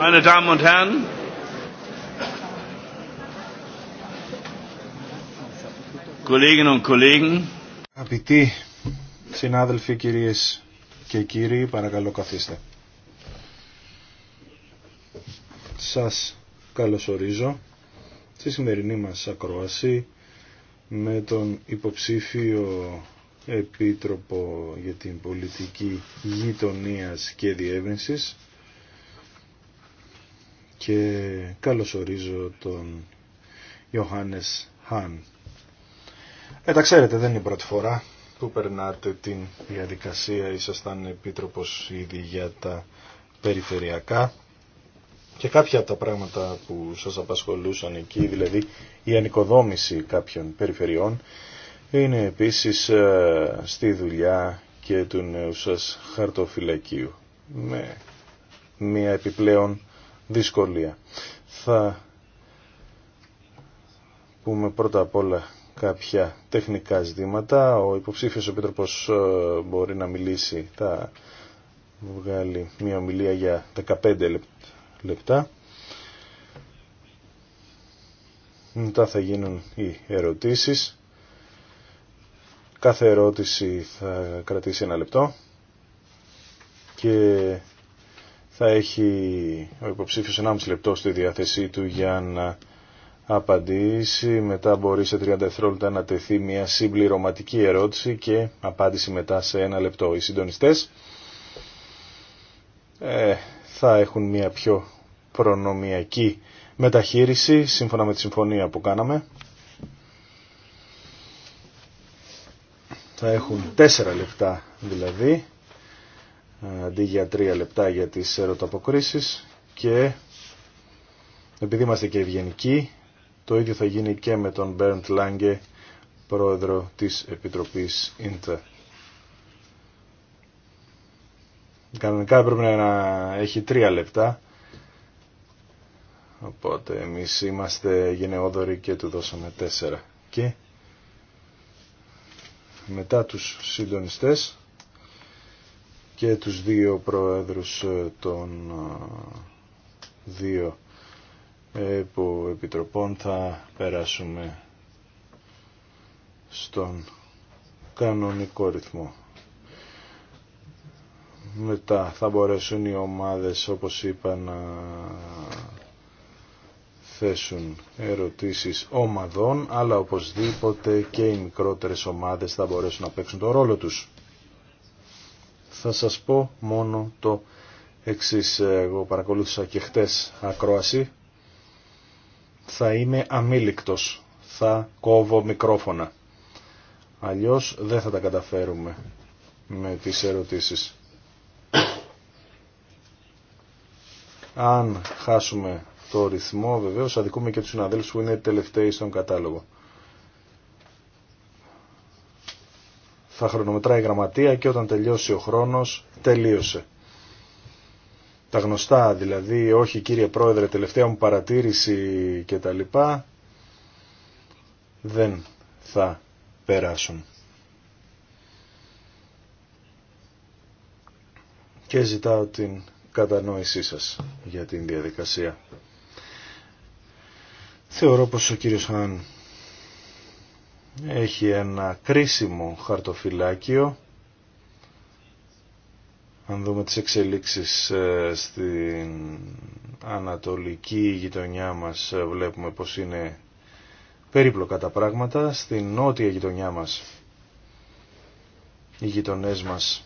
Meine Damen und Herren, Kolleginnen und Kollegen, Αγαπητοί συνάδελφοι, κυρίες και κύριοι, παρακαλώ καθίστε. Σας καλωσορίζω στη σημερινή μας ακρόαση με τον υποψήφιο Επίτροπο για την Πολιτική Γειτονίας και Διεύρυνσης, και καλωσορίζω τον Ιωάννης Χάν. Ε, ξέρετε, δεν είναι η πρώτη φορά που περνάτε την διαδικασία. Ήσασταν επίτροπος ήδη για τα περιφερειακά και κάποια από τα πράγματα που σας απασχολούσαν εκεί, δηλαδή η ανοικοδόμηση κάποιων περιφερειών, είναι επίσης ε, στη δουλειά και του νέου σας χαρτοφυλακίου. Με μια επιπλέον δυσκολία. Θα πούμε πρώτα απ' όλα κάποια τεχνικά ζητήματα. Ο υποψήφιος επίτροπος ε, μπορεί να μιλήσει, θα βγάλει μια ομιλία για 15 λεπτά. Μετά θα γίνουν οι ερωτήσεις. Κάθε ερώτηση θα κρατήσει ένα λεπτό και θα έχει ο υποψήφιος 1,5 λεπτό στη διάθεσή του για να απαντήσει. Μετά μπορεί σε 30 δευτερόλεπτα να τεθεί μια συμπληρωματική ερώτηση και απάντηση μετά σε ένα λεπτό. Οι συντονιστές ε, θα έχουν μια πιο προνομιακή μεταχείριση σύμφωνα με τη συμφωνία που κάναμε. Θα έχουν 4 λεπτά δηλαδή αντί για τρία λεπτά για τις ερωταποκρίσεις και επειδή είμαστε και ευγενικοί το ίδιο θα γίνει και με τον Μπέρντ Λάγκε πρόεδρο της Επιτροπής ΙΝΤΑ. Κανονικά πρέπει να έχει τρία λεπτά οπότε εμείς είμαστε γενναιόδοροι και του δώσαμε τέσσερα και μετά τους συντονιστές και τους δύο προέδρους ε, των ε, δύο που επιτροπών θα περάσουμε στον κανονικό ρυθμό. Μετά θα μπορέσουν οι ομάδες όπως είπα να θέσουν ερωτήσεις ομαδών αλλά οπωσδήποτε και οι μικρότερες ομάδες θα μπορέσουν να παίξουν τον ρόλο τους. Θα σας πω μόνο το εξής. Εγώ παρακολούθησα και χτες ακρόαση. Θα είμαι αμήλικτος. Θα κόβω μικρόφωνα. Αλλιώς δεν θα τα καταφέρουμε με τις ερωτήσεις. Αν χάσουμε το ρυθμό βεβαίως αδικούμε και τους συναδέλφους που είναι τελευταίοι στον κατάλογο. θα χρονομετράει η γραμματεία και όταν τελειώσει ο χρόνος τελείωσε. Τα γνωστά δηλαδή, όχι κύριε πρόεδρε, τελευταία μου παρατήρηση και τα λοιπά, δεν θα περάσουν. Και ζητάω την κατανόησή σας για την διαδικασία. Θεωρώ πως ο κύριος Χάν έχει ένα κρίσιμο χαρτοφυλάκιο. Αν δούμε τις εξελίξεις ε, στην ανατολική γειτονιά μας ε, βλέπουμε πως είναι περίπλοκα τα πράγματα. Στην νότια γειτονιά μας οι γειτονές μας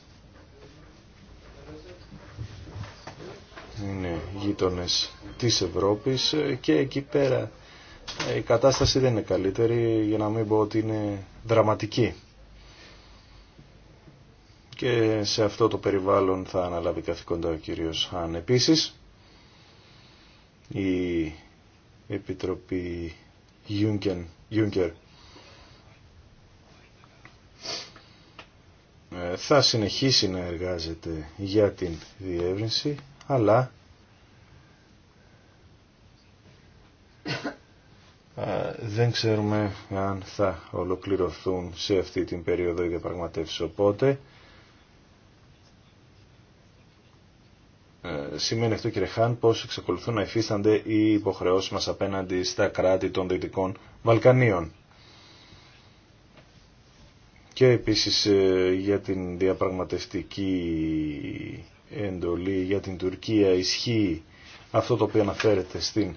είναι γείτονες της Ευρώπης ε, και εκεί πέρα ε, η κατάσταση δεν είναι καλύτερη για να μην πω ότι είναι δραματική. Και σε αυτό το περιβάλλον θα αναλάβει καθηκόντα ο κύριος Χάν. Επίσης, η Επιτροπή Juncker ε, θα συνεχίσει να εργάζεται για την διεύρυνση, αλλά δεν ξέρουμε αν θα ολοκληρωθούν σε αυτή την περίοδο οι διαπραγματεύσεις. Οπότε, ε, σημαίνει αυτό κύριε Χάν πως εξακολουθούν να υφίστανται οι υποχρεώσεις μας απέναντι στα κράτη των Δυτικών Βαλκανίων. Και επίσης ε, για την διαπραγματευτική εντολή για την Τουρκία ισχύει αυτό το οποίο αναφέρεται στην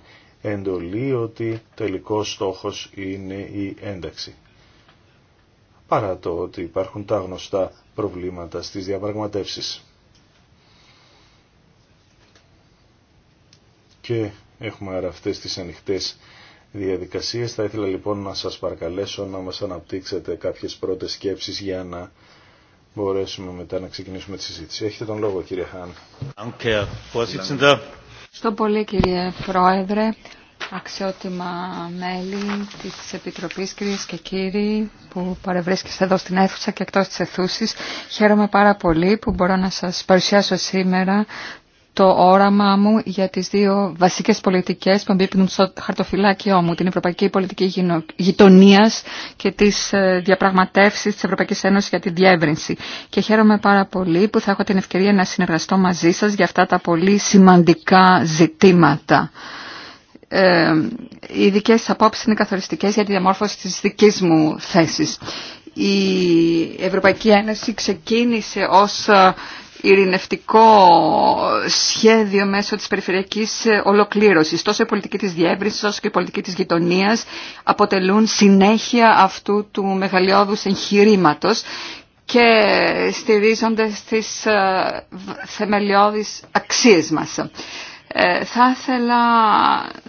εντολή ότι τελικός στόχος είναι η ένταξη. Παρά το ότι υπάρχουν τα γνωστά προβλήματα στις διαπραγματεύσεις. Και έχουμε άρα αυτές τις ανοιχτές διαδικασίες. Θα ήθελα λοιπόν να σας παρακαλέσω να μας αναπτύξετε κάποιες πρώτες σκέψεις για να μπορέσουμε μετά να ξεκινήσουμε τη συζήτηση. Έχετε τον λόγο κύριε Χάν. Στο πολύ κύριε Πρόεδρε αξιότιμα μέλη της Επιτροπής, κυρίες και κύριοι, που παρευρίσκεστε εδώ στην αίθουσα και εκτός της αιθούσης. Χαίρομαι πάρα πολύ που μπορώ να σας παρουσιάσω σήμερα το όραμά μου για τις δύο βασικές πολιτικές που εμπίπτουν στο χαρτοφυλάκιό μου, την Ευρωπαϊκή Πολιτική Γειτονία και τις ε, διαπραγματεύσεις της Ευρωπαϊκής Ένωσης για τη διεύρυνση. Και χαίρομαι πάρα πολύ που θα έχω την ευκαιρία να συνεργαστώ μαζί σας για αυτά τα πολύ σημαντικά ζητήματα. Ε, οι δικές σας απόψεις είναι καθοριστικές για τη διαμόρφωση της δικής μου θέσης. Η Ευρωπαϊκή Ένωση ξεκίνησε ως ε, ειρηνευτικό σχέδιο μέσω της περιφερειακής ε, ολοκλήρωσης. Τόσο η πολιτική της διεύρυνσης όσο και η πολιτική της γειτονίας αποτελούν συνέχεια αυτού του μεγαλειώδους εγχειρήματο και στηρίζονται στις θεμελιώδεις αξίες μας. Ε, θα ήθελα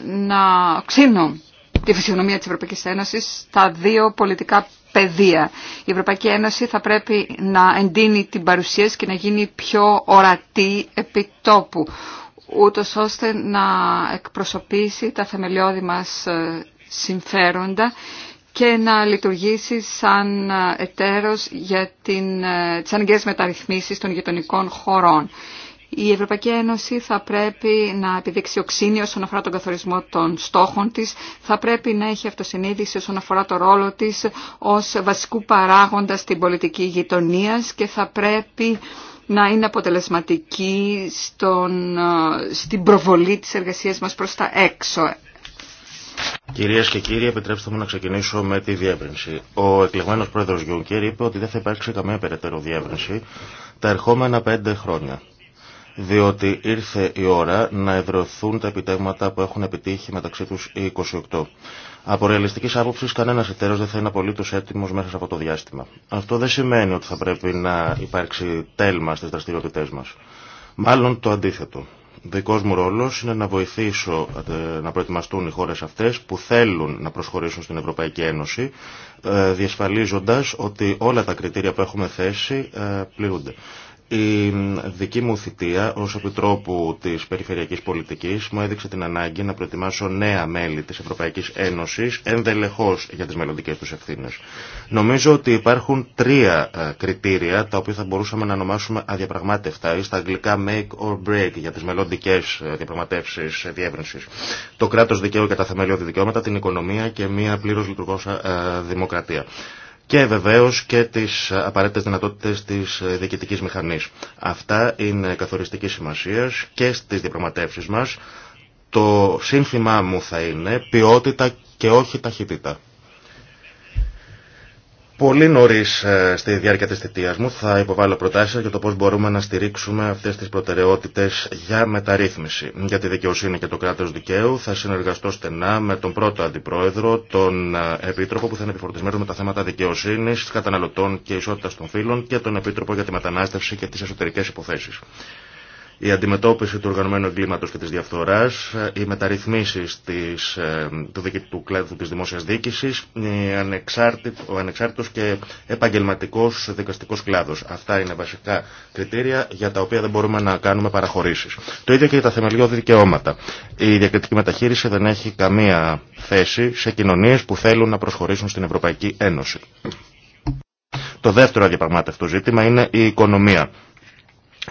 να ξύνω τη φυσιονομία της Ευρωπαϊκής Ένωσης στα δύο πολιτικά πεδία. Η Ευρωπαϊκή Ένωση θα πρέπει να εντείνει την παρουσία και να γίνει πιο ορατή επιτόπου, ούτως ώστε να εκπροσωπήσει τα θεμελιώδη μας ε, συμφέροντα και να λειτουργήσει σαν ε, εταίρος για την, τις αναγκαίες μεταρρυθμίσεις των γειτονικών χωρών. Η Ευρωπαϊκή Ένωση θα πρέπει να επιδείξει οξύνη όσον αφορά τον καθορισμό των στόχων της, θα πρέπει να έχει αυτοσυνείδηση όσον αφορά το ρόλο της ως βασικού παράγοντα στην πολιτική γειτονία και θα πρέπει να είναι αποτελεσματική στον, στην προβολή της εργασίας μας προς τα έξω. Κυρίε και κύριοι, επιτρέψτε μου να ξεκινήσω με τη διεύρυνση. Ο εκλεγμένο πρόεδρο Γιούνκερ είπε ότι δεν θα υπάρξει καμία περαιτέρω διεύρυνση τα ερχόμενα πέντε χρόνια διότι ήρθε η ώρα να ευρωθούν τα επιτέγματα που έχουν επιτύχει μεταξύ τους οι 28. Από ρεαλιστική άποψη, κανένα εταίρος δεν θα είναι απολύτω έτοιμο μέσα από το διάστημα. Αυτό δεν σημαίνει ότι θα πρέπει να υπάρξει τέλμα στις δραστηριότητές μας. Μάλλον το αντίθετο. Δικό μου ρόλο είναι να βοηθήσω ε, να προετοιμαστούν οι χώρε αυτέ που θέλουν να προσχωρήσουν στην Ευρωπαϊκή Ένωση, ε, διασφαλίζοντα ότι όλα τα κριτήρια που έχουμε θέσει ε, πληρούνται. Η δική μου θητεία ως Επιτρόπου της Περιφερειακής Πολιτικής μου έδειξε την ανάγκη να προετοιμάσω νέα μέλη της Ευρωπαϊκής Ένωσης ενδελεχώς για τις μελλοντικέ τους ευθύνες. Νομίζω ότι υπάρχουν τρία ε, κριτήρια τα οποία θα μπορούσαμε να ονομάσουμε αδιαπραγμάτευτα ή στα αγγλικά make or break για τις μελλοντικέ ε, διαπραγματεύσεις ε, διεύρυνσης. Το κράτος δικαίου και τα θεμελιώδη δικαιώματα, την οικονομία και μια πλήρως λειτουργώσα δημοκρατία και βεβαίως και τις απαραίτητες δυνατότητες της διοικητικής μηχανής. Αυτά είναι καθοριστική σημασίας και στις διαπραγματεύσεις μας. Το σύνθημά μου θα είναι ποιότητα και όχι ταχύτητα. Πολύ νωρί ε, στη διάρκεια τη θητεία μου θα υποβάλω προτάσει για το πώ μπορούμε να στηρίξουμε αυτέ τι προτεραιότητε για μεταρρύθμιση. Για τη δικαιοσύνη και το κράτο δικαίου θα συνεργαστώ στενά με τον πρώτο αντιπρόεδρο, τον ε, Επίτροπο που θα είναι επιφορτισμένο με τα θέματα δικαιοσύνη, καταναλωτών και ισότητα των φύλων και τον Επίτροπο για τη μετανάστευση και τι εσωτερικέ υποθέσει η αντιμετώπιση του οργανωμένου εγκλήματος και της διαφθοράς, οι μεταρρυθμίσεις ε, του, δικητικού κλάδου της δημόσιας διοίκησης, ο ανεξάρτητος και επαγγελματικός δικαστικός κλάδος. Αυτά είναι βασικά κριτήρια για τα οποία δεν μπορούμε να κάνουμε παραχωρήσεις. Το ίδιο και για τα θεμελιώδη δικαιώματα. Η διακριτική μεταχείριση δεν έχει καμία θέση σε κοινωνίες που θέλουν να προσχωρήσουν στην Ευρωπαϊκή Ένωση. Το δεύτερο αδιαπραγμάτευτο ζήτημα είναι η οικονομία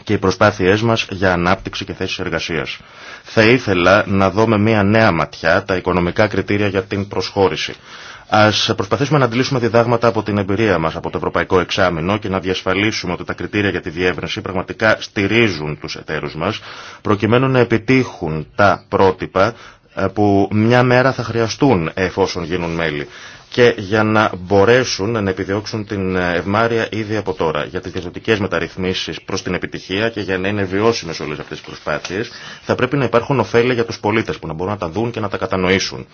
και οι προσπάθειές μας για ανάπτυξη και θέσεις εργασίας. Θα ήθελα να δω με μια νέα ματιά τα οικονομικά κριτήρια για την προσχώρηση. Α προσπαθήσουμε να αντιλήσουμε διδάγματα από την εμπειρία μα από το Ευρωπαϊκό Εξάμεινο και να διασφαλίσουμε ότι τα κριτήρια για τη διεύρυνση πραγματικά στηρίζουν του εταίρου μα, προκειμένου να επιτύχουν τα πρότυπα ε, που μια μέρα θα χρειαστούν εφόσον γίνουν μέλη και για να μπορέσουν να επιδιώξουν την ευμάρεια ήδη από τώρα για τις διαδοτικές μεταρρυθμίσεις προς την επιτυχία και για να είναι βιώσιμες όλες αυτές τις προσπάθειες θα πρέπει να υπάρχουν ωφέλη για τους πολίτες που να μπορούν να τα δουν και να τα κατανοήσουν.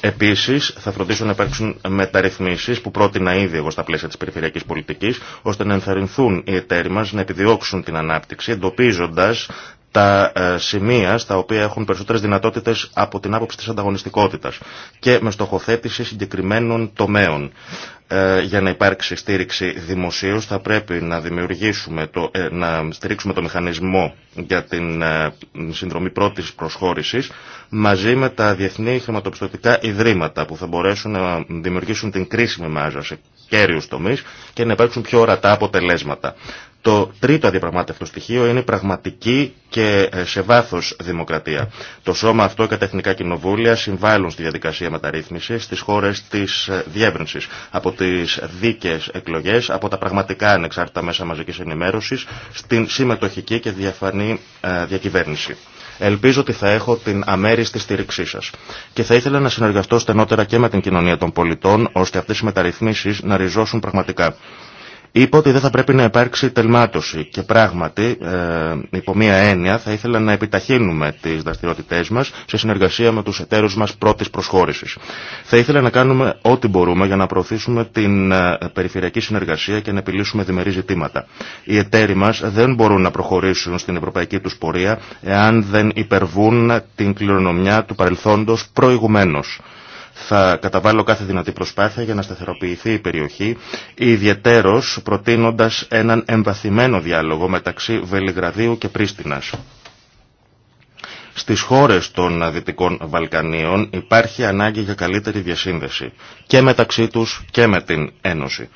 Επίσης θα φροντίσω να υπάρξουν μεταρρυθμίσεις που πρότεινα ήδη εγώ στα πλαίσια της περιφερειακής πολιτικής ώστε να ενθαρρυνθούν οι εταίροι μας να επιδιώξουν την ανάπτυξη εντοπίζοντας τα ε, σημεία στα οποία έχουν περισσότερες δυνατότητες από την άποψη της ανταγωνιστικότητας και με στοχοθέτηση συγκεκριμένων τομέων. Ε, για να υπάρξει στήριξη δημοσίως θα πρέπει να, δημιουργήσουμε το, ε, να στηρίξουμε το μηχανισμό για την συνδρομή πρώτης προσχώρησης μαζί με τα διεθνή χρηματοπιστωτικά ιδρύματα που θα μπορέσουν να δημιουργήσουν την κρίσιμη μάζα σε κέριους τομείς και να υπάρξουν πιο ορατά αποτελέσματα. Το τρίτο αδιαπραγμάτευτο στοιχείο είναι η πραγματική και ε, σε βάθο δημοκρατία. Το σώμα αυτό και τα εθνικά κοινοβούλια συμβάλλουν στη διαδικασία μεταρρύθμιση στι χώρε τη ε, διεύρυνση. Από τι δίκαιε εκλογέ, από τα πραγματικά ανεξάρτητα μέσα μαζική ενημέρωση, στην συμμετοχική και διαφανή ε, διακυβέρνηση. Ελπίζω ότι θα έχω την αμέριστη στήριξή σα. Και θα ήθελα να συνεργαστώ στενότερα και με την κοινωνία των πολιτών, ώστε αυτέ οι μεταρρυθμίσει να ριζώσουν πραγματικά. Είπα ότι δεν θα πρέπει να υπάρξει τελμάτωση και πράγματι, ε, υπό μία έννοια, θα ήθελα να επιταχύνουμε τι δραστηριότητέ μας σε συνεργασία με τους εταίρους μας πρώτη προσχώρηση. Θα ήθελα να κάνουμε ό,τι μπορούμε για να προωθήσουμε την ε, περιφερειακή συνεργασία και να επιλύσουμε διμερεί ζητήματα. Οι εταίροι μας δεν μπορούν να προχωρήσουν στην ευρωπαϊκή του πορεία εάν δεν υπερβούν την κληρονομιά του παρελθόντος προηγουμένω. Θα καταβάλω κάθε δυνατή προσπάθεια για να σταθεροποιηθεί η περιοχή, ιδιαιτέρως προτείνοντας έναν εμβαθυμένο διάλογο μεταξύ Βελιγραδίου και Πρίστινας. Στις χώρες των Δυτικών Βαλκανίων υπάρχει ανάγκη για καλύτερη διασύνδεση και μεταξύ τους και με την Ένωση.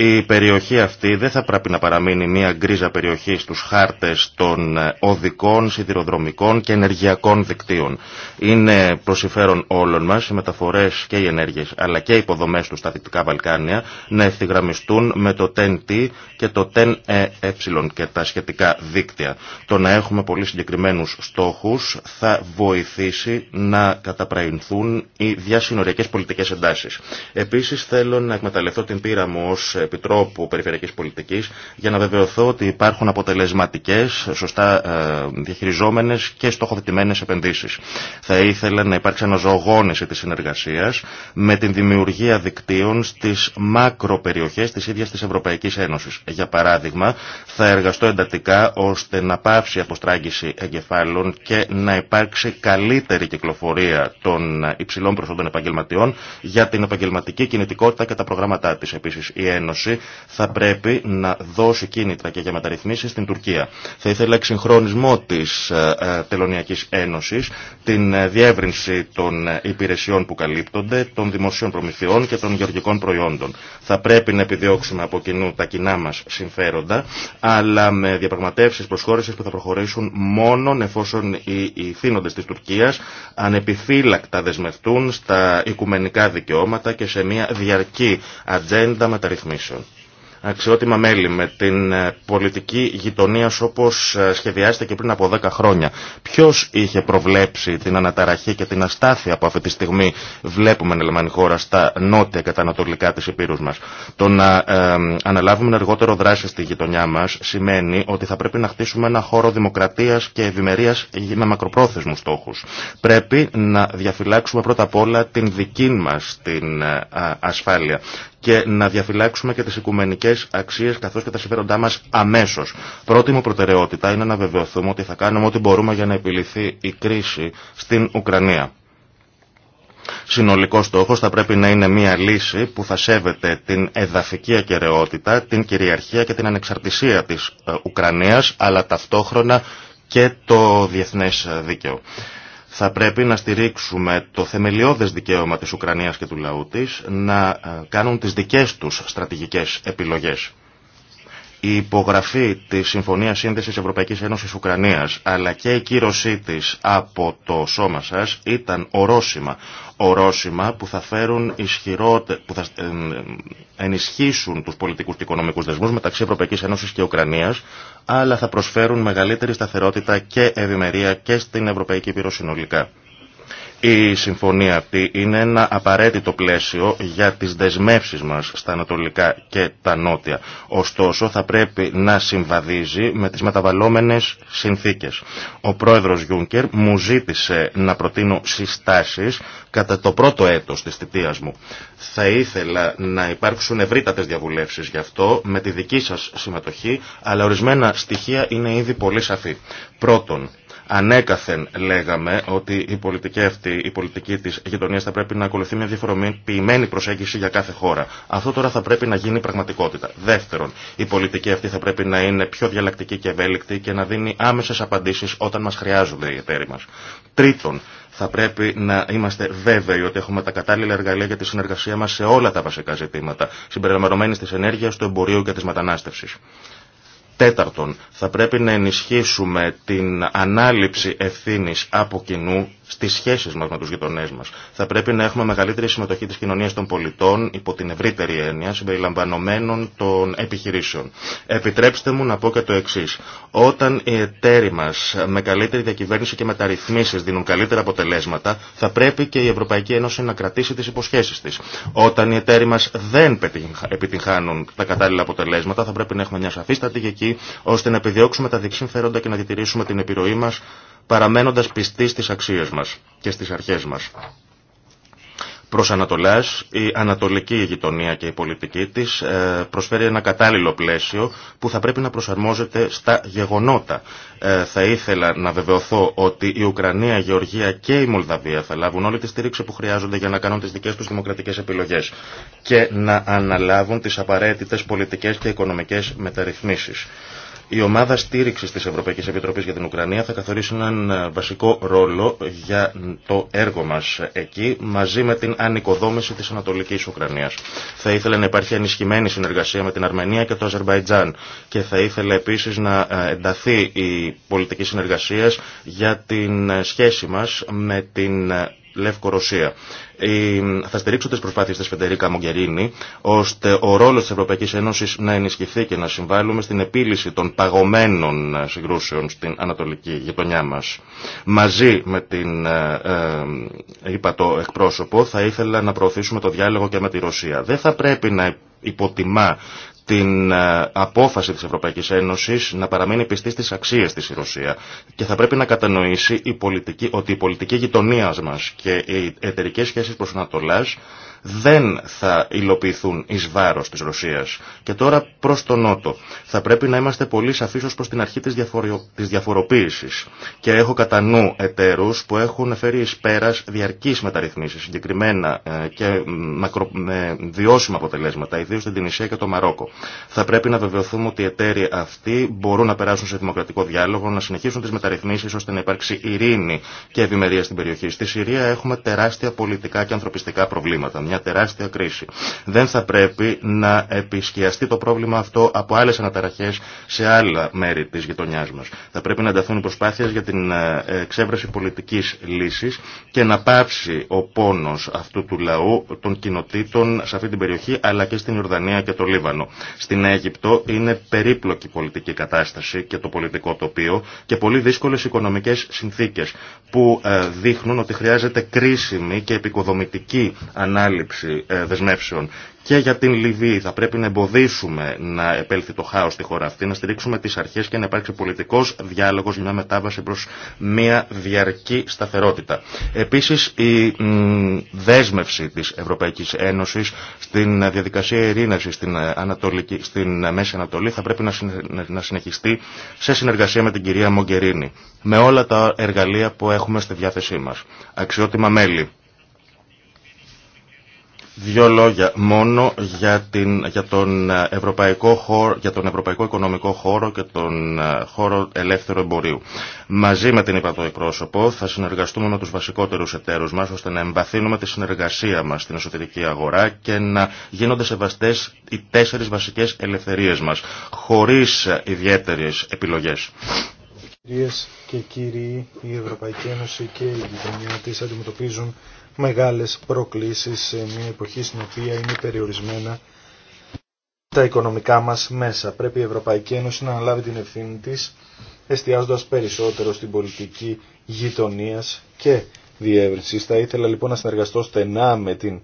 Η περιοχή αυτή δεν θα πρέπει να παραμείνει μια γκρίζα περιοχή στους χάρτες των ε, οδικών, σιδηροδρομικών και ενεργειακών δικτύων. Είναι προσυφέρον όλων μας οι μεταφορές και οι ενέργειες αλλά και οι υποδομές του στα Δυτικά Βαλκάνια να ευθυγραμμιστούν με το TEN-T και το TEN-E ε ε και τα σχετικά δίκτυα. Το να έχουμε πολύ συγκεκριμένους στόχους θα βοηθήσει να καταπραϊνθούν οι διασυνοριακές πολιτικές εντάσεις. Επίσης θέλω να εκμεταλλευτώ την πείρα μου ως Επιτρόπου Περιφερειακής Πολιτικής για να βεβαιωθώ ότι υπάρχουν αποτελεσματικές, σωστά ε, διαχειριζόμενες και στοχοθετημένες επενδύσεις. Θα ήθελα να υπάρξει αναζωογόνηση της συνεργασίας με την δημιουργία δικτύων στις μακροπεριοχές της ίδιας της Ευρωπαϊκής Ένωσης. Για παράδειγμα, θα εργαστώ εντατικά ώστε να πάψει η αποστράγγιση εγκεφάλων και να υπάρξει καλύτερη κυκλοφορία των υψηλών προσόντων επαγγελματιών για την επαγγελματική κινητικότητα και τα προγράμματά της. Επίσης, η Ένωση θα πρέπει να δώσει κίνητρα και για μεταρρυθμίσεις στην Τουρκία. Θα ήθελα εξυγχρονισμό της ε, ε, Τελωνιακής Ένωσης, την ε, διεύρυνση των υπηρεσιών που καλύπτονται, των δημοσίων προμηθειών και των γεωργικών προϊόντων. Θα πρέπει να επιδιώξουμε από κοινού τα κοινά μας συμφέροντα, αλλά με διαπραγματεύσεις προσχώρηση που θα προχωρήσουν μόνο εφόσον οι, οι θύνοντες της Τουρκίας ανεπιφύλακτα δεσμευτούν στα οικουμενικά δικαιώματα και σε μια διαρκή ατζέντα μεταρρυθμίσεων. Commission. Αξιότιμα μέλη με την ε, πολιτική γειτονία όπως ε, σχεδιάστηκε πριν από 10 χρόνια. Ποιος είχε προβλέψει την αναταραχή και την αστάθεια που αυτή τη στιγμή βλέπουμε εν χώρα στα νότια και τα ανατολικά της Επίρους μας. Το να ε, αναλάβουμε αργότερο δράση στη γειτονιά μας σημαίνει ότι θα πρέπει να χτίσουμε ένα χώρο δημοκρατίας και ευημερία με μακροπρόθεσμους στόχους. Πρέπει να διαφυλάξουμε πρώτα απ' όλα την δική μας την ε, ασφάλεια και να διαφυλάξουμε και τις οικουμενικές αξίες καθώς και τα συμφέροντά μας αμέσως. Πρώτη μου προτεραιότητα είναι να βεβαιωθούμε ότι θα κάνουμε ό,τι μπορούμε για να επιληθεί η κρίση στην Ουκρανία. Συνολικό στόχο θα πρέπει να είναι μια λύση που θα σέβεται την εδαφική ακεραιότητα, την κυριαρχία και την ανεξαρτησία της ε, Ουκρανίας, αλλά ταυτόχρονα και το διεθνές δίκαιο. Θα πρέπει να στηρίξουμε το θεμελιώδες δικαίωμα της Ουκρανίας και του λαού της να ε, κάνουν τις δικές τους στρατηγικές επιλογές. Η υπογραφή της Συμφωνίας Σύνδεσης Ευρωπαϊκής Ένωσης Ουκρανίας αλλά και η κύρωσή της από το σώμα σας ήταν ορόσημα. Ορόσημα που θα, φέρουν που θα ε, ε, ενισχύσουν τους πολιτικούς και οικονομικούς δεσμούς μεταξύ Ευρωπαϊκής Ένωσης και Ουκρανίας αλλά θα προσφέρουν μεγαλύτερη σταθερότητα και ευημερία και στην Ευρωπαϊκή Πύρο συνολικά. Η συμφωνία αυτή είναι ένα απαραίτητο πλαίσιο για τις δεσμεύσεις μας στα ανατολικά και τα νότια. Ωστόσο θα πρέπει να συμβαδίζει με τις μεταβαλλόμενες συνθήκες. Ο πρόεδρος Γιούνκερ μου ζήτησε να προτείνω συστάσεις κατά το πρώτο έτος της θητείας μου. Θα ήθελα να υπάρξουν ευρύτατες διαβουλεύσεις γι' αυτό με τη δική σας συμμετοχή, αλλά ορισμένα στοιχεία είναι ήδη πολύ σαφή. Πρώτον, Ανέκαθεν λέγαμε ότι η πολιτική αυτή, η πολιτική της γειτονίας θα πρέπει να ακολουθεί μια διαφοροποιημένη προσέγγιση για κάθε χώρα. Αυτό τώρα θα πρέπει να γίνει πραγματικότητα. Δεύτερον, η πολιτική αυτή θα πρέπει να είναι πιο διαλλακτική και ευέλικτη και να δίνει άμεσες απαντήσεις όταν μας χρειάζονται οι εταίροι μας. Τρίτον, θα πρέπει να είμαστε βέβαιοι ότι έχουμε τα κατάλληλα εργαλεία για τη συνεργασία μας σε όλα τα βασικά ζητήματα, συμπεριλαμβανομένη της ενέργειας, του εμπορίου και της μετανάστευση. Τέταρτον, θα πρέπει να ενισχύσουμε την ανάληψη ευθύνη από κοινού στι σχέσει μα με του γειτονέ μα. Θα πρέπει να έχουμε μεγαλύτερη συμμετοχή τη κοινωνία των πολιτών υπό την ευρύτερη έννοια συμπεριλαμβανομένων των επιχειρήσεων. Επιτρέψτε μου να πω και το εξή. Όταν οι εταίροι μα με καλύτερη διακυβέρνηση και μεταρρυθμίσει δίνουν καλύτερα αποτελέσματα, θα πρέπει και η Ευρωπαϊκή Ένωση να κρατήσει τι υποσχέσει τη. Όταν οι εταίροι μα δεν επιτυγχάνουν τα κατάλληλα αποτελέσματα, θα πρέπει να έχουμε μια σαφή στρατηγική ώστε να επιδιώξουμε τα δική και να διατηρήσουμε την επιρροή μας, παραμένοντας πιστοί στις αξίες μας και στις αρχές μας. Προς Ανατολάς, η ανατολική γειτονία και η πολιτική της ε, προσφέρει ένα κατάλληλο πλαίσιο που θα πρέπει να προσαρμόζεται στα γεγονότα. Ε, θα ήθελα να βεβαιωθώ ότι η Ουκρανία, η Γεωργία και η Μολδαβία θα λάβουν όλη τη στήριξη που χρειάζονται για να κάνουν τις δικές τους δημοκρατικές επιλογές και να αναλάβουν τις απαραίτητες πολιτικές και οικονομικές μεταρρυθμίσεις. Η ομάδα στήριξη τη Ευρωπαϊκή Επιτροπή για την Ουκρανία θα καθορίσει έναν ε, βασικό ρόλο για το έργο μα εκεί, μαζί με την ανοικοδόμηση τη Ανατολική Ουκρανία. Θα ήθελε να υπάρχει ενισχυμένη συνεργασία με την Αρμενία και το Αζερβαϊτζάν και θα ήθελε επίση να ε, ενταθεί η πολιτική συνεργασία για την ε, σχέση μα με την Λευκορωσία θα στηρίξω τις προσπάθειες της Φεντερίκα Μογκερίνη ώστε ο ρόλος της Ευρωπαϊκής Ένωσης να ενισχυθεί και να συμβάλλουμε στην επίλυση των παγωμένων ε, συγκρούσεων στην ανατολική γειτονιά μας. Μαζί με την ε, ε, είπα το εκπρόσωπο θα ήθελα να προωθήσουμε το διάλογο και με τη Ρωσία. Δεν θα πρέπει να υποτιμά την ε, απόφαση της Ευρωπαϊκής Ένωσης να παραμείνει πιστή στις αξίες της η Ρωσία και θα πρέπει να κατανοήσει η πολιτική, ότι η πολιτική γειτονία μας και οι εταιρικέ σχέσεις προς Ανατολάς δεν θα υλοποιηθούν εις βάρος της Ρωσίας. Και τώρα προς τον Νότο. Θα πρέπει να είμαστε πολύ σαφείς ως προς την αρχή της, διαφοριο... της διαφοροποίησης. Και έχω κατά νου εταίρους που έχουν φέρει εις πέρας διαρκείς μεταρρυθμίσεις, συγκεκριμένα ε, και μακρο... με βιώσιμα αποτελέσματα, ιδίως στην Τινησία και το Μαρόκο. Θα πρέπει να βεβαιωθούμε ότι οι εταίροι αυτοί μπορούν να περάσουν σε δημοκρατικό διάλογο, να συνεχίσουν τις μεταρρυθμίσεις ώστε να υπάρξει ειρήνη και ευημερία στην περιοχή. Στη Συρία έχουμε τεράστια πολιτικά και ανθρωπιστικά προβλήματα μια τεράστια κρίση. Δεν θα πρέπει να επισκιαστεί το πρόβλημα αυτό από άλλε αναταραχέ σε άλλα μέρη τη γειτονιά μα. Θα πρέπει να ενταθούν οι για την ε, εξέβρεση πολιτική λύση και να πάψει ο πόνο αυτού του λαού των κοινοτήτων σε αυτή την περιοχή αλλά και στην Ιορδανία και το Λίβανο. Στην Αίγυπτο είναι περίπλοκη πολιτική κατάσταση και το πολιτικό τοπίο και πολύ δύσκολε οικονομικέ συνθήκε που ε, δείχνουν ότι χρειάζεται κρίσιμη και επικοδομητική ανάλυση ε, δεσμεύσεων και για την Λιβύη θα πρέπει να εμποδίσουμε να επέλθει το χάος στη χώρα αυτή, να στηρίξουμε τις αρχές και να υπάρξει πολιτικός διάλογος για μια μετάβαση προς μια διαρκή σταθερότητα. Επίσης η δέσμευση της Ευρωπαϊκής Ένωσης στην διαδικασία ειρήνευσης στην, Ανατολική, στην Μέση Ανατολή θα πρέπει να συνεχιστεί σε συνεργασία με την κυρία Μογκερίνη με όλα τα εργαλεία που έχουμε στη διάθεσή μας. Αξιότιμα μέλη. Δύο λόγια μόνο για, την, για, τον ε, ευρωπαϊκό χώρο, για τον Ευρωπαϊκό Οικονομικό Χώρο και τον ε, Χώρο Ελεύθερου Εμπορίου. Μαζί με την το πρόσωπο θα συνεργαστούμε με τους βασικότερους εταίρους μας ώστε να εμβαθύνουμε τη συνεργασία μας στην εσωτερική αγορά και να γίνονται σεβαστές οι τέσσερις βασικές ελευθερίες μας, χωρίς ιδιαίτερες επιλογές. Κυρίες και κύριοι, η Ευρωπαϊκή Ένωση και η Γειτονία της αντιμετωπίζουν μεγάλες προκλήσεις σε μια εποχή στην οποία είναι περιορισμένα τα οικονομικά μας μέσα. Πρέπει η Ευρωπαϊκή Ένωση να αναλάβει την ευθύνη της εστιάζοντας περισσότερο στην πολιτική γειτονίας και διεύρυνσης. Θα ήθελα λοιπόν να συνεργαστώ στενά με την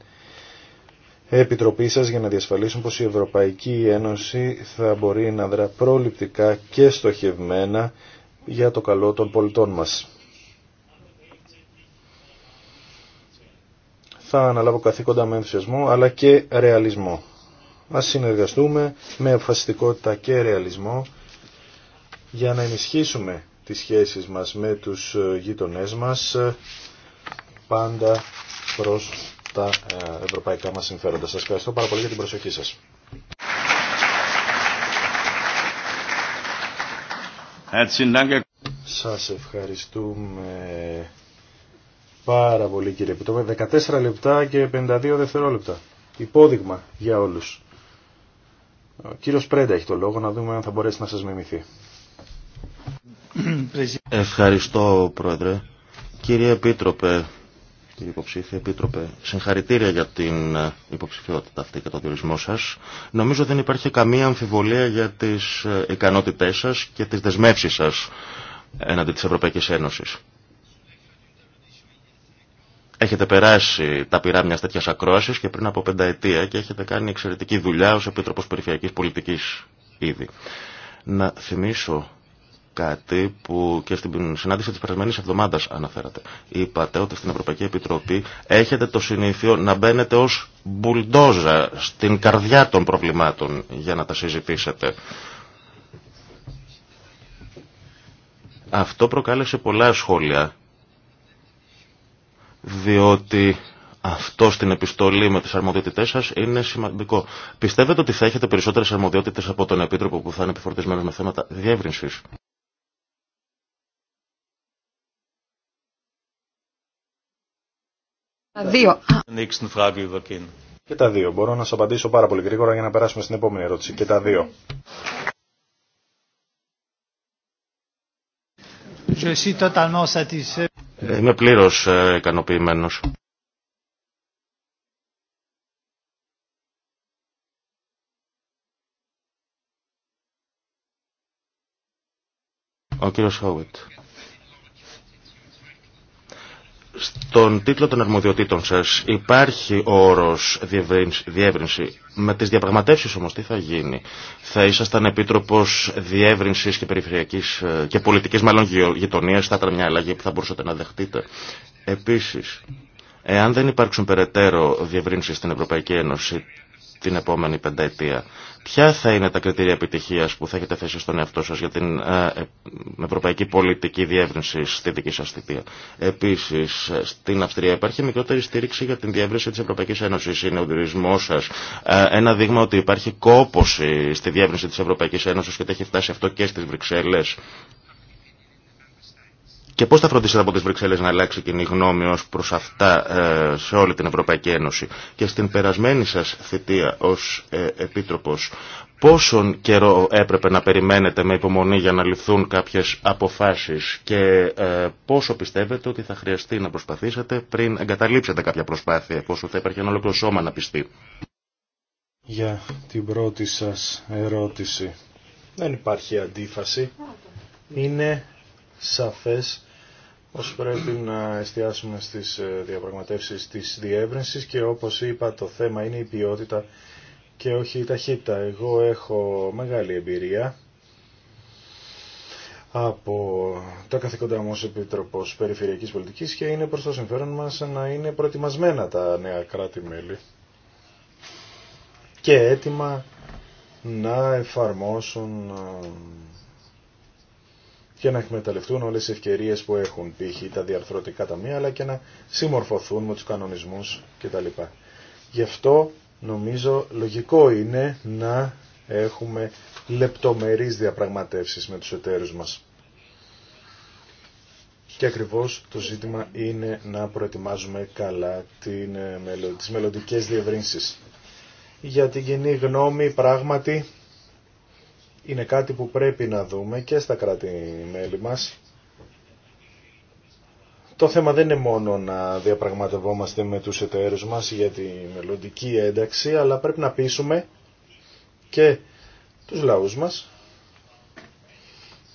Επιτροπή σας για να διασφαλίσουν πως η Ευρωπαϊκή Ένωση θα μπορεί να δρά προληπτικά και στοχευμένα για το καλό των πολιτών μας. θα αναλάβω καθήκοντα με ενθουσιασμό αλλά και ρεαλισμό. Να συνεργαστούμε με αποφασιστικότητα και ρεαλισμό για να ενισχύσουμε τις σχέσεις μας με τους ε, γείτονές μας ε, πάντα προς τα ε, ευρωπαϊκά μας συμφέροντα. Σας ευχαριστώ πάρα πολύ για την προσοχή σας. Σας ευχαριστούμε πάρα πολύ κύριε Επιτροπέ. 14 λεπτά και 52 δευτερόλεπτα. Υπόδειγμα για όλους. Ο κύριος Πρέντα έχει το λόγο να δούμε αν θα μπορέσει να σας μιμηθεί. Ευχαριστώ Πρόεδρε. Κύριε Επίτροπε, κύριε Υποψήφια Επίτροπε, συγχαρητήρια για την ε, υποψηφιότητα αυτή και το διορισμό σας. Νομίζω δεν υπάρχει καμία αμφιβολία για τις ε, ικανότητές σας και τις δεσμεύσεις σας εναντί της Ευρωπαϊκής Ένωσης έχετε περάσει τα πειρά μια τέτοια ακρόαση και πριν από πενταετία και έχετε κάνει εξαιρετική δουλειά ω Επίτροπο Περιφερειακή Πολιτική ήδη. Να θυμίσω κάτι που και στην συνάντηση τη περασμένη εβδομάδα αναφέρατε. Είπατε ότι στην Ευρωπαϊκή Επιτροπή έχετε το συνήθειο να μπαίνετε ω μπουλντόζα στην καρδιά των προβλημάτων για να τα συζητήσετε. Αυτό προκάλεσε πολλά σχόλια διότι αυτό στην επιστολή με τις αρμοδιότητές σας είναι σημαντικό. Πιστεύετε ότι θα έχετε περισσότερες αρμοδιότητες από τον Επίτροπο που θα είναι επιφορτισμένο με θέματα διεύρυνσης. Τα δύο. Και τα δύο. Μπορώ να σας απαντήσω πάρα πολύ γρήγορα για να περάσουμε στην επόμενη ερώτηση. Και τα δύο. Είμαι πλήρως ε, ικανοποιημένο. Ο κύριος Χόουιτ. Στον τίτλο των αρμοδιοτήτων σας υπάρχει ο όρος διεύρυνση. Με τις διαπραγματεύσεις όμως τι θα γίνει. Θα ήσασταν επίτροπος διεύρυνσης και, περιφερειακής, ε, και πολιτικής μάλλον γειτονίας. Θα ήταν μια αλλαγή που θα μπορούσατε να δεχτείτε. Επίσης, εάν δεν υπάρξουν περαιτέρω διευρύνσεις στην Ευρωπαϊκή Ένωση, την επόμενη πενταετία. Ποια θα είναι τα κριτήρια επιτυχίας που θα έχετε θέσει στον εαυτό σας για την ε, ε, ευρωπαϊκή πολιτική διεύρυνση στη δική σας θητεία. Επίσης, στην Αυστρία υπάρχει μικρότερη στήριξη για την διεύρυνση της Ευρωπαϊκής Ένωσης. Είναι ο τουρισμός σας ε, ένα δείγμα ότι υπάρχει κόποση στη διεύρυνση της Ευρωπαϊκής Ένωσης και ότι έχει φτάσει αυτό και στις Βρυξέλλες. Και πώς θα φροντίσετε από τι Βρυξέλλες να αλλάξει κοινή γνώμη ω προς αυτά ε, σε όλη την Ευρωπαϊκή Ένωση. Και στην περασμένη σας θητεία ως ε, Επίτροπος, πόσον καιρό έπρεπε να περιμένετε με υπομονή για να ληφθούν κάποιες αποφάσεις και ε, πόσο πιστεύετε ότι θα χρειαστεί να προσπαθήσετε πριν εγκαταλείψετε κάποια προσπάθεια, πόσο θα υπάρχει ένα ολόκληρο σώμα να πιστεί. Για την πρώτη σας ερώτηση. Δεν υπάρχει αντίφαση. Είναι σαφές πως πρέπει να εστιάσουμε στις ε, διαπραγματεύσεις της διεύρυνσης και όπως είπα το θέμα είναι η ποιότητα και όχι η ταχύτητα. Εγώ έχω μεγάλη εμπειρία από τα καθήκοντά μου ως Επιτροπός Περιφερειακής Πολιτικής και είναι προς το συμφέρον μας να είναι προετοιμασμένα τα νέα κράτη-μέλη και έτοιμα να εφαρμόσουν ε, και να εκμεταλλευτούν όλες τι ευκαιρίες που έχουν π.χ. τα διαρθρωτικά ταμεία αλλά και να συμμορφωθούν με τους κανονισμούς κτλ. Γι' αυτό νομίζω λογικό είναι να έχουμε λεπτομερεί διαπραγματεύσει με τους εταίρου μας. Και ακριβώς το ζήτημα είναι να προετοιμάζουμε καλά την, ε, τις μελλοντικές διευρύνσεις. Για την κοινή γνώμη πράγματι είναι κάτι που πρέπει να δούμε και στα κράτη-μέλη μας. Το θέμα δεν είναι μόνο να διαπραγματευόμαστε με τους εταίρους μας για τη μελλοντική ένταξη, αλλά πρέπει να πείσουμε και τους λαούς μας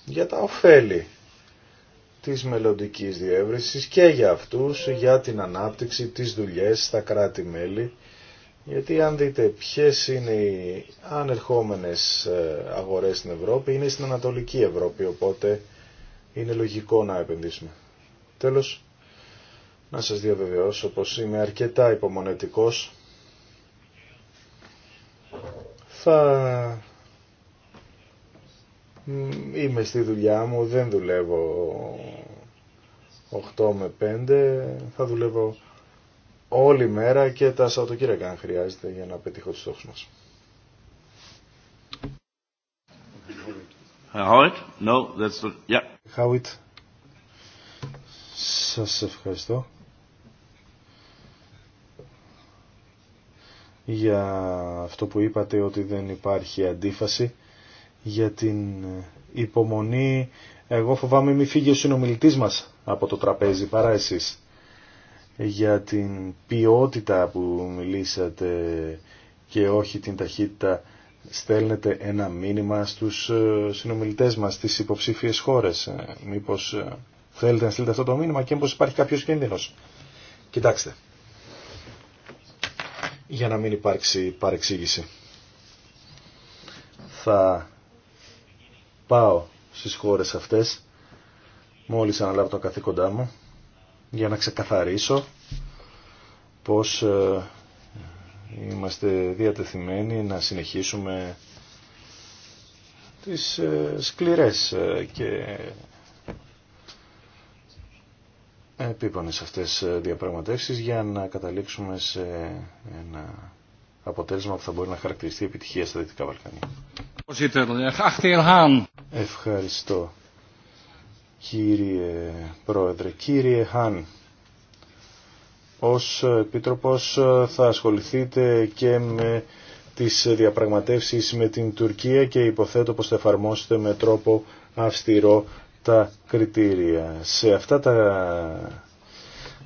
για τα ωφέλη της μελλοντική διεύρυνσης και για αυτούς, για την ανάπτυξη, της δουλειές στα κράτη-μέλη γιατί αν δείτε ποιες είναι οι ανερχόμενες ε, αγορές στην Ευρώπη, είναι στην Ανατολική Ευρώπη, οπότε είναι λογικό να επενδύσουμε. Τέλος, να σας διαβεβαιώσω πως είμαι αρκετά υπομονετικός. Θα είμαι στη δουλειά μου, δεν δουλεύω 8 με 5, θα δουλεύω όλη μέρα και τα Σαββατοκύριακα αν χρειάζεται για να πετύχω τους στόχους μας. it? no, that's Σας ευχαριστώ. για αυτό που είπατε ότι δεν υπάρχει αντίφαση για την υπομονή εγώ φοβάμαι μη φύγει ο συνομιλητής μας από το τραπέζι παρά εσείς για την ποιότητα που μιλήσατε και όχι την ταχύτητα στέλνετε ένα μήνυμα στους ε, συνομιλητές μας στις υποψήφιες χώρες. Ε, μήπως ε, θέλετε να στείλετε αυτό το μήνυμα και μήπως υπάρχει κάποιος κίνδυνος. Κοιτάξτε, για να μην υπάρξει παρεξήγηση. Θα πάω στις χώρες αυτές μόλις αναλάβω τον καθήκοντά μου για να ξεκαθαρίσω πως ε, είμαστε διατεθειμένοι να συνεχίσουμε τις ε, σκληρές ε, και επίπονες αυτές διαπραγματεύσεις για να καταλήξουμε σε ένα αποτέλεσμα που θα μπορεί να χαρακτηριστεί επιτυχία στα Δυτικά Βαλκανία. Ευχαριστώ κύριε Πρόεδρε. Κύριε Χάν, ως Επίτροπος θα ασχοληθείτε και με τις διαπραγματεύσεις με την Τουρκία και υποθέτω πως θα εφαρμόσετε με τρόπο αυστηρό τα κριτήρια. Σε αυτά τα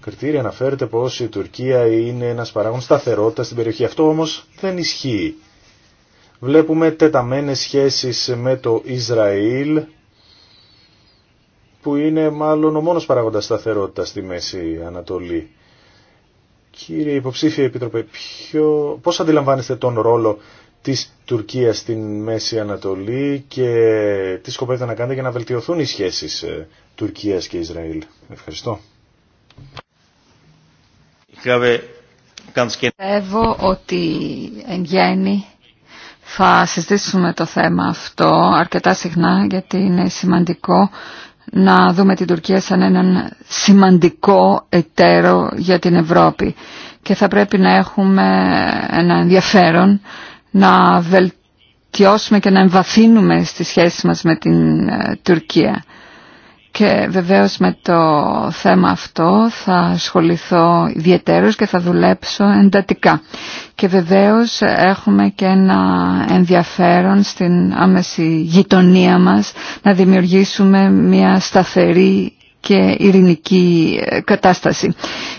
κριτήρια αναφέρεται πως η Τουρκία είναι ένας παράγον σταθερότητας στην περιοχή. Αυτό όμως δεν ισχύει. Βλέπουμε τεταμένες σχέσεις με το Ισραήλ που είναι μάλλον ο μόνος παράγοντας σταθερότητα στη Μέση Ανατολή. Κύριε υποψήφιε Επίτροπε, ποιο... πώς αντιλαμβάνεστε τον ρόλο της Τουρκίας στην Μέση Ανατολή και τι σκοπεύετε να κάνετε για να βελτιωθούν οι σχέσεις ε, Τουρκίας και Ισραήλ. Ευχαριστώ. Πιστεύω ότι εν γέννη θα συζητήσουμε το θέμα αυτό αρκετά συχνά γιατί είναι σημαντικό να δούμε την Τουρκία σαν έναν σημαντικό εταίρο για την Ευρώπη και θα πρέπει να έχουμε ένα ενδιαφέρον να βελτιώσουμε και να εμβαθύνουμε στη σχέση μας με την ε, Τουρκία. Και βεβαίως με το θέμα αυτό θα ασχοληθώ ιδιαίτερως και θα δουλέψω εντατικά και βεβαίως έχουμε και ένα ενδιαφέρον στην άμεση γειτονία μας να δημιουργήσουμε μια σταθερή και ειρηνική κατάσταση.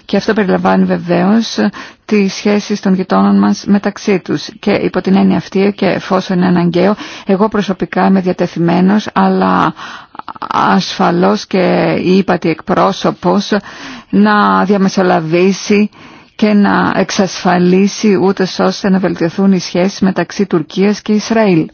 Και αυτό περιλαμβάνει βεβαίως τις σχέσεις των γειτόνων μας μεταξύ τους. Και υπό την έννοια αυτή και εφόσον είναι αναγκαίο, εγώ προσωπικά είμαι διατεθειμένος, αλλά ασφαλώς και η ύπατη εκπρόσωπος να διαμεσολαβήσει και να εξασφαλίσει ούτε ώστε να βελτιωθούν οι σχέσεις μεταξύ Τουρκίας και Ισραήλ.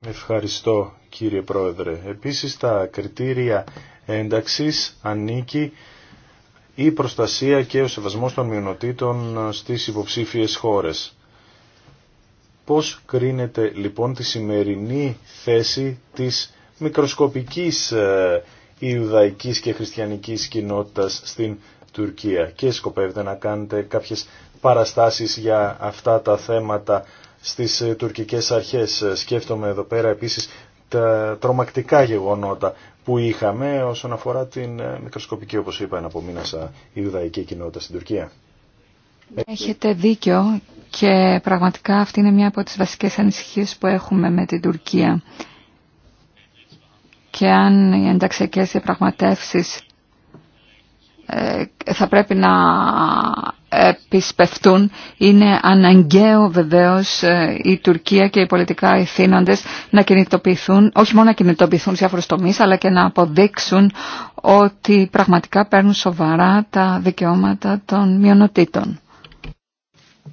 Ευχαριστώ κύριε Πρόεδρε. Επίσης τα κριτήρια ένταξης ανήκει η προστασία και ο σεβασμός των μειονοτήτων στις υποψήφιες χώρες. Πώς κρίνεται λοιπόν τη σημερινή θέση της μικροσκοπικής ε, Ιουδαϊκής και Χριστιανικής κοινότητας στην Τουρκία και σκοπεύετε να κάνετε κάποιες παραστάσεις για αυτά τα θέματα στις ε, τουρκικές αρχές. Σκέφτομαι εδώ πέρα επίσης τα τρομακτικά γεγονότα που είχαμε όσον αφορά την ε, μικροσκοπική, όπως είπα, αναπομείνασα Ιουδαϊκή κοινότητα στην Τουρκία. Έχετε δίκιο και πραγματικά αυτή είναι μια από τις βασικές ανησυχίες που έχουμε με την Τουρκία και αν οι ενταξιακές διαπραγματεύσει ε, θα πρέπει να επισπευτούν. Είναι αναγκαίο βεβαίως ε, η Τουρκία και οι πολιτικά ηθήνοντες να κινητοποιηθούν, όχι μόνο να κινητοποιηθούν σε διάφορους τομείς, αλλά και να αποδείξουν ότι πραγματικά παίρνουν σοβαρά τα δικαιώματα των μειονοτήτων.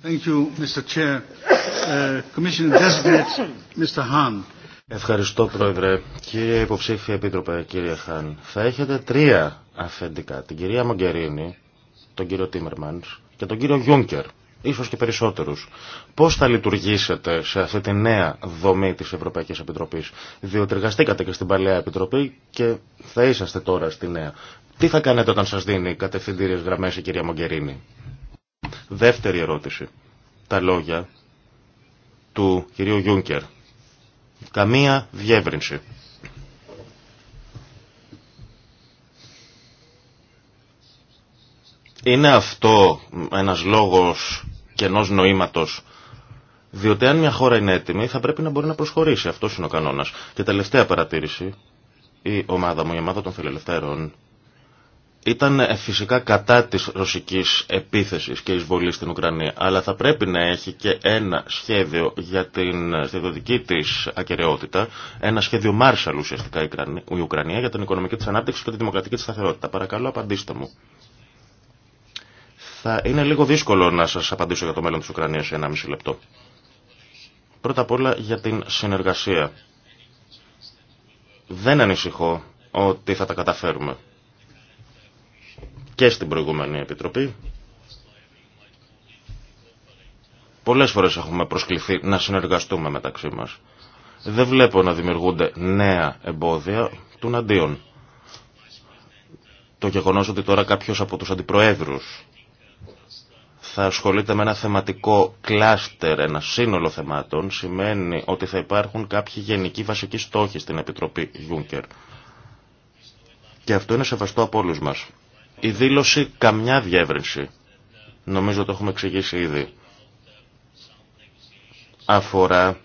Thank you, Mr. Chair. Uh, Commissioner Mr. Ευχαριστώ Πρόεδρε. Κύριε Υποψήφια Επίτροπε, κύριε Χάν, θα έχετε τρία αφεντικά, την κυρία Μογκερίνη, τον κύριο Τίμερμανς και τον κύριο Γιούνκερ, ίσως και περισσότερους. Πώς θα λειτουργήσετε σε αυτή τη νέα δομή της Ευρωπαϊκής Επιτροπής, διότι εργαστήκατε και στην παλαιά Επιτροπή και θα είσαστε τώρα στη νέα. Τι θα κάνετε όταν σας δίνει κατευθυντήριες γραμμές η κυρία Μογκερίνη. Δεύτερη ερώτηση. Τα λόγια του κυρίου Γιούνκερ Καμία διεύρυνση. Είναι αυτό ένας λόγος κενός νοήματος. Διότι αν μια χώρα είναι έτοιμη θα πρέπει να μπορεί να προσχωρήσει. Αυτός είναι ο κανόνας. Και τελευταία παρατήρηση, η ομάδα μου, η ομάδα των φιλελευθέρων, ήταν ε, φυσικά κατά της ρωσικής επίθεσης και εισβολής στην Ουκρανία, αλλά θα πρέπει να έχει και ένα σχέδιο για την στεδοτική της ακαιρεότητα, ένα σχέδιο Μάρσαλ ουσιαστικά η Ουκρανία για την οικονομική της ανάπτυξη και τη δημοκρατική της σταθερότητα. Παρακαλώ απαντήστε μου. Θα είναι λίγο δύσκολο να σας απαντήσω για το μέλλον της Ουκρανίας σε ένα μισή λεπτό. Πρώτα απ' όλα για την συνεργασία. Δεν ανησυχώ ότι θα τα καταφέρουμε και στην προηγούμενη Επιτροπή. Πολλές φορές έχουμε προσκληθεί να συνεργαστούμε μεταξύ μας. Δεν βλέπω να δημιουργούνται νέα εμπόδια του αντίον. Το γεγονός ότι τώρα κάποιος από τους αντιπροέδρους θα ασχολείται με ένα θεματικό κλάστερ, ένα σύνολο θεμάτων, σημαίνει ότι θα υπάρχουν κάποιοι γενικοί βασικοί στόχοι στην Επιτροπή Juncker. Και αυτό είναι σεβαστό από όλους μας. Η δήλωση καμιά διεύρυνση. Νομίζω το έχουμε εξηγήσει ήδη. Αφορά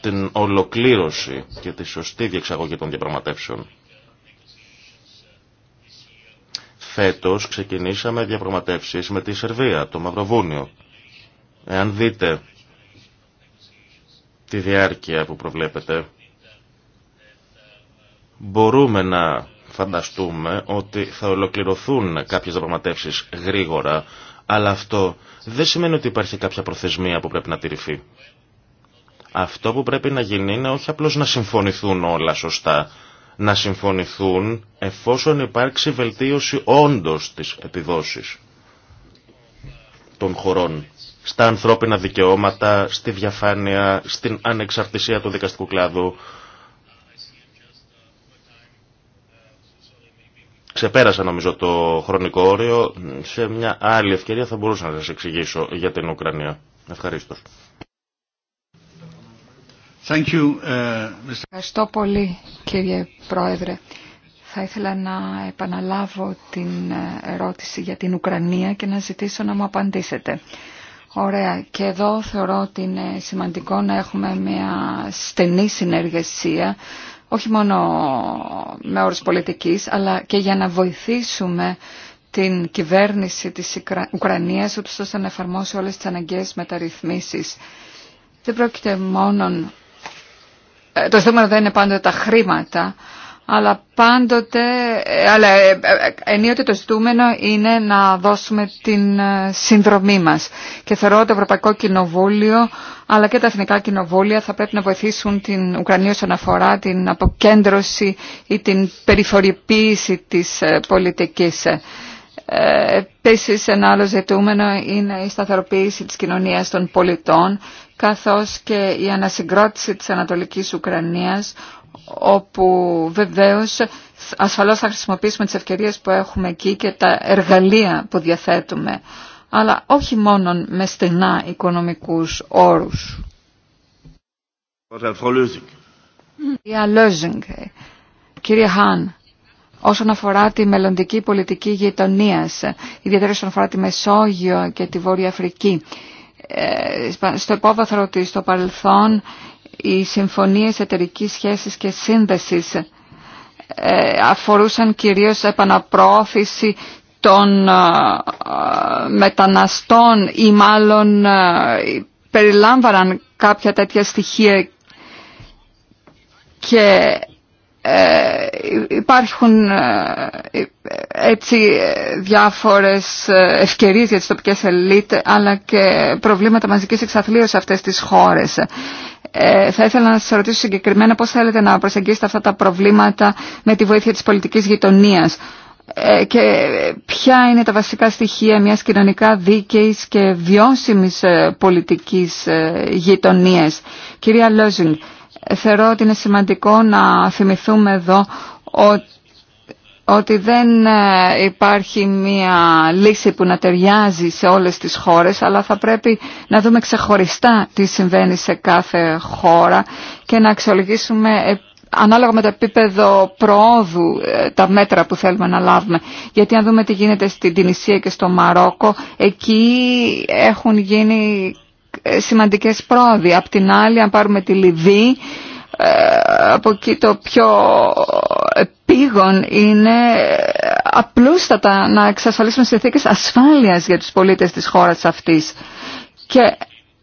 την ολοκλήρωση και τη σωστή διεξαγωγή των διαπραγματεύσεων. Φέτος ξεκινήσαμε διαπραγματεύσεις με τη Σερβία, το Μαυροβούνιο. Εάν δείτε τη διάρκεια που προβλέπετε, μπορούμε να φανταστούμε ότι θα ολοκληρωθούν κάποιες διαπραγματεύσεις γρήγορα, αλλά αυτό δεν σημαίνει ότι υπάρχει κάποια προθεσμία που πρέπει να τηρηθεί. Αυτό που πρέπει να γίνει είναι όχι απλώς να συμφωνηθούν όλα σωστά, να συμφωνηθούν εφόσον υπάρξει βελτίωση όντως της επιδόσης των χωρών στα ανθρώπινα δικαιώματα, στη διαφάνεια, στην ανεξαρτησία του δικαστικού κλάδου, ξεπέρασα νομίζω το χρονικό όριο. Σε μια άλλη ευκαιρία θα μπορούσα να σας εξηγήσω για την Ουκρανία. Ευχαριστώ. Uh, Ευχαριστώ πολύ κύριε Πρόεδρε. Θα ήθελα να επαναλάβω την ε, ερώτηση για την Ουκρανία και να ζητήσω να μου απαντήσετε. Ωραία. Και εδώ θεωρώ ότι είναι σημαντικό να έχουμε μια στενή συνεργασία όχι μόνο με όρους πολιτικής, αλλά και για να βοηθήσουμε την κυβέρνηση της Ουκρανίας, ώστε να εφαρμόσει όλες τις αναγκαίες μεταρρυθμίσεις. Δεν πρόκειται μόνο... Ε, το θέμα δεν είναι πάντοτε τα χρήματα, αλλά πάντοτε, ε, αλλά ε, ε, ενίοτε το ζητούμενο είναι να δώσουμε την συνδρομή μας. Και θεωρώ ότι το Ευρωπαϊκό Κοινοβούλιο, αλλά και τα Εθνικά Κοινοβούλια θα πρέπει να βοηθήσουν την Ουκρανία όσον αφορά την αποκέντρωση ή την περιφοριοποίηση της πολιτικής. Επίση, ένα άλλο ζητούμενο είναι η σταθεροποίηση της κοινωνίας των πολιτών, καθώς και η ανασυγκρότηση της Ανατολικής Ουκρανίας, όπου βεβαίως ασφαλώς θα χρησιμοποιήσουμε τις ευκαιρίες που έχουμε εκεί και τα εργαλεία που διαθέτουμε, αλλά όχι μόνο με στενά οικονομικούς όρους. κύριε Χάν, όσον αφορά τη μελλοντική πολιτική γειτονία, ιδιαίτερα όσον αφορά τη Μεσόγειο και τη Βόρεια Αφρική, ε, στο υπόβαθρο ότι στο παρελθόν οι συμφωνίες εταιρικής σχέσης και σύνδεσης ε, αφορούσαν κυρίως επαναπρόθεση των ε, ε, μεταναστών ή μάλλον περιλάμβαναν κάποια τέτοια στοιχεία και ε, υπάρχουν ε, ε, έτσι διάφορες ευκαιρίες για τις τοπικές ελίτ αλλά και προβλήματα μαζικής εξαθλίωσης σε αυτές τις χώρες. θα ήθελα να σας ρωτήσω συγκεκριμένα πώς θέλετε να προσεγγίσετε αυτά τα προβλήματα με τη βοήθεια της πολιτικής γειτονίας και ποια είναι τα βασικά στοιχεία μιας κοινωνικά δίκαιης και βιώσιμης πολιτικής γειτονίας. Κυρία Λόζινγκ, θεωρώ ότι είναι σημαντικό να θυμηθούμε εδώ ότι δεν ε, υπάρχει μία λύση που να ταιριάζει σε όλες τις χώρες, αλλά θα πρέπει να δούμε ξεχωριστά τι συμβαίνει σε κάθε χώρα και να αξιολογήσουμε ε, ανάλογα με το επίπεδο προόδου ε, τα μέτρα που θέλουμε να λάβουμε. Γιατί αν δούμε τι γίνεται στην Τινησία και στο Μαρόκο, εκεί έχουν γίνει ε, σημαντικές πρόοδοι. Απ' την άλλη, αν πάρουμε τη Λιβύη, ε, από εκεί το πιο επίγον είναι ε, απλούστατα να εξασφαλίσουμε συνθήκες ασφάλειας για τους πολίτες της χώρας αυτής. Και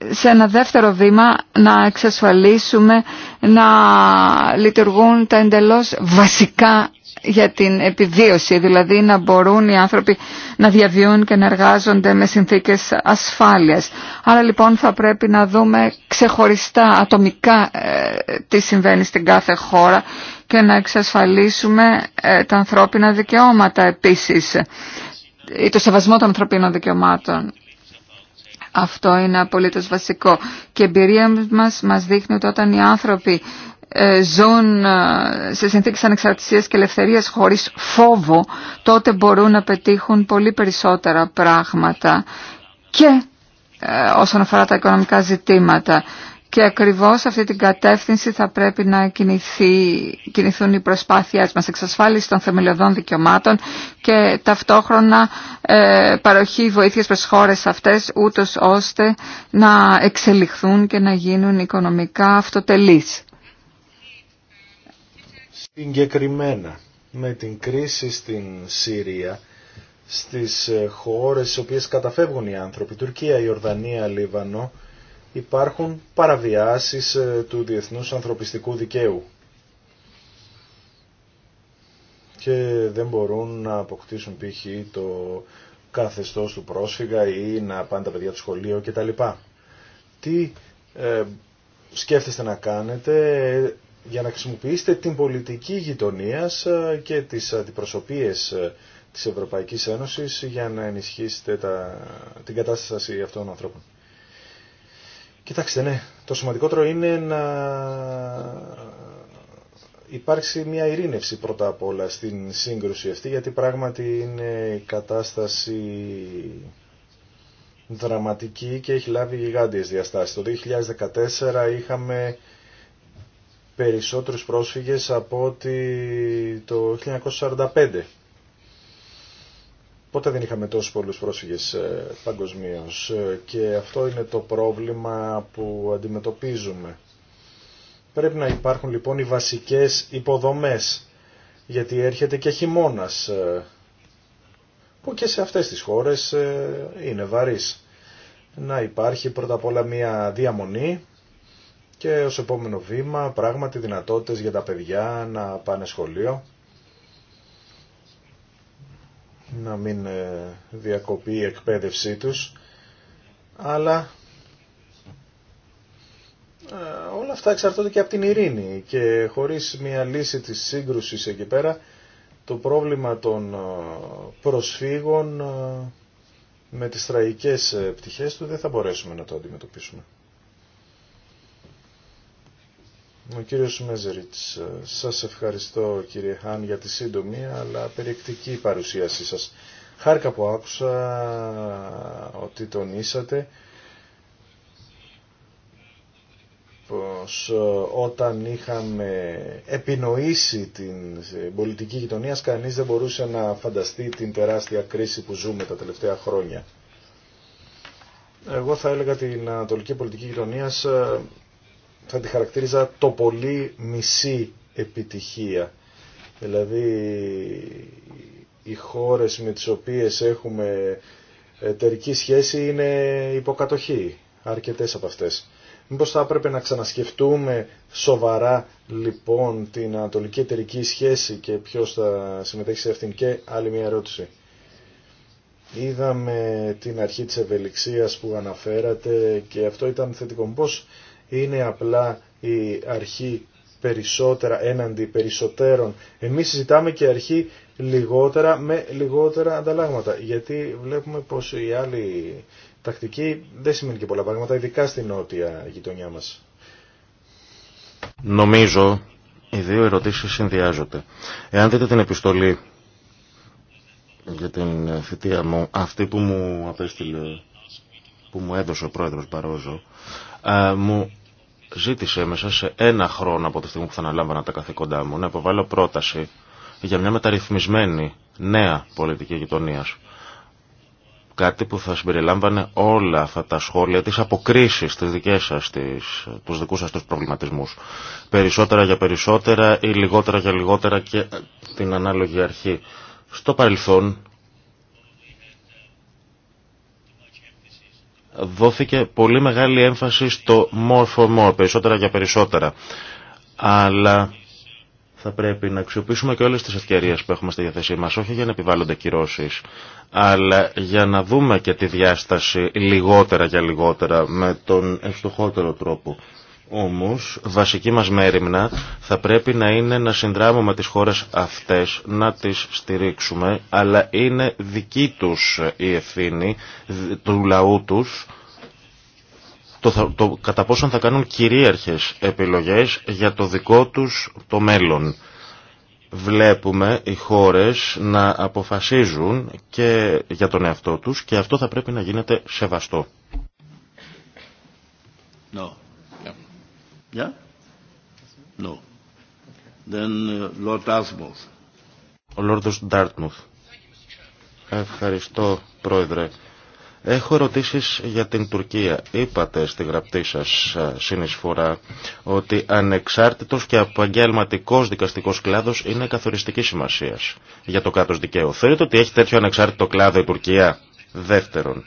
σε ένα δεύτερο βήμα να εξασφαλίσουμε να λειτουργούν τα εντελώς βασικά για την επιβίωση, δηλαδή να μπορούν οι άνθρωποι να διαβιούν και να εργάζονται με συνθήκες ασφάλειας. Άρα λοιπόν θα πρέπει να δούμε ξεχωριστά ατομικά ε, τι συμβαίνει στην κάθε χώρα και να εξασφαλίσουμε ε, τα ανθρώπινα δικαιώματα επίσης, το σεβασμό των ανθρωπίνων δικαιωμάτων. Αυτό είναι απολύτως βασικό. Και η εμπειρία μας μας δείχνει ότι όταν οι άνθρωποι ε, ζουν ε, σε συνθήκες ανεξαρτησίας και ελευθερίας χωρίς φόβο, τότε μπορούν να πετύχουν πολύ περισσότερα πράγματα και ε, όσον αφορά τα οικονομικά ζητήματα. Και ακριβώς αυτή την κατεύθυνση θα πρέπει να κινηθεί, κινηθούν οι προσπάθειές μας, εξασφάλιση των θεμελιωδών δικαιωμάτων και ταυτόχρονα παροχή βοήθειας προς χώρες αυτές, ούτως ώστε να εξελιχθούν και να γίνουν οικονομικά αυτοτελείς. Συγκεκριμένα, με την κρίση στην Συρία, στις ε, χώρες στις οποίες καταφεύγουν οι άνθρωποι, Τουρκία, Ιορδανία, Λίβανο, υπάρχουν παραβιάσεις ε, του διεθνούς ανθρωπιστικού δικαίου και δεν μπορούν να αποκτήσουν π.χ. το καθεστώς του πρόσφυγα ή να πάνε τα παιδιά του σχολείο κτλ. Τι ε, σκέφτεστε να κάνετε για να χρησιμοποιήσετε την πολιτική γειτονίας ε, και τις αντιπροσωπείες ε, της Ευρωπαϊκής Ένωσης για να ενισχύσετε τα, την κατάσταση αυτών των ανθρώπων. Κοιτάξτε, ναι, το σημαντικότερο είναι να υπάρξει μια ειρήνευση πρώτα απ' όλα στην σύγκρουση αυτή, γιατί πράγματι είναι η κατάσταση δραματική και έχει λάβει γιγάντιες διαστάσεις. Το 2014 είχαμε περισσότερους πρόσφυγες από ότι το 1945. Πότε δεν είχαμε τόσους πολλούς πρόσφυγες ε, παγκοσμίω ε, και αυτό είναι το πρόβλημα που αντιμετωπίζουμε. Πρέπει να υπάρχουν λοιπόν οι βασικές υποδομές γιατί έρχεται και χειμώνας ε, που και σε αυτές τις χώρες είναι βαρύς. Να υπάρχει πρώτα απ' όλα μια διαμονή και ως επόμενο βήμα πράγματι δυνατότητες για τα παιδιά να πάνε σχολείο να μην ε, διακοπεί η εκπαίδευσή τους αλλά ε, όλα αυτά εξαρτώνται και από την ειρήνη και χωρίς μια λύση της σύγκρουσης εκεί πέρα το πρόβλημα των ε, προσφύγων με τις τραγικές πτυχές του δεν θα μπορέσουμε να το αντιμετωπίσουμε. Ο κύριος Μέζεριτς, ε, σας ευχαριστώ κύριε Χάν για τη σύντομη αλλά περιεκτική παρουσίασή σας. Χάρηκα που άκουσα ε, ότι τονίσατε πως ε, όταν είχαμε επινοήσει την πολιτική γειτονία κανείς δεν μπορούσε να φανταστεί την τεράστια κρίση που ζούμε τα τελευταία χρόνια. Εγώ θα έλεγα την ανατολική πολιτική γειτονία θα τη χαρακτήριζα το πολύ μισή επιτυχία. Δηλαδή οι χώρες με τις οποίες έχουμε εταιρική σχέση είναι υποκατοχή, αρκετές από αυτές. Μήπως θα έπρεπε να ξανασκεφτούμε σοβαρά λοιπόν την ανατολική εταιρική σχέση και ποιος θα συμμετέχει σε αυτήν και άλλη μια ερώτηση. Είδαμε την αρχή της ευελιξίας που αναφέρατε και αυτό ήταν θετικό είναι απλά η αρχή περισσότερα έναντι περισσότερων. Εμείς συζητάμε και αρχή λιγότερα με λιγότερα ανταλλάγματα. Γιατί βλέπουμε πως η άλλη τακτική δεν σημαίνει και πολλά πράγματα, ειδικά στην νότια γειτονιά μας. Νομίζω οι δύο ερωτήσεις συνδυάζονται. Εάν δείτε την επιστολή για την θητεία μου, αυτή που μου απέστειλε, που μου έδωσε ο πρόεδρος Παρόζο, μου ζήτησε μέσα σε ένα χρόνο από τη στιγμή που θα αναλάμβανα τα καθήκοντά μου να υποβάλω πρόταση για μια μεταρρυθμισμένη νέα πολιτική γειτονία. Κάτι που θα συμπεριλάμβανε όλα αυτά τα σχόλια, τις αποκρίσει τι δικές σας, του τους δικούς σας Περισσότερα για περισσότερα ή λιγότερα για λιγότερα και την ανάλογη αρχή. Στο παρελθόν δόθηκε πολύ μεγάλη έμφαση στο more for more, περισσότερα για περισσότερα. Αλλά θα πρέπει να αξιοποιήσουμε και όλες τις ευκαιρίες που έχουμε στη διαθέσή μας, όχι για να επιβάλλονται κυρώσεις, αλλά για να δούμε και τη διάσταση λιγότερα για λιγότερα με τον ευστοχότερο τρόπο. Όμως, βασική μας μέρημνα θα πρέπει να είναι να συνδράμουμε τις χώρες αυτές, να τις στηρίξουμε, αλλά είναι δική τους η ευθύνη, του λαού τους, το, το κατά πόσον θα κάνουν κυρίαρχες επιλογές για το δικό τους το μέλλον. Βλέπουμε οι χώρες να αποφασίζουν και για τον εαυτό τους και αυτό θα πρέπει να γίνεται σεβαστό. No. Then uh, Lord Ο Λόρδος Ντάρτμουθ. Ευχαριστώ, Πρόεδρε. Έχω ερωτήσεις για την Τουρκία. Είπατε στη γραπτή σας συνεισφορά ότι ανεξάρτητος και απαγγελματικός δικαστικός κλάδος είναι καθοριστική σημασίας για το κάτω δικαίου. Θεωρείτε ότι έχει τέτοιο ανεξάρτητο κλάδο η Τουρκία. Δεύτερον,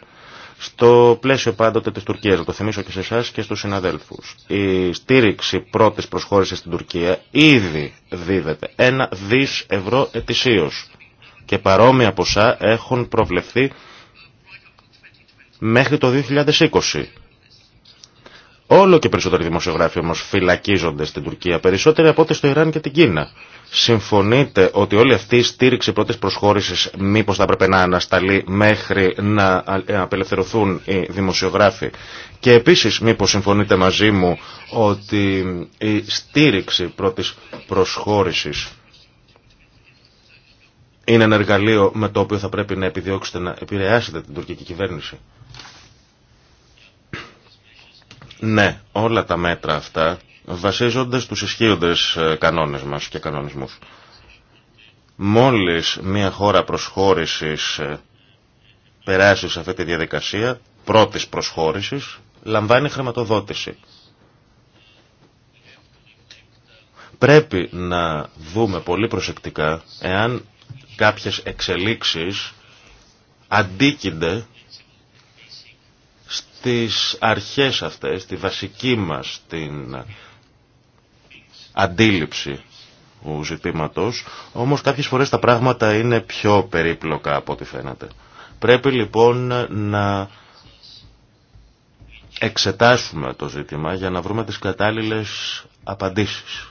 στο πλαίσιο πάντοτε της Τουρκίας, να το θυμίσω και σε εσά και στους συναδέλφους, η στήριξη πρώτης προσχώρησης στην Τουρκία ήδη δίδεται. Ένα δις ευρώ ετησίως Και παρόμοια ποσά έχουν προβλεφθεί μέχρι το 2020. Όλο και περισσότεροι δημοσιογράφοι όμω φυλακίζονται στην Τουρκία, περισσότεροι από ό,τι στο Ιράν και την Κίνα. Συμφωνείτε ότι όλη αυτή η στήριξη πρώτης προσχώρησης μήπως θα έπρεπε να ανασταλεί μέχρι να απελευθερωθούν οι δημοσιογράφοι. Και επίσης μήπως συμφωνείτε μαζί μου ότι η στήριξη πρώτης προσχώρησης είναι ένα εργαλείο με το οποίο θα πρέπει να επιδιώξετε να επηρεάσετε την τουρκική κυβέρνηση. Ναι, όλα τα μέτρα αυτά βασίζονται τους ισχύοντες ε, κανόνες μας και κανονισμούς. Μόλις μια χώρα προσχώρησης ε, περάσει σε αυτή τη διαδικασία, πρώτης προσχώρησης, λαμβάνει χρηματοδότηση. Πρέπει να δούμε πολύ προσεκτικά εάν κάποιες εξελίξεις αντίκυνται στις αρχές αυτές, στη βασική μας την αντίληψη του ζητήματος, όμως κάποιες φορές τα πράγματα είναι πιο περίπλοκα από ό,τι φαίνεται. Πρέπει λοιπόν να εξετάσουμε το ζήτημα για να βρούμε τις κατάλληλες απαντήσεις.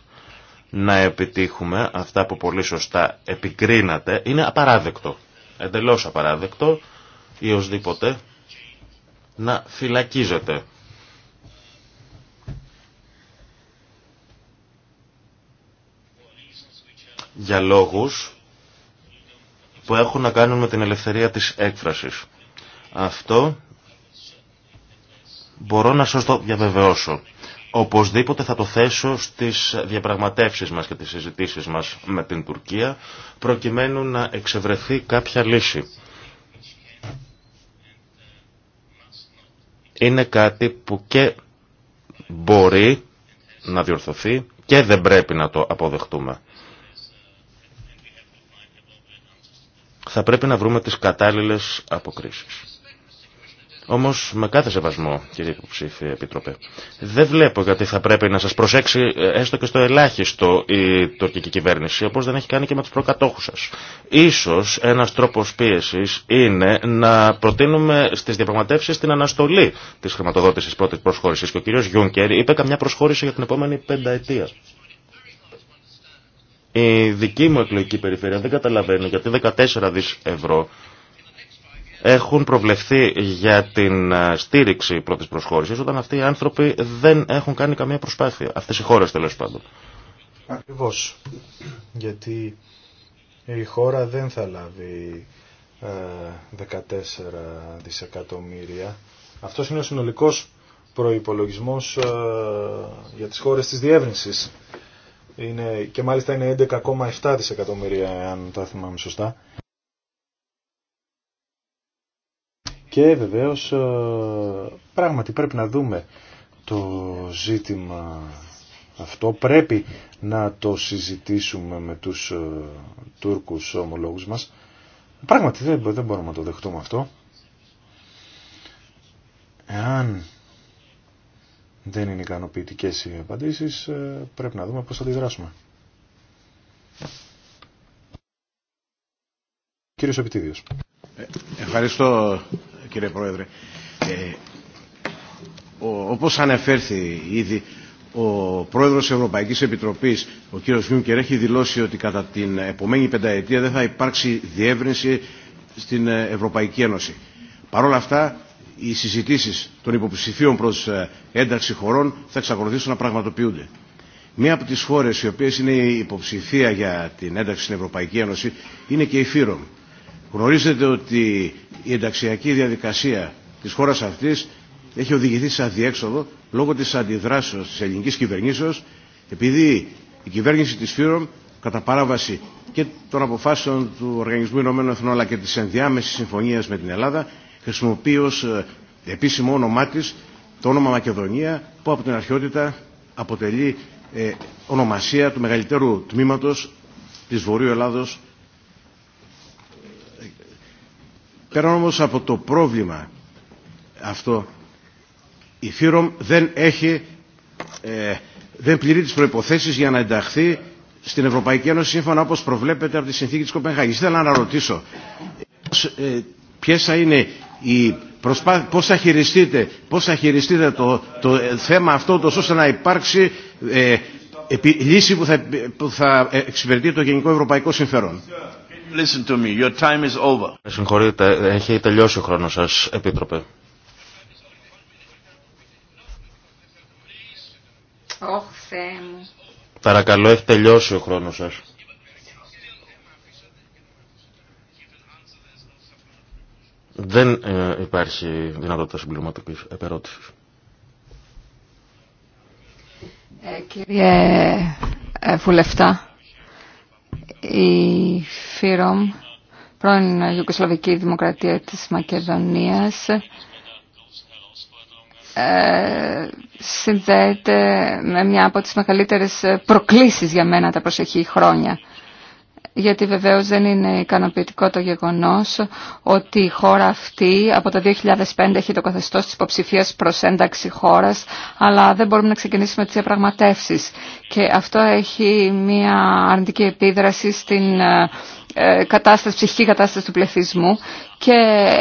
Να επιτύχουμε αυτά που πολύ σωστά επικρίνατε είναι απαράδεκτο. Εντελώς απαράδεκτο ή οσδήποτε να φυλακίζεται για λόγους που έχουν να κάνουν με την ελευθερία της έκφρασης. Αυτό μπορώ να σας το διαβεβαιώσω. Οπωσδήποτε θα το θέσω στις διαπραγματεύσεις μας και τις συζητήσεις μας με την Τουρκία προκειμένου να εξευρεθεί κάποια λύση. Είναι κάτι που και μπορεί να διορθωθεί και δεν πρέπει να το αποδεχτούμε. θα πρέπει να βρούμε τις κατάλληλες αποκρίσεις. Όμως με κάθε σεβασμό, κύριε υποψήφιε Επίτροπε, δεν βλέπω γιατί θα πρέπει να σας προσέξει ε, έστω και στο ελάχιστο η τουρκική κυβέρνηση, όπως δεν έχει κάνει και με τους προκατόχους σας. Ίσως ένας τρόπος πίεσης είναι να προτείνουμε στις διαπραγματεύσεις την αναστολή της χρηματοδότησης πρώτης προσχώρησης και ο κύριος Γιούνκερ είπε καμιά προσχώρηση για την επόμενη πενταετία. Η δική μου εκλογική περιφέρεια δεν καταλαβαίνει γιατί 14 δις ευρώ έχουν προβλεφθεί για την ε, στήριξη πρώτης προσχώρησης όταν αυτοί οι άνθρωποι δεν έχουν κάνει καμία προσπάθεια. Αυτές οι χώρες τέλος πάντων. Ακριβώς. Γιατί η χώρα δεν θα λάβει 14 ε, δισεκατομμύρια. Αυτός είναι ο συνολικός προϋπολογισμός ε, για τις χώρες της διεύνησης. Είναι, και μάλιστα είναι 11,7 δισεκατομμύρια, αν τα θυμάμαι σωστά. Και βεβαίως ε, πράγματι πρέπει να δούμε το ζήτημα αυτό. Πρέπει να το συζητήσουμε με τους ε, Τούρκους ομολόγους μας. Πράγματι δεν, δεν μπορούμε να το δεχτούμε αυτό. Εάν δεν είναι ικανοποιητικέ οι απαντήσεις, ε, πρέπει να δούμε πώς θα αντιδράσουμε. Κύριος Επιτίδιος. Ε, ευχαριστώ κύριε Πρόεδρε. Ε, Όπω όπως αναφέρθη ήδη, ο πρόεδρος Ευρωπαϊκής Επιτροπής, ο κύριος Γιούνκερ, έχει δηλώσει ότι κατά την επομένη πενταετία δεν θα υπάρξει διεύρυνση στην Ευρωπαϊκή Ένωση. Παρ' όλα αυτά, οι συζητήσεις των υποψηφίων προς ε, ένταξη χωρών θα εξακολουθήσουν να πραγματοποιούνται. Μία από τις χώρες οι οποίες είναι η υποψηφία για την ένταξη στην Ευρωπαϊκή Ένωση είναι και η Φύρομ. Γνωρίζετε ότι η ενταξιακή διαδικασία της χώρας αυτής έχει οδηγηθεί σε αδιέξοδο λόγω της αντιδράσεως της ελληνικής κυβερνήσεως επειδή η κυβέρνηση της Φύρομ κατά παράβαση και των αποφάσεων του ΟΕΕ αλλά και της ενδιάμεσης συμφωνίας με την Ελλάδα χρησιμοποιεί ως ε, επίσημο όνομά της το όνομα Μακεδονία που από την αρχαιότητα αποτελεί ε, ονομασία του μεγαλύτερου τμήματος της Βορείου Ελλάδος. Πέραν όμως από το πρόβλημα αυτό, η ΦΥΡΟΜ δεν έχει, ε, δεν πληρεί τις προϋποθέσεις για να ενταχθεί στην Ευρωπαϊκή Ένωση σύμφωνα όπως προβλέπεται από τη συνθήκη της Κοπενχάγης. Θέλω να ρωτήσω, ε, ποιες θα είναι η πώς θα χειριστείτε, το, θέμα αυτό το ώστε να υπάρξει ε, λύση που θα, που εξυπηρετεί το γενικό ευρωπαϊκό συμφέρον. συγχωρείτε, έχει τελειώσει ο χρόνος σας, Επίτροπε. Oh, Παρακαλώ, έχει τελειώσει ο χρόνος σας. Δεν ε, υπάρχει δυνατότητα συμπληρωματικής επερώτησης. Ε, κύριε ε, Βουλευτά, η ΦΥΡΟΜ, πρώην Ιουγκοσλαβική Δημοκρατία της Μακεδονίας, συνδέεται με μια από τις μεγαλύτερες προκλήσεις για μένα τα προσεχή χρόνια γιατί βεβαίως δεν είναι ικανοποιητικό το γεγονός ότι η χώρα αυτή από το 2005 έχει το καθεστώς της υποψηφίας προς ένταξη χώρας, αλλά δεν μπορούμε να ξεκινήσουμε τις διαπραγματεύσεις. Και αυτό έχει μια αρνητική επίδραση στην ε, ε, κατάσταση, ψυχική κατάσταση του πληθυσμού και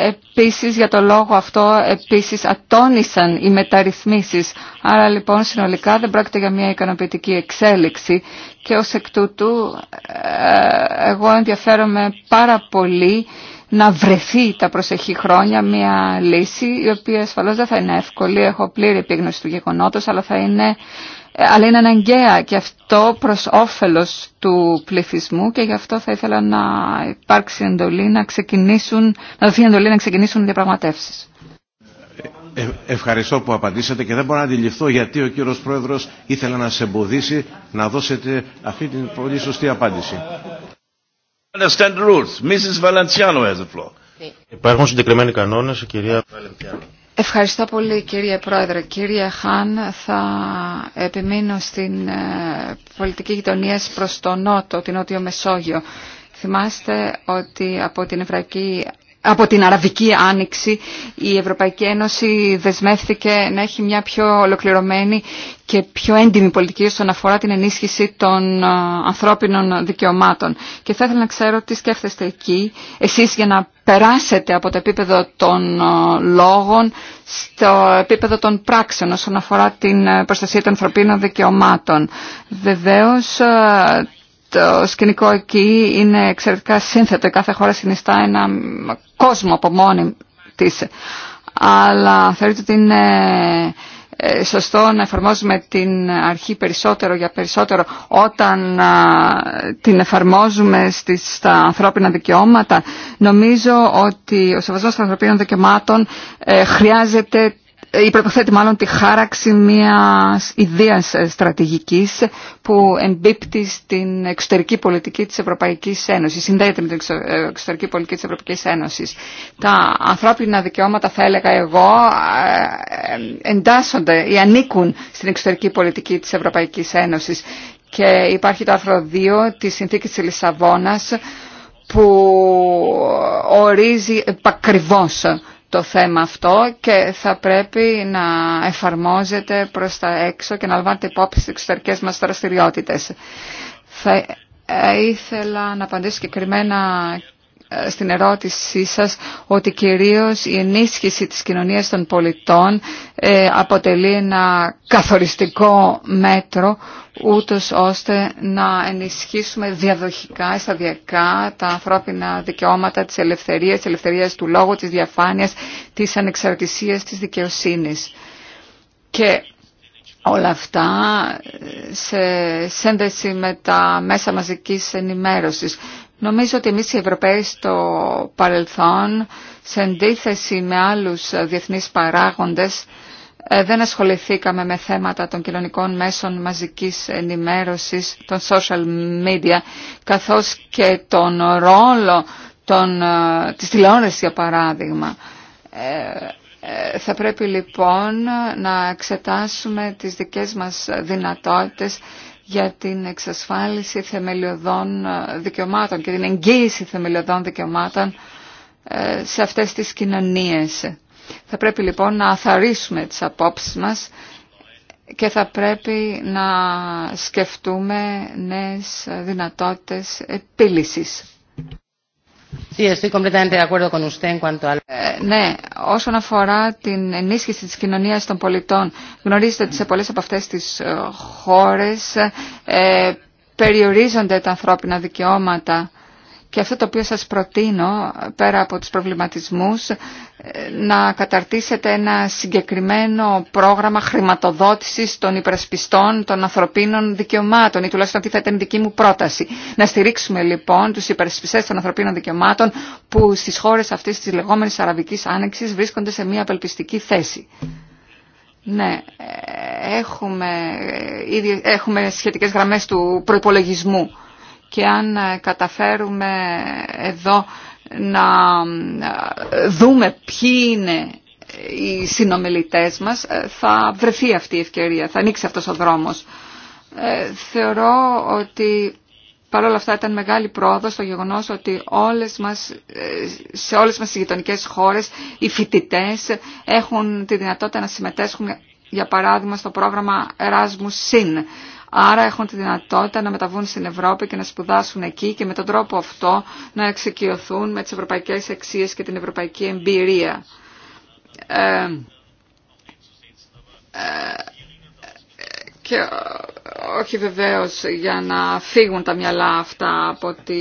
επίσης για το λόγο αυτό επίσης ατόνισαν οι μεταρρυθμίσεις. Άρα λοιπόν συνολικά δεν πρόκειται για μια ικανοποιητική εξέλιξη και ως εκ τούτου ε, εγώ ενδιαφέρομαι πάρα πολύ να βρεθεί τα προσεχή χρόνια μια λύση η οποία ασφαλώς δεν θα είναι εύκολη, έχω πλήρη επίγνωση του γεγονότος, αλλά θα είναι αλλά αναγκαία και αυτό προς όφελος του πληθυσμού και γι' αυτό θα ήθελα να υπάρξει εντολή να ξεκινήσουν, να δοθεί εντολή να ξεκινήσουν διαπραγματεύσεις. Ε, ευχαριστώ που απαντήσατε και δεν μπορώ να αντιληφθώ γιατί ο κύριος Πρόεδρος ήθελε να σε εμποδίσει να δώσετε αυτή την πολύ σωστή απάντηση. Understand the rules. Mrs. Valenciano has the floor. Υπάρχουν συγκεκριμένοι κανόνε, η κυρία Βαλεντιάνο. Ευχαριστώ πολύ κύριε Πρόεδρε. Κύριε Χάν, θα επιμείνω στην ε, πολιτική γειτονία προς τον Νότο, την Νότιο Μεσόγειο. Θυμάστε ότι από την Ευρωπαϊκή από την Αραβική Άνοιξη η Ευρωπαϊκή Ένωση δεσμεύθηκε να έχει μια πιο ολοκληρωμένη και πιο έντιμη πολιτική όσον αφορά την ενίσχυση των ανθρώπινων δικαιωμάτων. Και θα ήθελα να ξέρω τι σκέφτεστε εκεί εσείς για να περάσετε από το επίπεδο των λόγων στο επίπεδο των πράξεων όσον αφορά την ε, προστασία των ανθρωπίνων δικαιωμάτων. Βεβαίως το σκηνικό εκεί είναι εξαιρετικά σύνθετο. Κάθε χώρα συνιστά ένα κόσμο από μόνη της. Αλλά θεωρείτε ότι είναι ε, σωστό να εφαρμόζουμε την αρχή περισσότερο για περισσότερο όταν την εφαρμόζουμε στις, στα ανθρώπινα δικαιώματα. Νομίζω ότι ο σεβασμός των ανθρωπίνων δικαιωμάτων ε, χρειάζεται ή ε, προποθέτει μάλλον τη χάραξη μιας ιδέας ε, στρατηγικής που εμπίπτει στην εξωτερική πολιτική της Ευρωπαϊκής Ένωσης, συνδέεται με την ε, εξωτερική πολιτική της Ευρωπαϊκής Ένωσης. Τα ανθρώπινα δικαιώματα, θα έλεγα εγώ, εντάσσονται ή ανήκουν στην εξωτερική πολιτική της Ευρωπαϊκής Ένωσης. Και υπάρχει το άρθρο 2 της Συνθήκης της Λισαβόνας που ορίζει επακριβώς το θέμα αυτό και θα πρέπει να εφαρμόζεται προς τα έξω και να λαμβάνετε υπόψη στις εξωτερικές μας δραστηριότητες. Θα ήθελα να απαντήσω συγκεκριμένα στην ερώτησή σας ότι κυρίως η ενίσχυση της κοινωνίας των πολιτών ε, αποτελεί ένα καθοριστικό μέτρο ούτως ώστε να ενισχύσουμε διαδοχικά, σταδιακά τα ανθρώπινα δικαιώματα της ελευθερίας, της ελευθερίας του λόγου, της διαφάνειας, της ανεξαρτησίας, της δικαιοσύνης. Και όλα αυτά ε, σε σύνδεση με τα μέσα μαζικής ενημέρωσης. Νομίζω ότι εμείς οι Ευρωπαίοι στο παρελθόν, σε αντίθεση με άλλους διεθνείς παράγοντες, ε, δεν ασχοληθήκαμε με θέματα των κοινωνικών μέσων μαζικής ενημέρωσης, των social media, καθώς και τον ρόλο των, ε, της τηλεόρασης, για παράδειγμα. Ε, θα πρέπει λοιπόν να εξετάσουμε τις δικές μας δυνατότητες για την εξασφάλιση θεμελιωδών ε, δικαιωμάτων και την εγγύηση θεμελιωδών δικαιωμάτων ε, σε αυτές τις κοινωνίες. Θα πρέπει λοιπόν να αθαρίσουμε τις απόψεις μας και θα πρέπει να σκεφτούμε νέες δυνατότητες επίλυσης ναι, όσον αφορά την ενίσχυση της κοινωνίας των πολιτών, γνωρίζετε ότι σε πολλές από αυτές τις ε, χώρες ε, περιορίζονται τα ανθρώπινα δικαιώματα και αυτό το οποίο σας προτείνω, πέρα από τους προβληματισμούς, να καταρτήσετε ένα συγκεκριμένο πρόγραμμα χρηματοδότησης των υπερασπιστών των ανθρωπίνων δικαιωμάτων ή τουλάχιστον αυτή θα ήταν η τουλαχιστον αυτη θα ηταν δικη μου πρόταση. Να στηρίξουμε λοιπόν τους υπερασπιστές των ανθρωπίνων δικαιωμάτων που στις χώρες αυτής της λεγόμενης Αραβικής Άνοιξης βρίσκονται σε μια απελπιστική θέση. Ναι, ε, έχουμε, ε, ήδη έχουμε σχετικές γραμμές του προϋπολογισμού και αν ε, καταφέρουμε εδώ να ε, δούμε ποιοι είναι οι συνομιλητές μας, ε, θα βρεθεί αυτή η ευκαιρία, θα ανοίξει αυτός ο δρόμος. θεωρώ ότι Παρ' όλα αυτά ήταν μεγάλη πρόοδο το γεγονός ότι όλες μας, σε όλες μας τις γειτονικέ χώρες οι φοιτητέ έχουν τη δυνατότητα να συμμετέσχουν για παράδειγμα στο πρόγραμμα Erasmus Sin άρα έχουν τη δυνατότητα να μεταβούν στην Ευρώπη και να σπουδάσουν εκεί και με τον τρόπο αυτό να εξοικειωθούν με τις ευρωπαϊκές αξίες και την ευρωπαϊκή εμπειρία. Ε, ε, και όχι βεβαίως για να φύγουν τα μυαλά αυτά από τη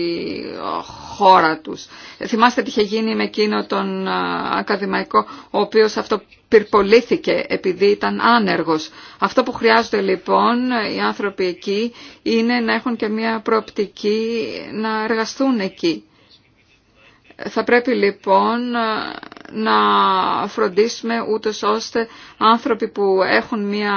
χώρα τους. Θυμάστε τι είχε γίνει με εκείνο τον ακαδημαϊκό, ο οποίος αυτό πυρπολήθηκε επειδή ήταν άνεργος. Αυτό που χρειάζονται λοιπόν οι άνθρωποι εκεί είναι να έχουν και μια προοπτική να εργαστούν εκεί. Θα πρέπει λοιπόν ε, να φροντίσουμε ούτως ώστε άνθρωποι που έχουν μια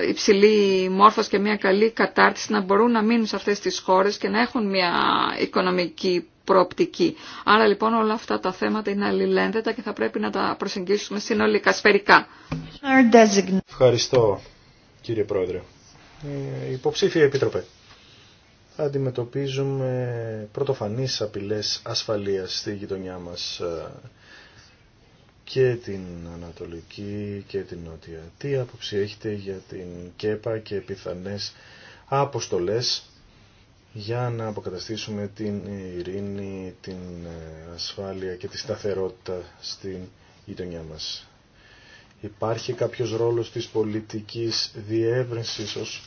ε, υψηλή μόρφωση και μια καλή κατάρτιση να μπορούν να μείνουν σε αυτές τις χώρες και να έχουν μια οικονομική προοπτική. Άρα λοιπόν όλα αυτά τα θέματα είναι αλληλένδετα και θα πρέπει να τα προσεγγίσουμε συνολικά, σφαιρικά. Ευχαριστώ κύριε Πρόεδρε. Ε, υποψήφια Επίτροπε αντιμετωπίζουμε πρωτοφανείς απειλές ασφαλείας στη γειτονιά μας ε, και την Ανατολική και την Νότια. Τι άποψη έχετε για την ΚΕΠΑ και πιθανές αποστολές για να αποκαταστήσουμε την ειρήνη, την ε, ασφάλεια και τη σταθερότητα στην γειτονιά μας. Υπάρχει κάποιος ρόλος της πολιτικής διεύρυνσης ως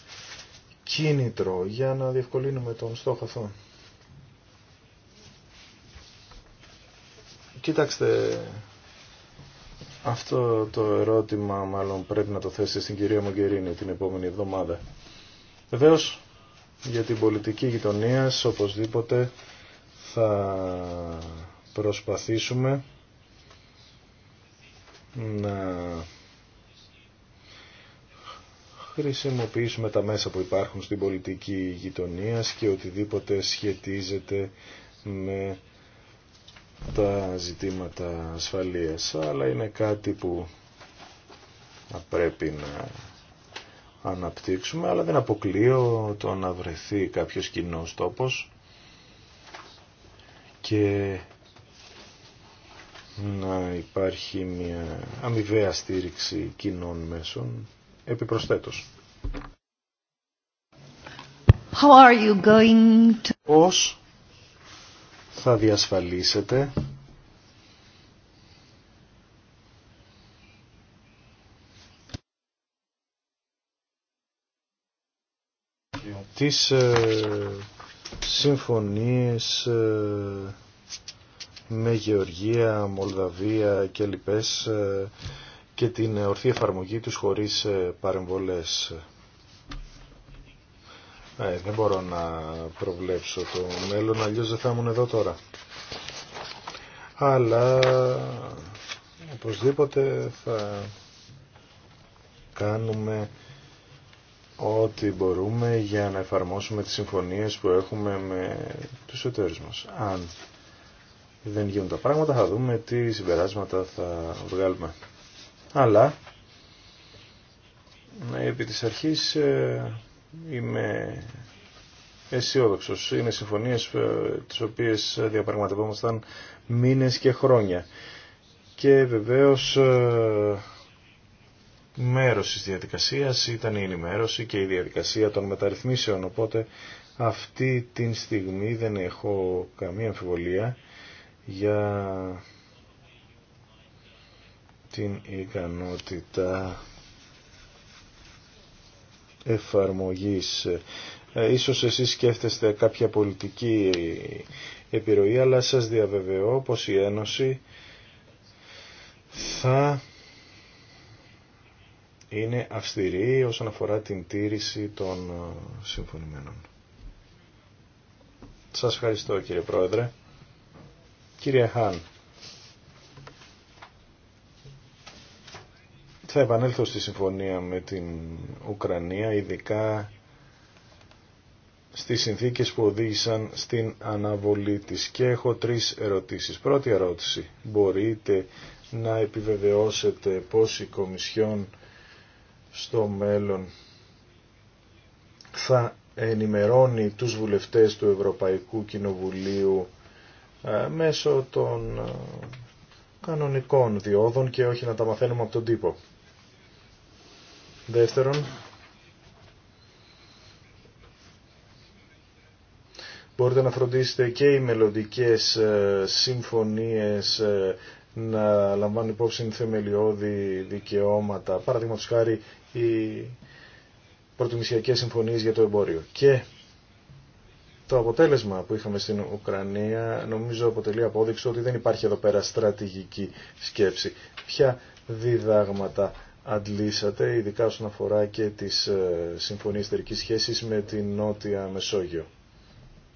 κίνητρο για να διευκολύνουμε τον στόχο αυτό. Κοιτάξτε, αυτό το ερώτημα μάλλον πρέπει να το θέσετε στην κυρία Μογκερίνη την επόμενη εβδομάδα. Βεβαίως για την πολιτική γειτονία οπωσδήποτε θα προσπαθήσουμε να χρησιμοποιήσουμε τα μέσα που υπάρχουν στην πολιτική γειτονία και οτιδήποτε σχετίζεται με τα ζητήματα ασφαλείας. Αλλά είναι κάτι που θα πρέπει να αναπτύξουμε, αλλά δεν αποκλείω το να βρεθεί κάποιος κοινό τόπος και να υπάρχει μια αμοιβαία στήριξη κοινών μέσων επιπροσθέτως. How are you going Πώς θα διασφαλίσετε τις ε, συμφωνίες ε, με Γεωργία, Μολδαβία και λοιπές ε, και την ορθή εφαρμογή τους χωρίς ε, παρεμβολές. Ε, δεν μπορώ να προβλέψω το μέλλον, αλλιώς δεν θα ήμουν εδώ τώρα. Αλλά οπωσδήποτε θα κάνουμε ό,τι μπορούμε για να εφαρμόσουμε τις συμφωνίες που έχουμε με τους εταίρους μας. Αν δεν γίνουν τα πράγματα θα δούμε τι συμπεράσματα θα βγάλουμε αλλά ναι, επί της αρχής ε, είμαι αισιόδοξο. Είναι συμφωνίες ε, τις οποίες διαπραγματευόμασταν μήνες και χρόνια. Και βεβαίως ε, μέρος της διαδικασίας ήταν η ενημέρωση και η διαδικασία των μεταρρυθμίσεων. Οπότε αυτή τη στιγμή δεν έχω καμία αμφιβολία για την ικανότητα εφαρμογής. Ε, ίσως εσείς σκέφτεστε κάποια πολιτική επιρροή, αλλά σας διαβεβαιώ πως η Ένωση θα είναι αυστηρή όσον αφορά την τήρηση των ε, συμφωνημένων. Σας ευχαριστώ κύριε Πρόεδρε. Κύριε Χάν. θα επανέλθω στη συμφωνία με την Ουκρανία, ειδικά στις συνθήκες που οδήγησαν στην αναβολή της. Και έχω τρεις ερωτήσεις. Πρώτη ερώτηση. Μπορείτε να επιβεβαιώσετε πώς η Κομισιόν στο μέλλον θα ενημερώνει τους βουλευτές του Ευρωπαϊκού Κοινοβουλίου ε, μέσω των ε, κανονικών διόδων και όχι να τα μαθαίνουμε από τον τύπο. Δεύτερον, μπορείτε να φροντίσετε και οι μελλοντικές ε, συμφωνίες ε, να λαμβάνουν υπόψη θεμελιώδη δικαιώματα, παραδείγματος χάρη οι πρωτομισιακές συμφωνίες για το εμπόριο. Και το αποτέλεσμα που είχαμε στην Ουκρανία νομίζω αποτελεί απόδειξη ότι δεν υπάρχει εδώ πέρα στρατηγική σκέψη. Ποια διδάγματα αντλήσατε, ειδικά όσον αφορά και τις ε, συμφωνίες εταιρικής σχέσης με την Νότια Μεσόγειο.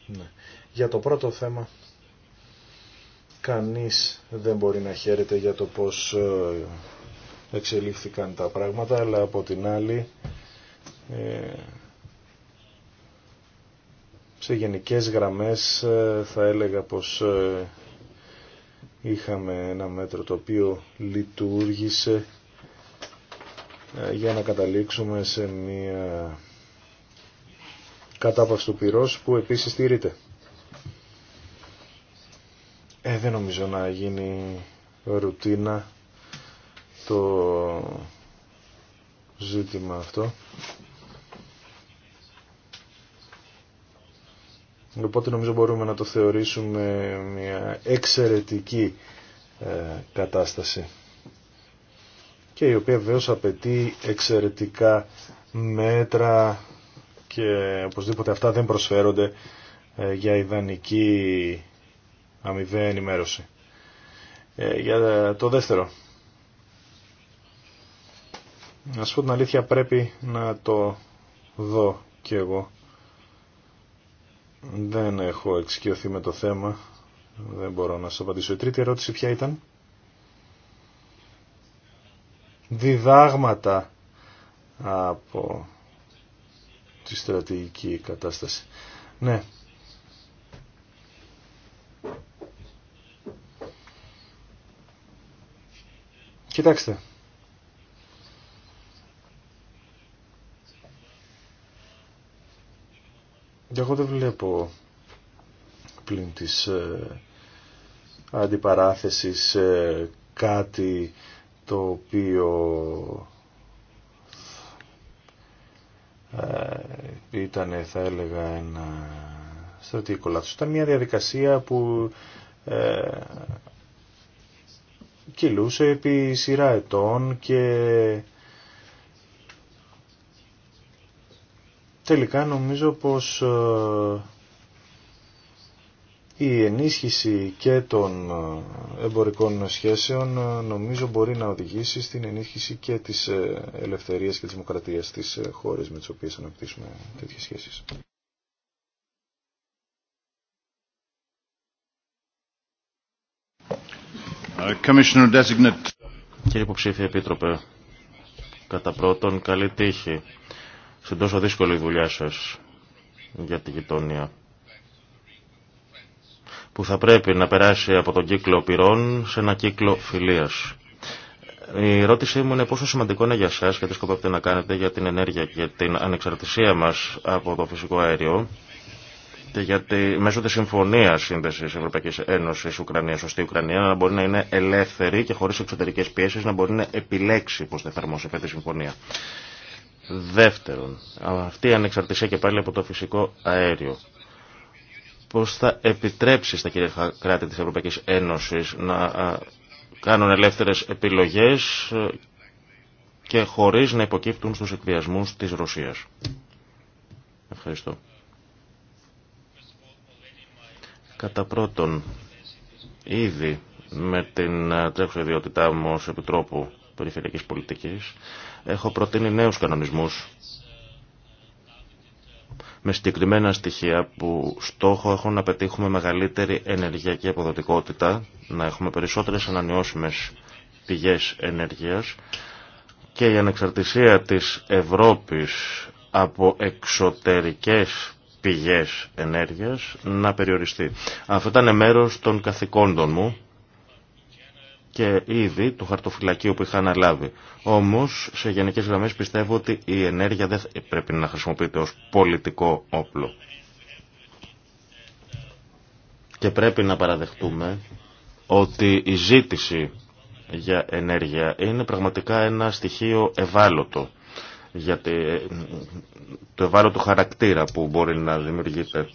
Ναι. Για το πρώτο θέμα, κανείς δεν μπορεί να χαίρεται για το πώς ε, εξελίχθηκαν τα πράγματα, αλλά από την άλλη, ε, σε γενικές γραμμές θα έλεγα πως είχαμε ένα μέτρο το οποίο λειτουργήσε ε, για να καταλήξουμε σε μια κατάπαυση του πυρός που επίσης στηρείται. Ε, δεν νομίζω να γίνει ρουτίνα το ζήτημα αυτό. Οπότε νομίζω μπορούμε να το θεωρήσουμε μια εξαιρετική ε, κατάσταση και η οποία βεβαίως απαιτεί εξαιρετικά μέτρα και οπωσδήποτε αυτά δεν προσφέρονται ε, για ιδανική αμοιβαία ενημέρωση. Ε, για το δεύτερο. Να σου πω την αλήθεια πρέπει να το δω κι εγώ. Δεν έχω εξοικειωθεί με το θέμα. Δεν μπορώ να σας απαντήσω. Η τρίτη ερώτηση ποια ήταν διδάγματα από τη στρατηγική κατάσταση. Ναι. Κοιτάξτε. Εγώ δεν βλέπω πλην της ε, αντιπαράθεσης ε, κάτι το οποίο ε, ήταν θα έλεγα ένα στρατηγικό λάθος. Ήταν μια διαδικασία που ε, κυλούσε επί σειρά ετών και τελικά νομίζω πως ε, η ενίσχυση και των ε, εμπορικών σχέσεων ε, νομίζω μπορεί να οδηγήσει στην ενίσχυση και της ε, ελευθερίας και της δημοκρατίας στις χώρες με τις οποίες αναπτύσσουμε τέτοιες σχέσεις. Uh, Κύριε Υποψήφια Επίτροπε, κατά πρώτον καλή τύχη στην τόσο δύσκολη δουλειά σας για τη γειτόνια που θα πρέπει να περάσει από τον κύκλο πυρών σε ένα κύκλο φιλίας. Η ερώτησή μου είναι πόσο σημαντικό είναι για σας και τι σκοπεύετε να κάνετε για την ενέργεια και την ανεξαρτησία μας από το φυσικό αέριο και γιατί μέσω της συμφωνίας σύνδεσης Ευρωπαϊκής Ένωσης ουκρανια σωστή Ουκρανία, να μπορεί να είναι ελεύθερη και χωρίς εξωτερικές πιέσεις να μπορεί να επιλέξει πώς θα εφαρμόσει αυτή τη συμφωνία. Δεύτερον, αυτή η ανεξαρτησία και πάλι από το φυσικό αέριο πως θα επιτρέψει στα κυρίαρχα κράτη της Ευρωπαϊκής Ένωσης να κάνουν ελεύθερες επιλογές ε, και χωρίς να υποκύπτουν στους εκβιασμούς της Ρωσίας. Ευχαριστώ. Κατά πρώτον, ήδη με την τρέχουσα ιδιότητά μου ως Επιτρόπου Περιφερειακής Πολιτικής έχω προτείνει νέους κανονισμούς με συγκεκριμένα στοιχεία που στόχο έχουν να πετύχουμε μεγαλύτερη ενεργειακή αποδοτικότητα, να έχουμε περισσότερες ανανεώσιμες πηγές ενέργειας και η ανεξαρτησία της Ευρώπης από εξωτερικές πηγές ενέργειας να περιοριστεί. Αυτό ήταν μέρος των καθηκόντων μου και ήδη του χαρτοφυλακίου που είχα αναλάβει. Όμως, σε γενικές γραμμές πιστεύω ότι η ενέργεια δεν πρέπει να χρησιμοποιείται ως πολιτικό όπλο. Και πρέπει να παραδεχτούμε ότι η ζήτηση για ενέργεια είναι πραγματικά ένα στοιχείο ευάλωτο Γιατί το ευάλωτο χαρακτήρα που μπορεί να δημιουργείται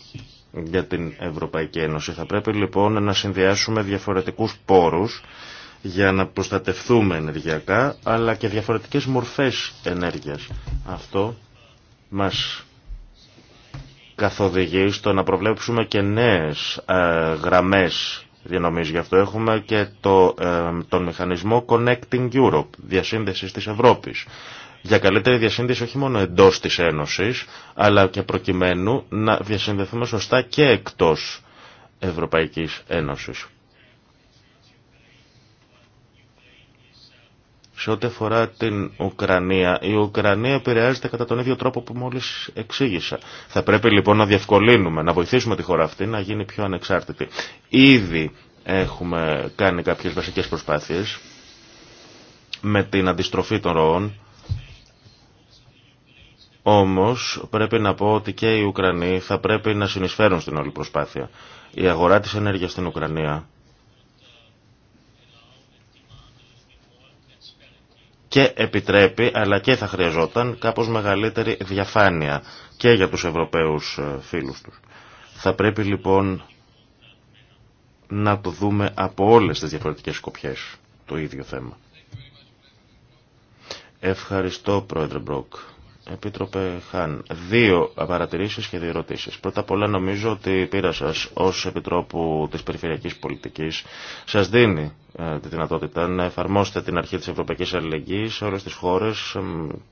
για την Ευρωπαϊκή Ένωση. Θα πρέπει λοιπόν να συνδυάσουμε διαφορετικούς πόρους για να προστατευτούμε ενεργειακά, αλλά και διαφορετικές μορφές ενέργειας. Αυτό μας καθοδηγεί στο να προβλέψουμε και νέες ε, γραμμές διανομής. Γι' αυτό έχουμε και το, ε, τον μηχανισμό Connecting Europe, διασύνδεσης της Ευρώπης. Για καλύτερη διασύνδεση όχι μόνο εντός της Ένωσης, αλλά και προκειμένου να διασυνδεθούμε σωστά και εκτός Ευρωπαϊκής Ένωσης. Σε ό,τι αφορά την Ουκρανία, η Ουκρανία επηρεάζεται κατά τον ίδιο τρόπο που μόλις εξήγησα. Θα πρέπει λοιπόν να διευκολύνουμε, να βοηθήσουμε τη χώρα αυτή να γίνει πιο ανεξάρτητη. Ήδη έχουμε κάνει κάποιες βασικές προσπάθειες με την αντιστροφή των ροών. Όμως πρέπει να πω ότι και οι Ουκρανοί θα πρέπει να συνεισφέρουν στην όλη προσπάθεια. Η αγορά της ενέργειας στην Ουκρανία και επιτρέπει αλλά και θα χρειαζόταν κάπως μεγαλύτερη διαφάνεια και για τους Ευρωπαίους ε, φίλους τους. Θα πρέπει λοιπόν να το δούμε από όλες τις διαφορετικές σκοπιές το ίδιο θέμα. Ευχαριστώ πρόεδρε Μπρόκ. Επίτροπε Χάν, δύο παρατηρήσει και δύο ερωτήσει. Πρώτα απ' όλα, νομίζω ότι η πείρα σα ω Επιτρόπου τη Περιφερειακή Πολιτική σα δίνει ε, τη δυνατότητα να εφαρμόσετε την αρχή τη Ευρωπαϊκή Αλληλεγγύη σε όλε τι χώρε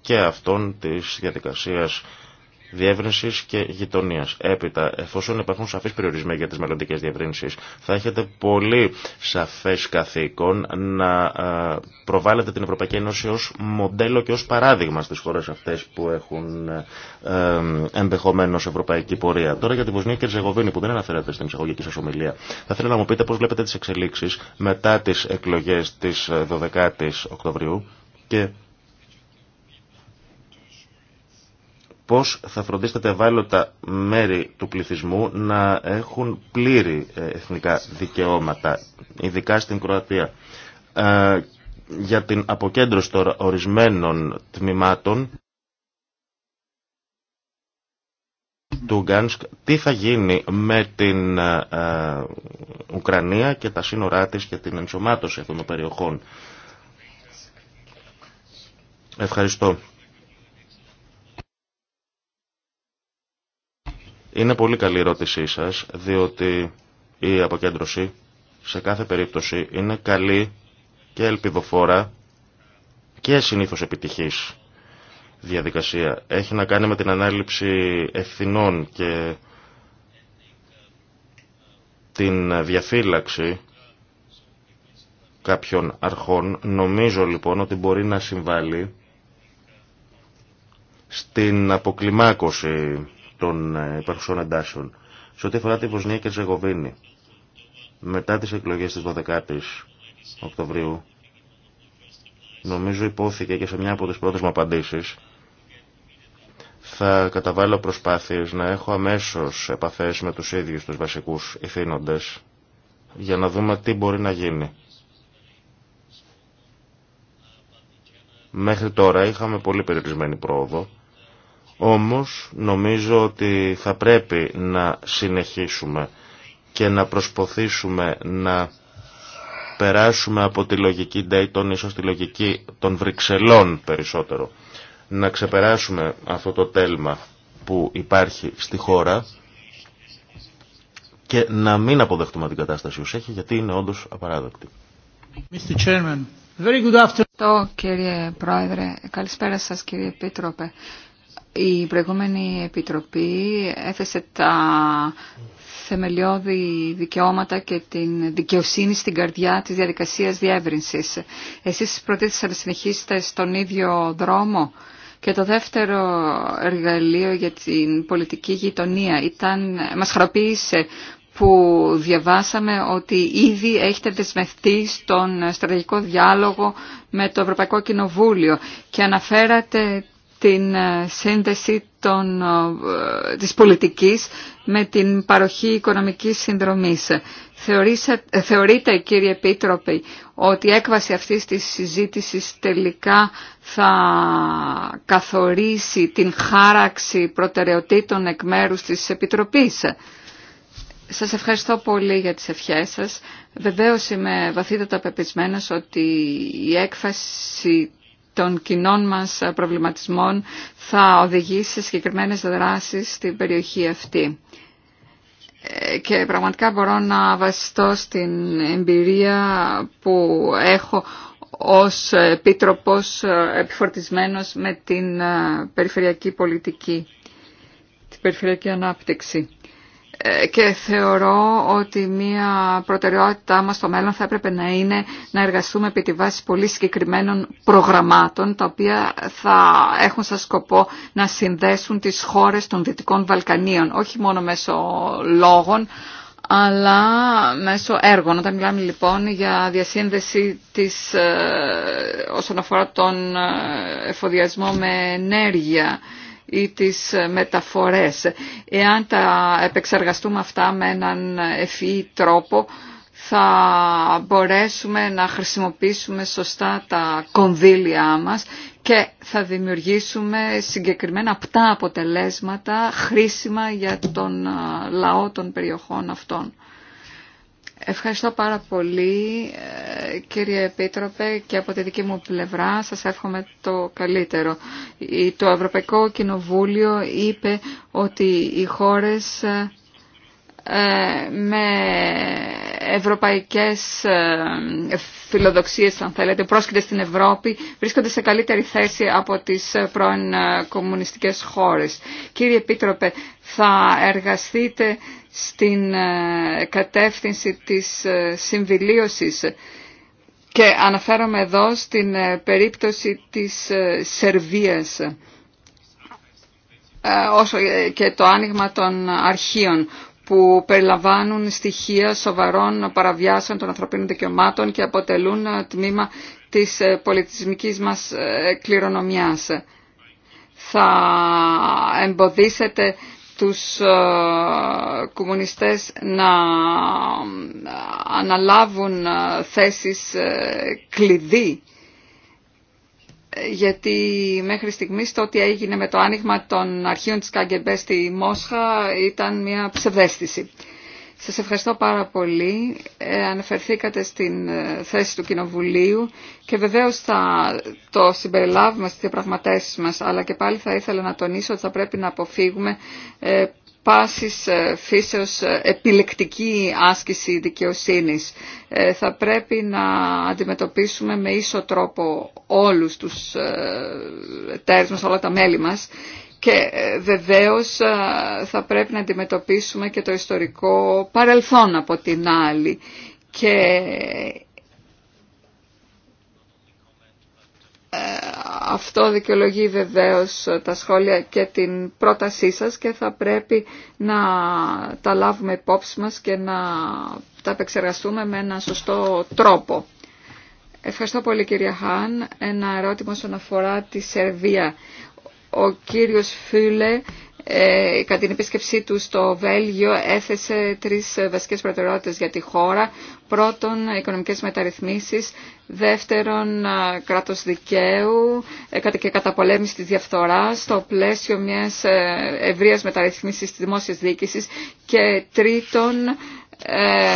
και αυτών τη διαδικασία διεύρυνση και γειτονία. Έπειτα, εφόσον υπάρχουν σαφεί περιορισμοί για τι μελλοντικέ διευρύνσει, θα έχετε πολύ σαφέ καθήκον να ε, προβάλλετε την Ευρωπαϊκή Ένωση ω μοντέλο και ω παράδειγμα στι χώρε αυτέ που έχουν ε, ενδεχομένω ευρωπαϊκή πορεία. Τώρα για την Βοσνία και Ζεγοβίνη που δεν αναφέρατε στην εισαγωγική σα ομιλία, θα ήθελα να μου πείτε πώ βλέπετε τι εξελίξει μετά τι εκλογέ τη 12η ε, Οκτωβρίου και πώς θα φροντίσετε τα ευάλωτα μέρη του πληθυσμού να έχουν πλήρη ε, εθνικά δικαιώματα, ειδικά στην Κροατία. Ε, για την αποκέντρωση των ορισμένων τμήματων του Γκάνσκ, τι θα γίνει με την ε, Ουκρανία και τα σύνορά της και την ενσωμάτωση αυτών των περιοχών. Ευχαριστώ. Είναι πολύ καλή η ερώτησή σας, διότι η αποκέντρωση σε κάθε περίπτωση είναι καλή και ελπιδοφόρα και συνήθως επιτυχής διαδικασία. Έχει να κάνει με την ανάληψη ευθυνών και την διαφύλαξη κάποιων αρχών. Νομίζω λοιπόν ότι μπορεί να συμβάλλει στην αποκλιμάκωση των ε, υπαρχουσών εντάσεων. Σε ό,τι αφορά τη Βοσνία και Ζεγοβίνη, μετά τις εκλογές της 12ης Οκτωβρίου, νομίζω υπόθηκε και σε μια από τις πρώτες μου απαντήσεις, θα καταβάλω προσπάθειες να έχω αμέσως επαφές με τους ίδιους τους βασικούς ηθήνοντες για να δούμε τι μπορεί να γίνει. Μέχρι τώρα είχαμε πολύ περιορισμένη πρόοδο όμως νομίζω ότι θα πρέπει να συνεχίσουμε και να προσποθήσουμε να περάσουμε από τη λογική Dayton ίσως τη λογική των Βρυξελών περισσότερο. Να ξεπεράσουμε αυτό το τέλμα που υπάρχει στη χώρα και να μην αποδεχτούμε την κατάσταση ως έχει γιατί είναι όντως απαράδεκτη. Πρόεδρε, καλησπέρα σας κύριε Επίτροπε. Η προηγούμενη Επιτροπή έθεσε τα θεμελιώδη δικαιώματα και την δικαιοσύνη στην καρδιά της διαδικασίας διεύρυνσης. Εσείς προτίθεσαν να συνεχίσετε στον ίδιο δρόμο. Και το δεύτερο εργαλείο για την πολιτική γειτονία ήταν, μας χαροποίησε που διαβάσαμε ότι ήδη έχετε δεσμευτεί στον στρατηγικό διάλογο με το Ευρωπαϊκό Κοινοβούλιο και αναφέρατε την ε, σύνδεση των, ε, της πολιτικής με την παροχή οικονομικής συνδρομής. Ε, θεωρείτε κύριε Επίτροπε ότι η έκβαση αυτής της συζήτησης τελικά θα καθορίσει την χάραξη προτεραιοτήτων εκ μέρους της Επιτροπής. Σας ευχαριστώ πολύ για τις ευχές σας. Βεβαίως είμαι βαθύτατα πεπισμένος ότι η έκφαση των κοινών μας προβληματισμών θα οδηγήσει σε συγκεκριμένες δράσεις στην περιοχή αυτή. Ε, και πραγματικά μπορώ να βασιστώ στην εμπειρία που έχω ως επίτροπος επιφορτισμένος με την ε, περιφερειακή πολιτική, την περιφερειακή ανάπτυξη. Ε, και θεωρώ ότι μία προτεραιότητά μας στο μέλλον θα έπρεπε να είναι να εργαστούμε επί τη βάση πολύ συγκεκριμένων προγραμμάτων τα οποία θα έχουν σαν σκοπό να συνδέσουν τις χώρες των Δυτικών Βαλκανίων όχι μόνο μέσω λόγων αλλά μέσω έργων. Όταν μιλάμε λοιπόν για διασύνδεση της, ε, όσον αφορά τον ε, εφοδιασμό με ενέργεια ή τις μεταφορές. Εάν τα επεξεργαστούμε αυτά με έναν ευφυή τρόπο, θα μπορέσουμε να χρησιμοποιήσουμε σωστά τα κονδύλια μας και θα δημιουργήσουμε συγκεκριμένα απτά αποτελέσματα χρήσιμα για τον λαό των περιοχών αυτών. Ευχαριστώ πάρα πολύ ε, κύριε Επίτροπε και από τη δική μου πλευρά σας εύχομαι το καλύτερο. Το Ευρωπαϊκό Κοινοβούλιο είπε ότι οι χώρες ε, με ευρωπαϊκές ε, φιλοδοξίες αν θέλετε πρόσκειται στην Ευρώπη βρίσκονται σε καλύτερη θέση από τις πρώην κομμουνιστικές χώρες. Κύριε Επίτροπε θα εργαστείτε στην ε, κατεύθυνση της ε, συμβιλίωσης και αναφέρομαι εδώ στην ε, περίπτωση της Σερβίας όσο και το άνοιγμα των αρχείων που περιλαμβάνουν στοιχεία σοβαρών παραβιάσεων των ανθρωπίνων δικαιωμάτων και αποτελούν τμήμα της πολιτισμικής μας κληρονομιάς. Θα εμποδίσετε τους ε, κομμουνιστές να ε, αναλάβουν ε, θέσεις κλειδί γιατί μέχρι στιγμής το ότι έγινε με το άνοιγμα των αρχείων της ΚΑΓΚΕΜΠΕ στη Μόσχα ήταν μια ψευδέστηση. Σας ευχαριστώ πάρα πολύ. Ε, αναφερθήκατε στην ε, θέση του Κοινοβουλίου και βεβαίως θα το συμπεριλάβουμε στις διαπραγματεύσεις μας, αλλά και πάλι θα ήθελα να τονίσω ότι θα πρέπει να αποφύγουμε ε, πάσης φύσεως επιλεκτική άσκηση δικαιοσύνης. θα πρέπει να αντιμετωπίσουμε με ίσο τρόπο όλους τους τέρους μας, όλα τα μέλη μας και ε, βεβαίως ε, θα πρέπει να αντιμετωπίσουμε και το ιστορικό παρελθόν από την άλλη. Και ε, αυτό δικαιολογεί βεβαίως τα σχόλια και την πρότασή σας και θα πρέπει να τα λάβουμε υπόψη μας και να τα επεξεργαστούμε με ένα σωστό τρόπο. Ευχαριστώ πολύ κυρία Χάν. Ένα ερώτημα όσον αφορά τη Σερβία ο κύριος Φίλε ε, κατά την επίσκεψή του στο Βέλγιο έθεσε τρεις βασικές προτεραιότητες για τη χώρα. Πρώτον, οικονομικές μεταρρυθμίσεις. Δεύτερον, ε, κράτος δικαίου ε, και καταπολέμηση της διαφθοράς στο πλαίσιο μιας ευρείας μεταρρυθμίσης της δημόσιας διοίκησης. Και τρίτον, ε,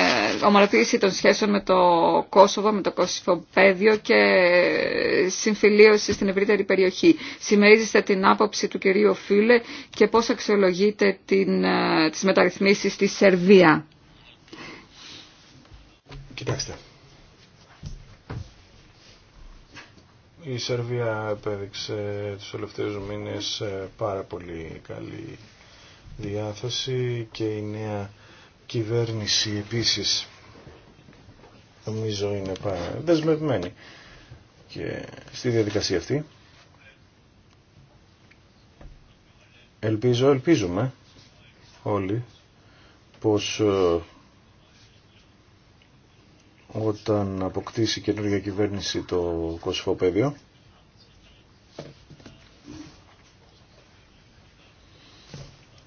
ομαλοποίηση των σχέσεων με το Κόσοβο, με το Κωσυφοπαίδιο και συμφιλίωση στην ευρύτερη περιοχή. Συμμερίζεστε την άποψη του κυρίου Φίλε και πώς αξιολογείτε την, ε, τις μεταρρυθμίσεις στη Σερβία. Κοιτάξτε. Η Σερβία επέδειξε τους τελευταίους μήνες ε, πάρα πολύ καλή διάθεση και η νέα κυβέρνηση επίσης νομίζω είναι δεσμευμένη και στη διαδικασία αυτή ελπίζω, ελπίζουμε όλοι πως ε, όταν αποκτήσει καινούργια κυβέρνηση το κοσφοπέδιο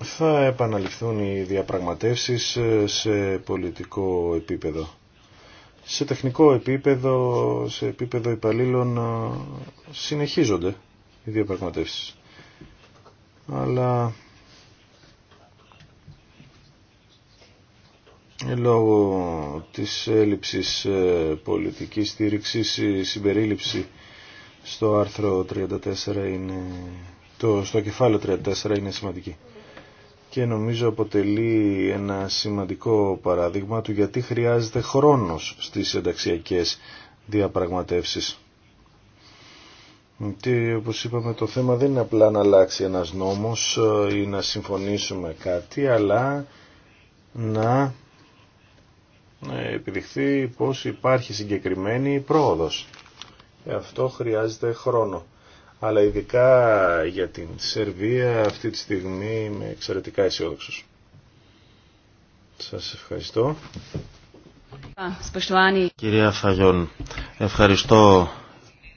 θα επαναληφθούν οι διαπραγματεύσεις ε, σε πολιτικό επίπεδο. Σε τεχνικό επίπεδο, σε επίπεδο υπαλλήλων ε, συνεχίζονται οι διαπραγματεύσεις. Αλλά λόγω της έλλειψης ε, πολιτικής στήριξης η συμπερίληψη στο άρθρο 34 είναι, το, στο κεφάλαιο 34 είναι σημαντική και νομίζω αποτελεί ένα σημαντικό παράδειγμα του γιατί χρειάζεται χρόνος στις ενταξιακές διαπραγματεύσεις. Γιατί όπως είπαμε το θέμα δεν είναι απλά να αλλάξει ένας νόμος ε, ή να συμφωνήσουμε κάτι αλλά να επιδειχθεί πως υπάρχει συγκεκριμένη πρόοδος. Ε, αυτό χρειάζεται χρόνο αλλά ειδικά για την Σερβία αυτή τη στιγμή είμαι εξαιρετικά αισιόδοξο. Σας ευχαριστώ. Κυρία Φαγιόν, ευχαριστώ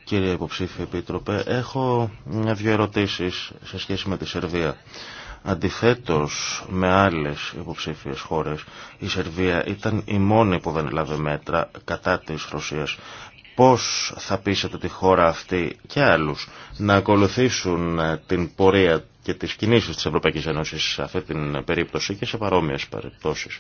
κύριε υποψήφιε επίτροπε. Έχω μια-δυο ερωτήσεις σε σχέση με τη Σερβία. Αντιθέτως με άλλες υποψήφιες χώρες, η Σερβία ήταν η μόνη που δεν έλαβε μέτρα κατά της Ρωσίας. Πώς θα πείσετε τη χώρα αυτή και άλλους να ακολουθήσουν ε, την πορεία και τις κινήσεις της Ευρωπαϊκής Ένωσης σε αυτή την περίπτωση και σε παρόμοιες περιπτώσεις.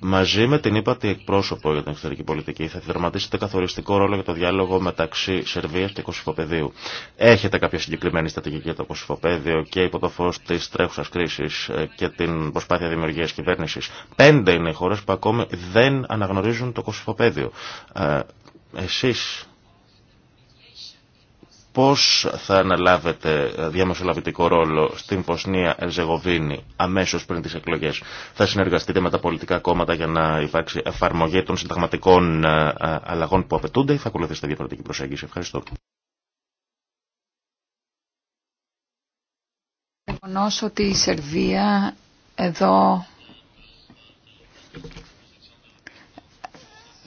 Μαζί με την ύπατη εκπρόσωπο για την εξωτερική πολιτική θα δερματίσετε καθοριστικό ρόλο για το διάλογο μεταξύ Σερβίας και Κωσυφοπεδίου. Έχετε κάποια συγκεκριμένη στρατηγική για το Κωσυφοπέδιο και υπό το φως της τρέχουσας κρίσης ε, και την προσπάθεια δημιουργίας κυβέρνησης. Πέντε είναι οι χώρες που ακόμη δεν αναγνωρίζουν το Κωσυφοπέδιο. Ε, εσείς πώς θα αναλάβετε διαμεσολαβητικό ρόλο στην ποσνία Ερζεγοβίνη αμέσως πριν τις εκλογές. Θα συνεργαστείτε με τα πολιτικά κόμματα για να υπάρξει εφαρμογή των συνταγματικών ε, αλλαγών που απαιτούνται ή θα ακολουθήσετε διαφορετική προσέγγιση. Ευχαριστώ. ότι η Σερβία εδώ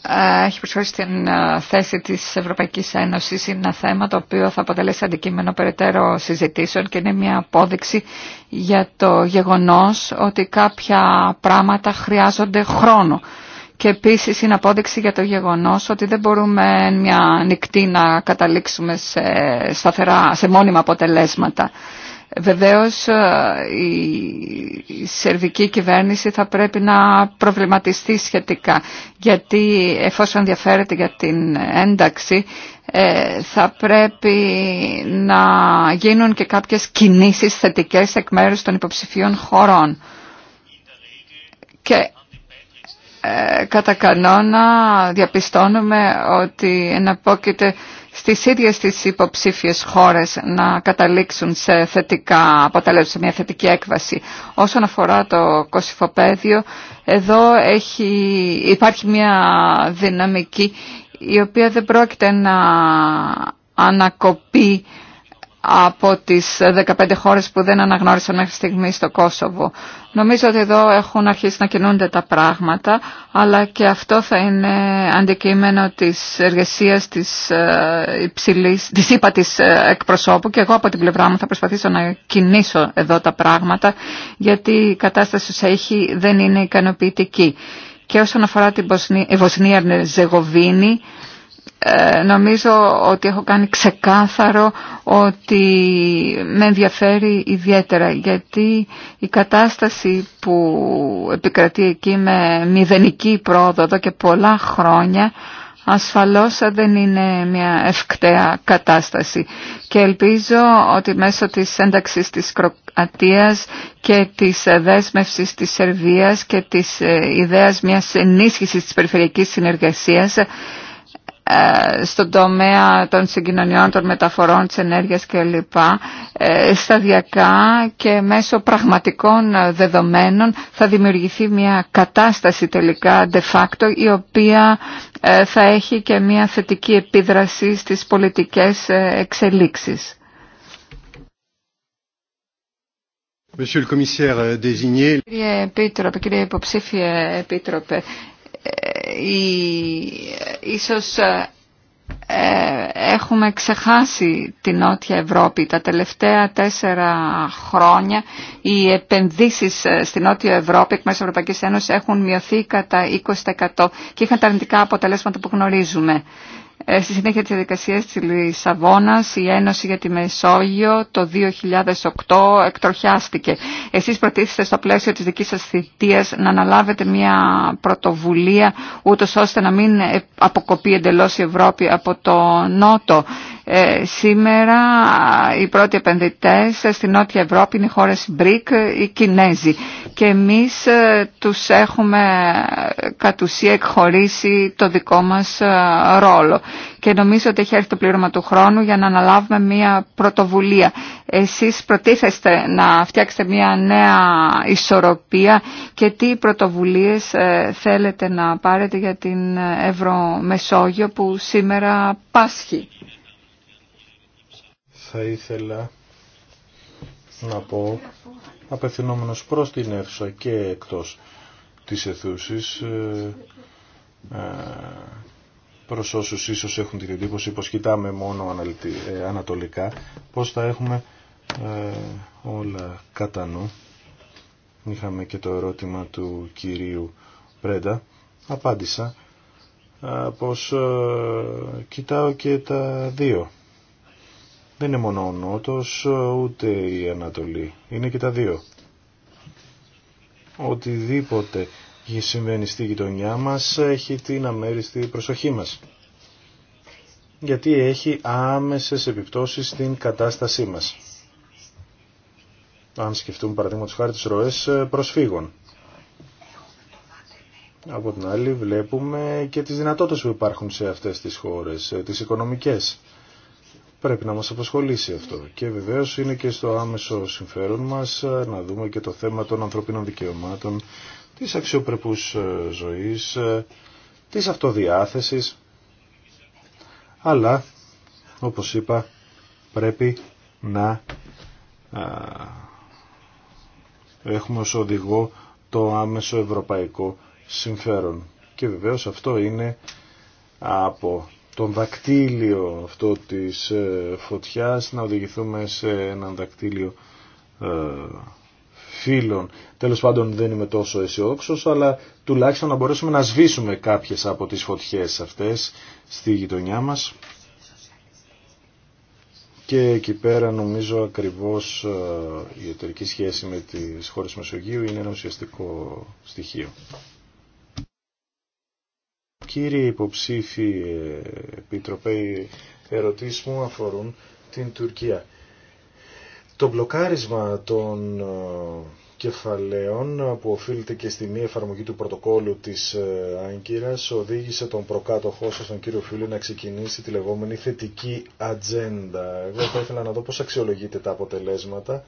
ε, έχει προσφέρει στην ε, θέση της Ευρωπαϊκής Ένωσης είναι ένα θέμα το οποίο θα αποτελέσει αντικείμενο περαιτέρω συζητήσεων και είναι μια απόδειξη για το γεγονός ότι κάποια πράγματα χρειάζονται χρόνο. Και επίσης είναι απόδειξη για το γεγονός ότι δεν μπορούμε μια νυχτή να καταλήξουμε σε, σταθερά, σε μόνιμα αποτελέσματα. Βεβαίως ε, η σερβική κυβέρνηση θα πρέπει να προβληματιστεί σχετικά γιατί εφόσον ενδιαφέρεται για την ένταξη ε, θα πρέπει να γίνουν και κάποιες κινήσεις θετικές εκ μέρους των υποψηφίων χωρών. Και ε, κατά κανόνα διαπιστώνουμε ότι εναπόκειται στις ίδιες τις υποψήφιες χώρες να καταλήξουν σε θετικά αποτελέσματα, σε μια θετική έκβαση. Όσον αφορά το κοσυφοπαίδιο, εδώ έχει, υπάρχει μια δυναμική η οποία δεν πρόκειται να ανακοπεί από τις 15 χώρες που δεν αναγνώρισαν μέχρι στιγμή στο Κόσοβο. Νομίζω ότι εδώ έχουν αρχίσει να κινούνται τα πράγματα, αλλά και αυτό θα είναι αντικείμενο της εργασίας της, ε, υψηλής, της είπα ε, εκπροσώπου και εγώ από την πλευρά μου θα προσπαθήσω να κινήσω εδώ τα πράγματα, γιατί η κατάσταση που έχει δεν είναι ικανοποιητική. Και όσον αφορά την Βοσνία Ζεγοβίνη, ε, νομίζω ότι έχω κάνει ξεκάθαρο ότι με ενδιαφέρει ιδιαίτερα γιατί η κατάσταση που επικρατεί εκεί με μηδενική πρόοδο εδώ και πολλά χρόνια ασφαλώς δεν είναι μια ευκταία κατάσταση και ελπίζω ότι μέσω της ένταξης της Κροατίας και της δέσμευσης της Σερβίας και της ε, ιδέας μιας ενίσχυσης της περιφερειακής συνεργασίας ε, στον τομέα των συγκοινωνιών, των μεταφορών, της ενέργειας κλπ. Ε, σταδιακά και μέσω πραγματικών δεδομένων θα δημιουργηθεί μια κατάσταση τελικά de facto η οποία ε, θα έχει και μια θετική επίδραση στις πολιτικές εξελίξεις. Monsieur le Commissaire euh, désigné. Κύριε Επίτροπε, κύριε Υποψήφιε Επίτροπε, ε, ε, ε, ίσως έχουμε ξεχάσει την Νότια Ευρώπη. Τα τελευταία τέσσερα χρόνια οι επενδύσεις στη Νότια Ευρώπη εκ μέρους της Ευρωπαϊκής Ένωσης έχουν μειωθεί κατά 20% και είχαν τα αρνητικά αποτελέσματα που γνωρίζουμε. Ε, στη συνέχεια της διαδικασίας της Λισαβόνας, η Ένωση για τη Μεσόγειο το 2008 εκτροχιάστηκε. Εσείς προτίθεστε στο πλαίσιο της δικής σας θητείας να αναλάβετε μια πρωτοβουλία, ούτως ώστε να μην ε, αποκοπεί εντελώς η Ευρώπη από το Νότο. Ε, σήμερα οι πρώτοι επενδυτές στην Νότια Ευρώπη είναι οι χώρες BRIC, οι Κινέζοι. Και εμείς ε, τους έχουμε ε, κατ' ουσία εκχωρήσει το δικό μας ρόλο. Και νομίζω ότι έχει έρθει το πλήρωμα του χρόνου για να αναλάβουμε μια πρωτοβουλία. Εσείς προτίθεστε να φτιάξετε μια νέα ισορροπία και τι πρωτοβουλίες θέλετε να πάρετε για την Ευρωμεσόγειο που σήμερα πάσχει θα ήθελα να πω απευθυνόμενος προς την αίθουσα και εκτός της αιθούσης ε, ε, προς όσους ίσως έχουν την εντύπωση πως κοιτάμε μόνο ε, ανατολικά πως θα έχουμε όλα κατά νου είχαμε και το ερώτημα του κυρίου Πρέντα απάντησα πως κοιτάω και τα δύο δεν είναι μόνο ο Νότος, ούτε η Ανατολή. Είναι και τα δύο. Οτιδήποτε συμβαίνει στη γειτονιά μας έχει την αμέριστη προσοχή μας. Γιατί έχει άμεσες επιπτώσεις στην κατάστασή μας. Αν σκεφτούμε παραδείγματος χάρη τις ροές προσφύγων. Από την άλλη βλέπουμε και τις δυνατότητες που υπάρχουν σε αυτές τις χώρες, ε, τις οικονομικές. Πρέπει να μας απασχολήσει αυτό και βεβαίως είναι και στο άμεσο συμφέρον μας ε, να δούμε και το θέμα των ανθρωπίνων δικαιωμάτων, της αξιοπρεπούς ε, ζωής, ε, της αυτοδιάθεσης, αλλά όπως είπα πρέπει να έχουμε ως οδηγό το άμεσο ευρωπαϊκό συμφέρον. Και βεβαίως αυτό είναι από τον δακτύλιο αυτό της ε, φωτιάς να οδηγηθούμε σε έναν δακτύλιο ε, φίλων. Τέλος πάντων δεν είμαι τόσο αισιόδοξο, αλλά τουλάχιστον να μπορέσουμε να σβήσουμε κάποιες από τις φωτιές αυτές στη γειτονιά μας. Και εκεί πέρα νομίζω ακριβώς ε, η εταιρική σχέση με τις χώρες Μεσογείου είναι ένα ουσιαστικό στοιχείο. Κύριοι υποψήφοι ε, επιτροπέοι ερωτήσει ερωτήσεις μου αφορούν την Τουρκία. Το μπλοκάρισμα των ε, κεφαλαίων που οφείλεται και στη μη εφαρμογή του πρωτοκόλλου της ε, Άγκυρας οδήγησε τον προκάτοχό σας, τον κύριο Φίλου, να ξεκινήσει τη λεγόμενη θετική ατζέντα. Εγώ θα ήθελα να δω πώς αξιολογείτε τα αποτελέσματα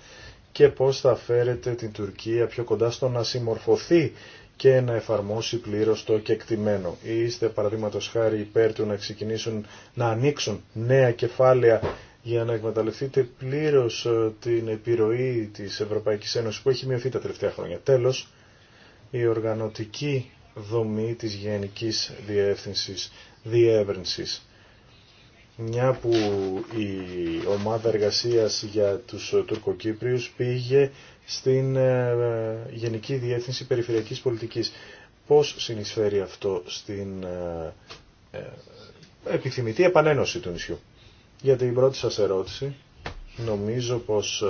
και πώς θα φέρετε την Τουρκία πιο κοντά στο να συμμορφωθεί και να εφαρμόσει πλήρως το κεκτημένο. Είστε παραδείγματο χάρη υπέρ του να ξεκινήσουν να ανοίξουν νέα κεφάλαια για να εκμεταλλευτείτε πλήρως ε, την επιρροή της Ευρωπαϊκής Ένωσης που έχει μειωθεί τα τελευταία χρόνια. Τέλος, η οργανωτική δομή της Γενικής Διεύθυνσης Διεύρυνσης. Μια που η ομάδα εργασίας για τους τουρκοκύπριους πήγε στην ε, ε, Γενική Διεύθυνση Περιφερειακής Πολιτικής. Πώς συνεισφέρει αυτό στην ε, επιθυμητή επανένωση του νησιού. Για την πρώτη σας ερώτηση, νομίζω πως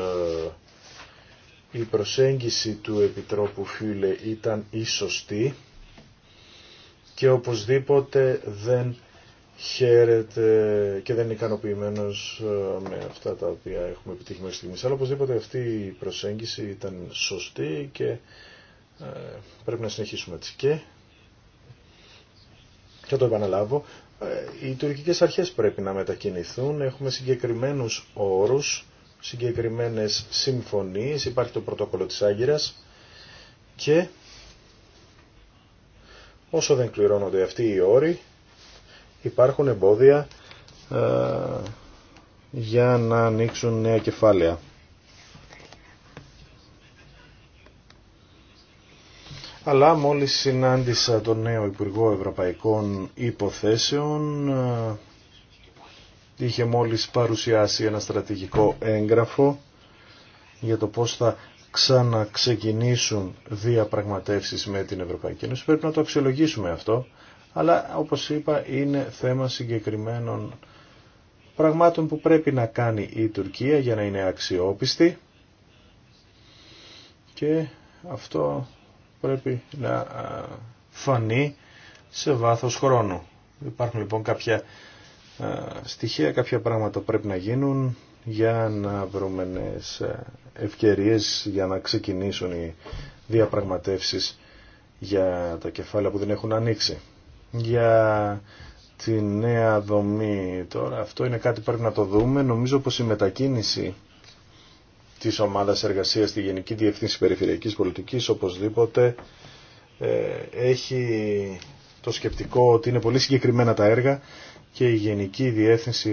η προσέγγιση του Επιτρόπου Φίλε ήταν η σωστή και οπωσδήποτε δεν χαίρεται και δεν είναι ικανοποιημένο ε, με αυτά τα οποία έχουμε επιτύχει μέχρι στιγμής. Αλλά οπωσδήποτε αυτή η προσέγγιση ήταν σωστή και ε, πρέπει να συνεχίσουμε έτσι. Και θα το επαναλάβω, ε, οι τουρκικές αρχές πρέπει να μετακινηθούν, έχουμε συγκεκριμένους όρους, συγκεκριμένες συμφωνίες, υπάρχει το πρωτόκολλο της Άγκυρας και όσο δεν κληρώνονται αυτοί οι όροι, υπάρχουν εμπόδια ε, για να ανοίξουν νέα κεφάλαια. Αλλά μόλις συνάντησα τον νέο Υπουργό Ευρωπαϊκών Υποθέσεων, ε, είχε μόλις παρουσιάσει ένα στρατηγικό έγγραφο για το πώς θα ξαναξεκινήσουν διαπραγματεύσεις με την Ευρωπαϊκή Ένωση. Πρέπει να το αξιολογήσουμε αυτό αλλά όπως είπα είναι θέμα συγκεκριμένων πραγμάτων που πρέπει να κάνει η Τουρκία για να είναι αξιόπιστη και αυτό πρέπει να φανεί σε βάθος χρόνου. Υπάρχουν λοιπόν κάποια στοιχεία, κάποια πράγματα πρέπει να γίνουν για να βρούμε νέες ευκαιρίες για να ξεκινήσουν οι διαπραγματεύσεις για τα κεφάλαια που δεν έχουν ανοίξει για τη νέα δομή τώρα. Αυτό είναι κάτι που πρέπει να το δούμε. Νομίζω πως η μετακίνηση της ομάδας εργασίας στη Γενική Διευθύνση Περιφερειακής Πολιτικής οπωσδήποτε ε, έχει το σκεπτικό ότι είναι πολύ συγκεκριμένα τα έργα και η Γενική Διεύθυνση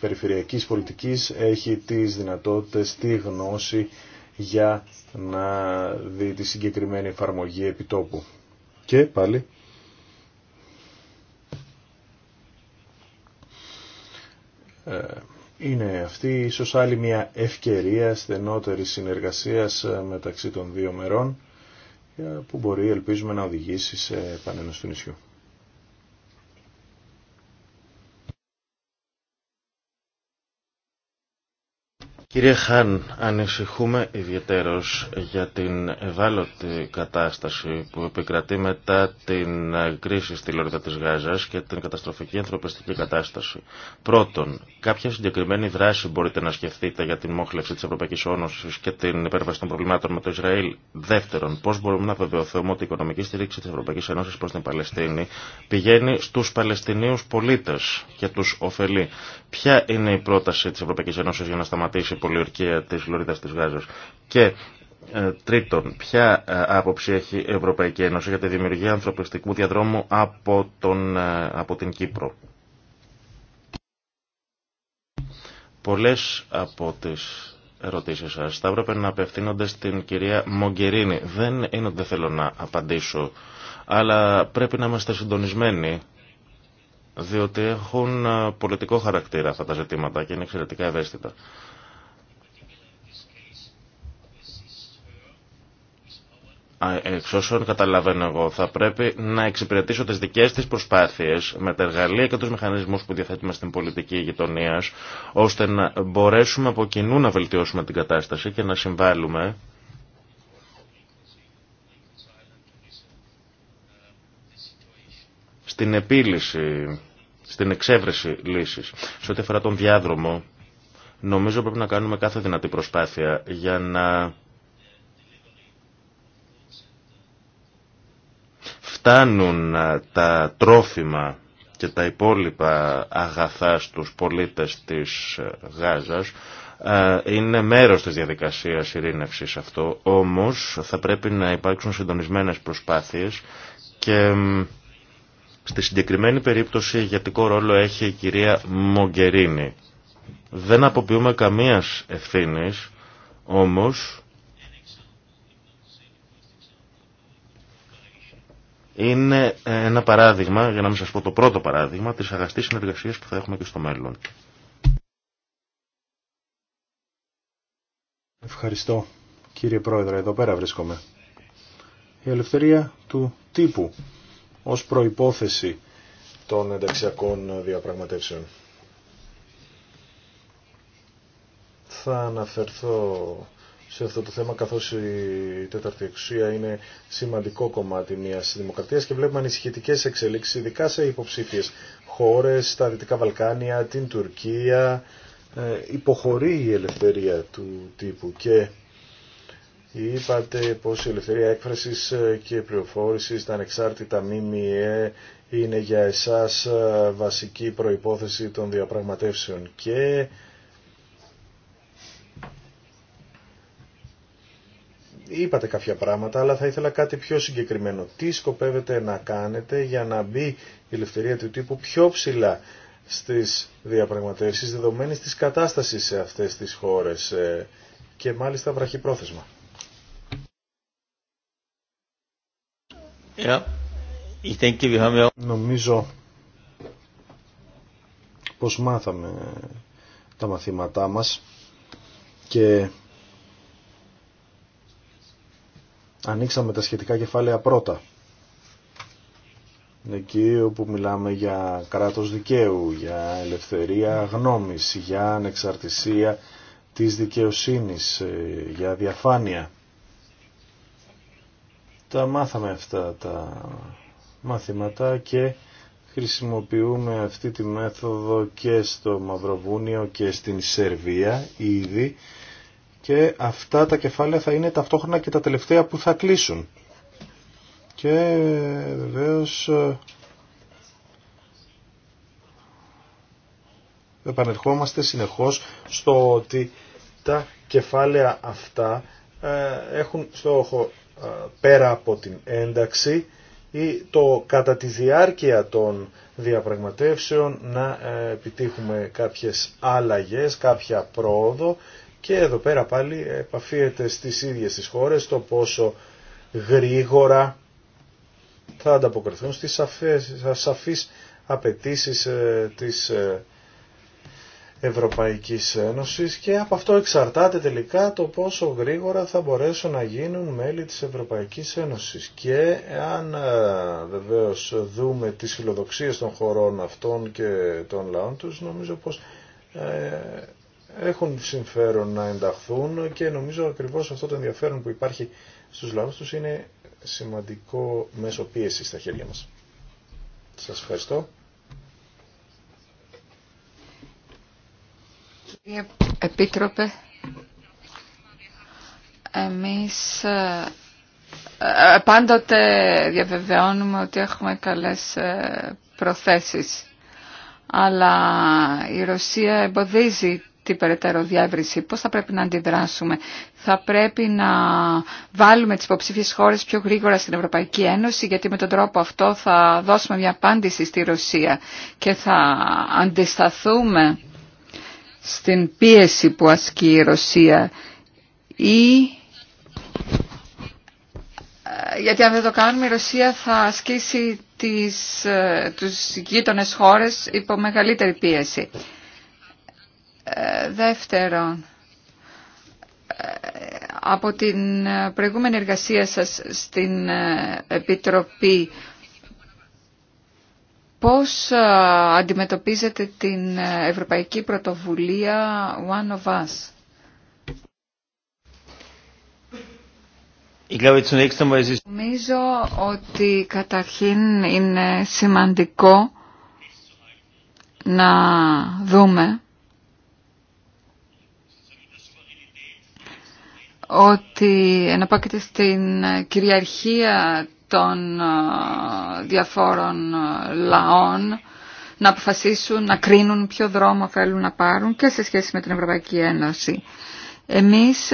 Περιφερειακής Πολιτικής έχει τις δυνατότητες, τη γνώση για να δει τη συγκεκριμένη εφαρμογή επιτόπου. Και πάλι Ε, είναι αυτή ίσως άλλη μια ευκαιρία στενότερη συνεργασίας ε, μεταξύ των δύο μερών ε, που μπορεί ελπίζουμε να οδηγήσει σε επανένωση του νησιού. Κύριε Χάν, ανησυχούμε ιδιαίτερως για την ευάλωτη κατάσταση που επικρατεί μετά την κρίση στη Λόριδα της Γάζας και την καταστροφική ανθρωπιστική κατάσταση. Πρώτον, κάποια συγκεκριμένη δράση μπορείτε να σκεφτείτε για την μόχλευση της Ευρωπαϊκής Ένωσης και την υπέρβαση των προβλημάτων με το Ισραήλ. Δεύτερον, πώς μπορούμε να βεβαιωθούμε ότι η οικονομική στήριξη της Ευρωπαϊκής Ένωσης προς την Παλαιστίνη πηγαίνει στους Παλαιστινίους πολίτες και τους ωφελεί. Ποια είναι η πρόταση της Ευρωπαϊκής Ένωσης για να σταματήσει πολιορκία της Λωρίδας της Γάζος Και ε, τρίτον, ποια ε, άποψη έχει η Ευρωπαϊκή Ένωση για τη δημιουργία ανθρωπιστικού διαδρόμου από, τον, ε, από την Κύπρο. Πολλές από τις ερωτήσεις σας θα έπρεπε να απευθύνονται στην κυρία Μογκερίνη. Δεν είναι ότι δεν θέλω να απαντήσω, αλλά πρέπει να είμαστε συντονισμένοι διότι έχουν πολιτικό χαρακτήρα αυτά τα ζητήματα και είναι εξαιρετικά ευαίσθητα. εξ όσων καταλαβαίνω εγώ, θα πρέπει να εξυπηρετήσω τι δικές της προσπάθειες με τα εργαλεία και του μηχανισμού που διαθέτουμε στην πολιτική γειτονία, ώστε να μπορέσουμε από κοινού να βελτιώσουμε την κατάσταση και να συμβάλλουμε στην επίλυση, στην εξέβρεση λύσης. Σε ό,τι αφορά τον διάδρομο, νομίζω πρέπει να κάνουμε κάθε δυνατή προσπάθεια για να φτάνουν τα τρόφιμα και τα υπόλοιπα αγαθά στους πολίτες της ε, Γάζας είναι μέρος της διαδικασίας ειρήνευσης αυτό, όμως θα πρέπει να υπάρξουν συντονισμένες προσπάθειες και στη συγκεκριμένη περίπτωση ηγετικό ρόλο έχει η κυρία Μογκερίνη. Δεν αποποιούμε καμίας ευθύνης, όμως είναι ένα παράδειγμα, για να μην σας πω το πρώτο παράδειγμα, της αγαστής συνεργασίας που θα έχουμε και στο μέλλον. Ευχαριστώ κύριε Πρόεδρε, εδώ πέρα βρίσκομαι. Η ελευθερία του τύπου ως προϋπόθεση των ενταξιακών διαπραγματεύσεων. Θα αναφερθώ σε αυτό το θέμα καθώς η τέταρτη εξουσία είναι σημαντικό κομμάτι μιας δημοκρατίας και βλέπουμε ανησυχητικέ εξελίξεις ειδικά σε υποψήφιες χώρες, στα Δυτικά Βαλκάνια, την Τουρκία ε, υποχωρεί η ελευθερία του τύπου και είπατε πως η ελευθερία έκφρασης ε, και πληροφόρησης, τα ανεξάρτητα ΜΜΕ είναι για εσάς ε, βασική προϋπόθεση των διαπραγματεύσεων και Είπατε κάποια πράγματα, αλλά θα ήθελα κάτι πιο συγκεκριμένο. Τι σκοπεύετε να κάνετε για να μπει η ελευθερία του τύπου πιο ψηλά στις διαπραγματεύσεις δεδομένης της κατάστασης σε αυτές τις χώρες ε, και μάλιστα βραχυπρόθεσμα. Yeah. Νομίζω πως μάθαμε τα μαθήματά μας και ανοίξαμε τα σχετικά κεφάλαια πρώτα. Εκεί όπου μιλάμε για κράτος δικαίου, για ελευθερία γνώμης, για ανεξαρτησία της δικαιοσύνης, ε, για διαφάνεια. Τα μάθαμε αυτά τα μαθήματα και χρησιμοποιούμε αυτή τη μέθοδο και στο Μαυροβούνιο και στην Σερβία ήδη και αυτά τα κεφάλαια θα είναι ταυτόχρονα και τα τελευταία που θα κλείσουν. Και βεβαίως επανερχόμαστε συνεχώς στο ότι τα κεφάλαια αυτά ε, έχουν στόχο ε, πέρα από την ένταξη ή το κατά τη διάρκεια των διαπραγματεύσεων να ε, επιτύχουμε κάποιες άλλαγες, κάποια πρόοδο και εδώ πέρα πάλι επαφίεται στις ίδιες τις χώρες το πόσο γρήγορα θα ανταποκριθούν στις σαφές, σαφείς απαιτήσεις ε, της ε, Ευρωπαϊκής Ένωσης και από αυτό εξαρτάται τελικά το πόσο γρήγορα θα μπορέσουν να γίνουν μέλη της Ευρωπαϊκής Ένωσης. Και αν ε, βεβαίως δούμε τις φιλοδοξίες των χωρών αυτών και των λαών τους, νομίζω πως έχουν συμφέρον να ενταχθούν και νομίζω ακριβώς αυτό το ενδιαφέρον που υπάρχει στους λαούς τους είναι σημαντικό μέσο πίεση στα χέρια μας. Σας ευχαριστώ. Κύριε Επίτροπε, εμείς ε, ε, πάντοτε διαβεβαιώνουμε ότι έχουμε καλές ε, προθέσεις αλλά η Ρωσία εμποδίζει την περαιτέρω διεύρυνση. Πώς θα πρέπει να αντιδράσουμε. Θα πρέπει να βάλουμε τις υποψήφιες χώρες πιο γρήγορα στην Ευρωπαϊκή Ένωση γιατί με τον τρόπο αυτό θα δώσουμε μια απάντηση στη Ρωσία και θα αντισταθούμε στην πίεση που ασκεί η Ρωσία ή ε, γιατί αν δεν το κάνουμε η Ρωσία θα ασκήσει τις, ε, τους γείτονες χώρες υπό μεγαλύτερη πίεση. Δεύτερον, από την προηγούμενη εργασία σας στην Επιτροπή, πώς αντιμετωπίζετε την Ευρωπαϊκή Πρωτοβουλία One of Us. Νομίζω ότι καταρχήν είναι σημαντικό να δούμε ότι εναπόκειται στην κυριαρχία των διαφόρων λαών να αποφασίσουν, να κρίνουν ποιο δρόμο θέλουν να πάρουν και σε σχέση με την Ευρωπαϊκή Ένωση. Εμείς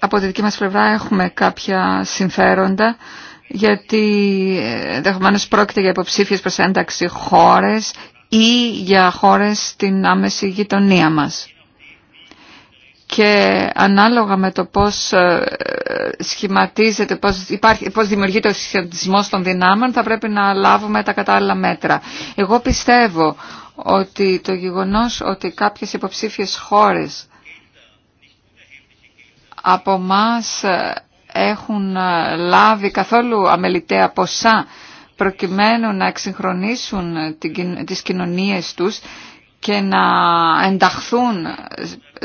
από τη δική μας πλευρά έχουμε κάποια συμφέροντα γιατί ενδεχομένω πρόκειται για υποψήφιες προς ένταξη χώρες ή για χώρες στην άμεση γειτονία μας και ανάλογα με το πώς ε, σχηματίζεται, πώς, υπάρχει, πώς δημιουργείται ο σχηματισμός των δυνάμεων θα πρέπει να λάβουμε τα κατάλληλα μέτρα. Εγώ πιστεύω ότι το γεγονός ότι κάποιες υποψήφιες χώρες από μας ε, έχουν ε, λάβει καθόλου αμεληταία ποσά προκειμένου να εξυγχρονίσουν τις κοινωνίες τους και να ενταχθούν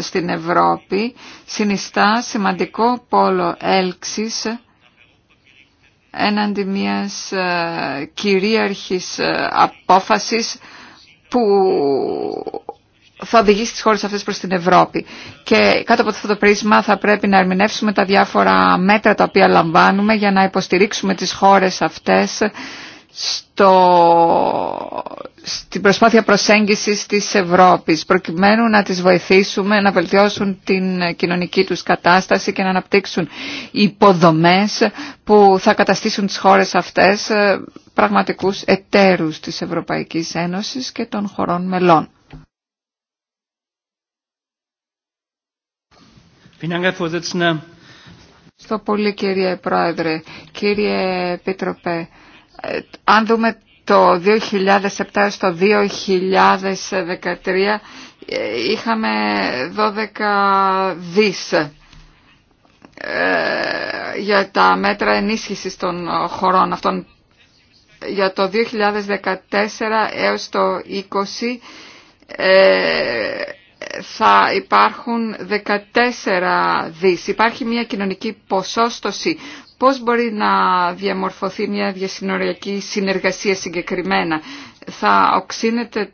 στην Ευρώπη συνιστά σημαντικό πόλο έλξης έναντι μιας ε, κυρίαρχης ε, απόφασης που θα οδηγήσει τις χώρες αυτές προς την Ευρώπη. Και κάτω από αυτό το πρίσμα θα πρέπει να ερμηνεύσουμε τα διάφορα μέτρα τα οποία λαμβάνουμε για να υποστηρίξουμε τις χώρες αυτές στο, στην προσπάθεια προσέγγισης της Ευρώπης προκειμένου να τις βοηθήσουμε να βελτιώσουν την κοινωνική τους κατάσταση και να αναπτύξουν υποδομές που θα καταστήσουν τις χώρες αυτές ε, πραγματικούς εταίρους της Ευρωπαϊκής Ένωσης και των χωρών μελών. Στο πολύ κύριε Πρόεδρε, κύριε αν δούμε το 2007 στο 2013 είχαμε 12 δις ε, για τα μέτρα ενίσχυσης των χωρών αυτών για το 2014 έως το 20 ε, θα υπάρχουν 14 δις. Υπάρχει μια κοινωνική ποσόστοση πώς μπορεί να διαμορφωθεί μια διασυνοριακή συνεργασία συγκεκριμένα. Θα οξύνετε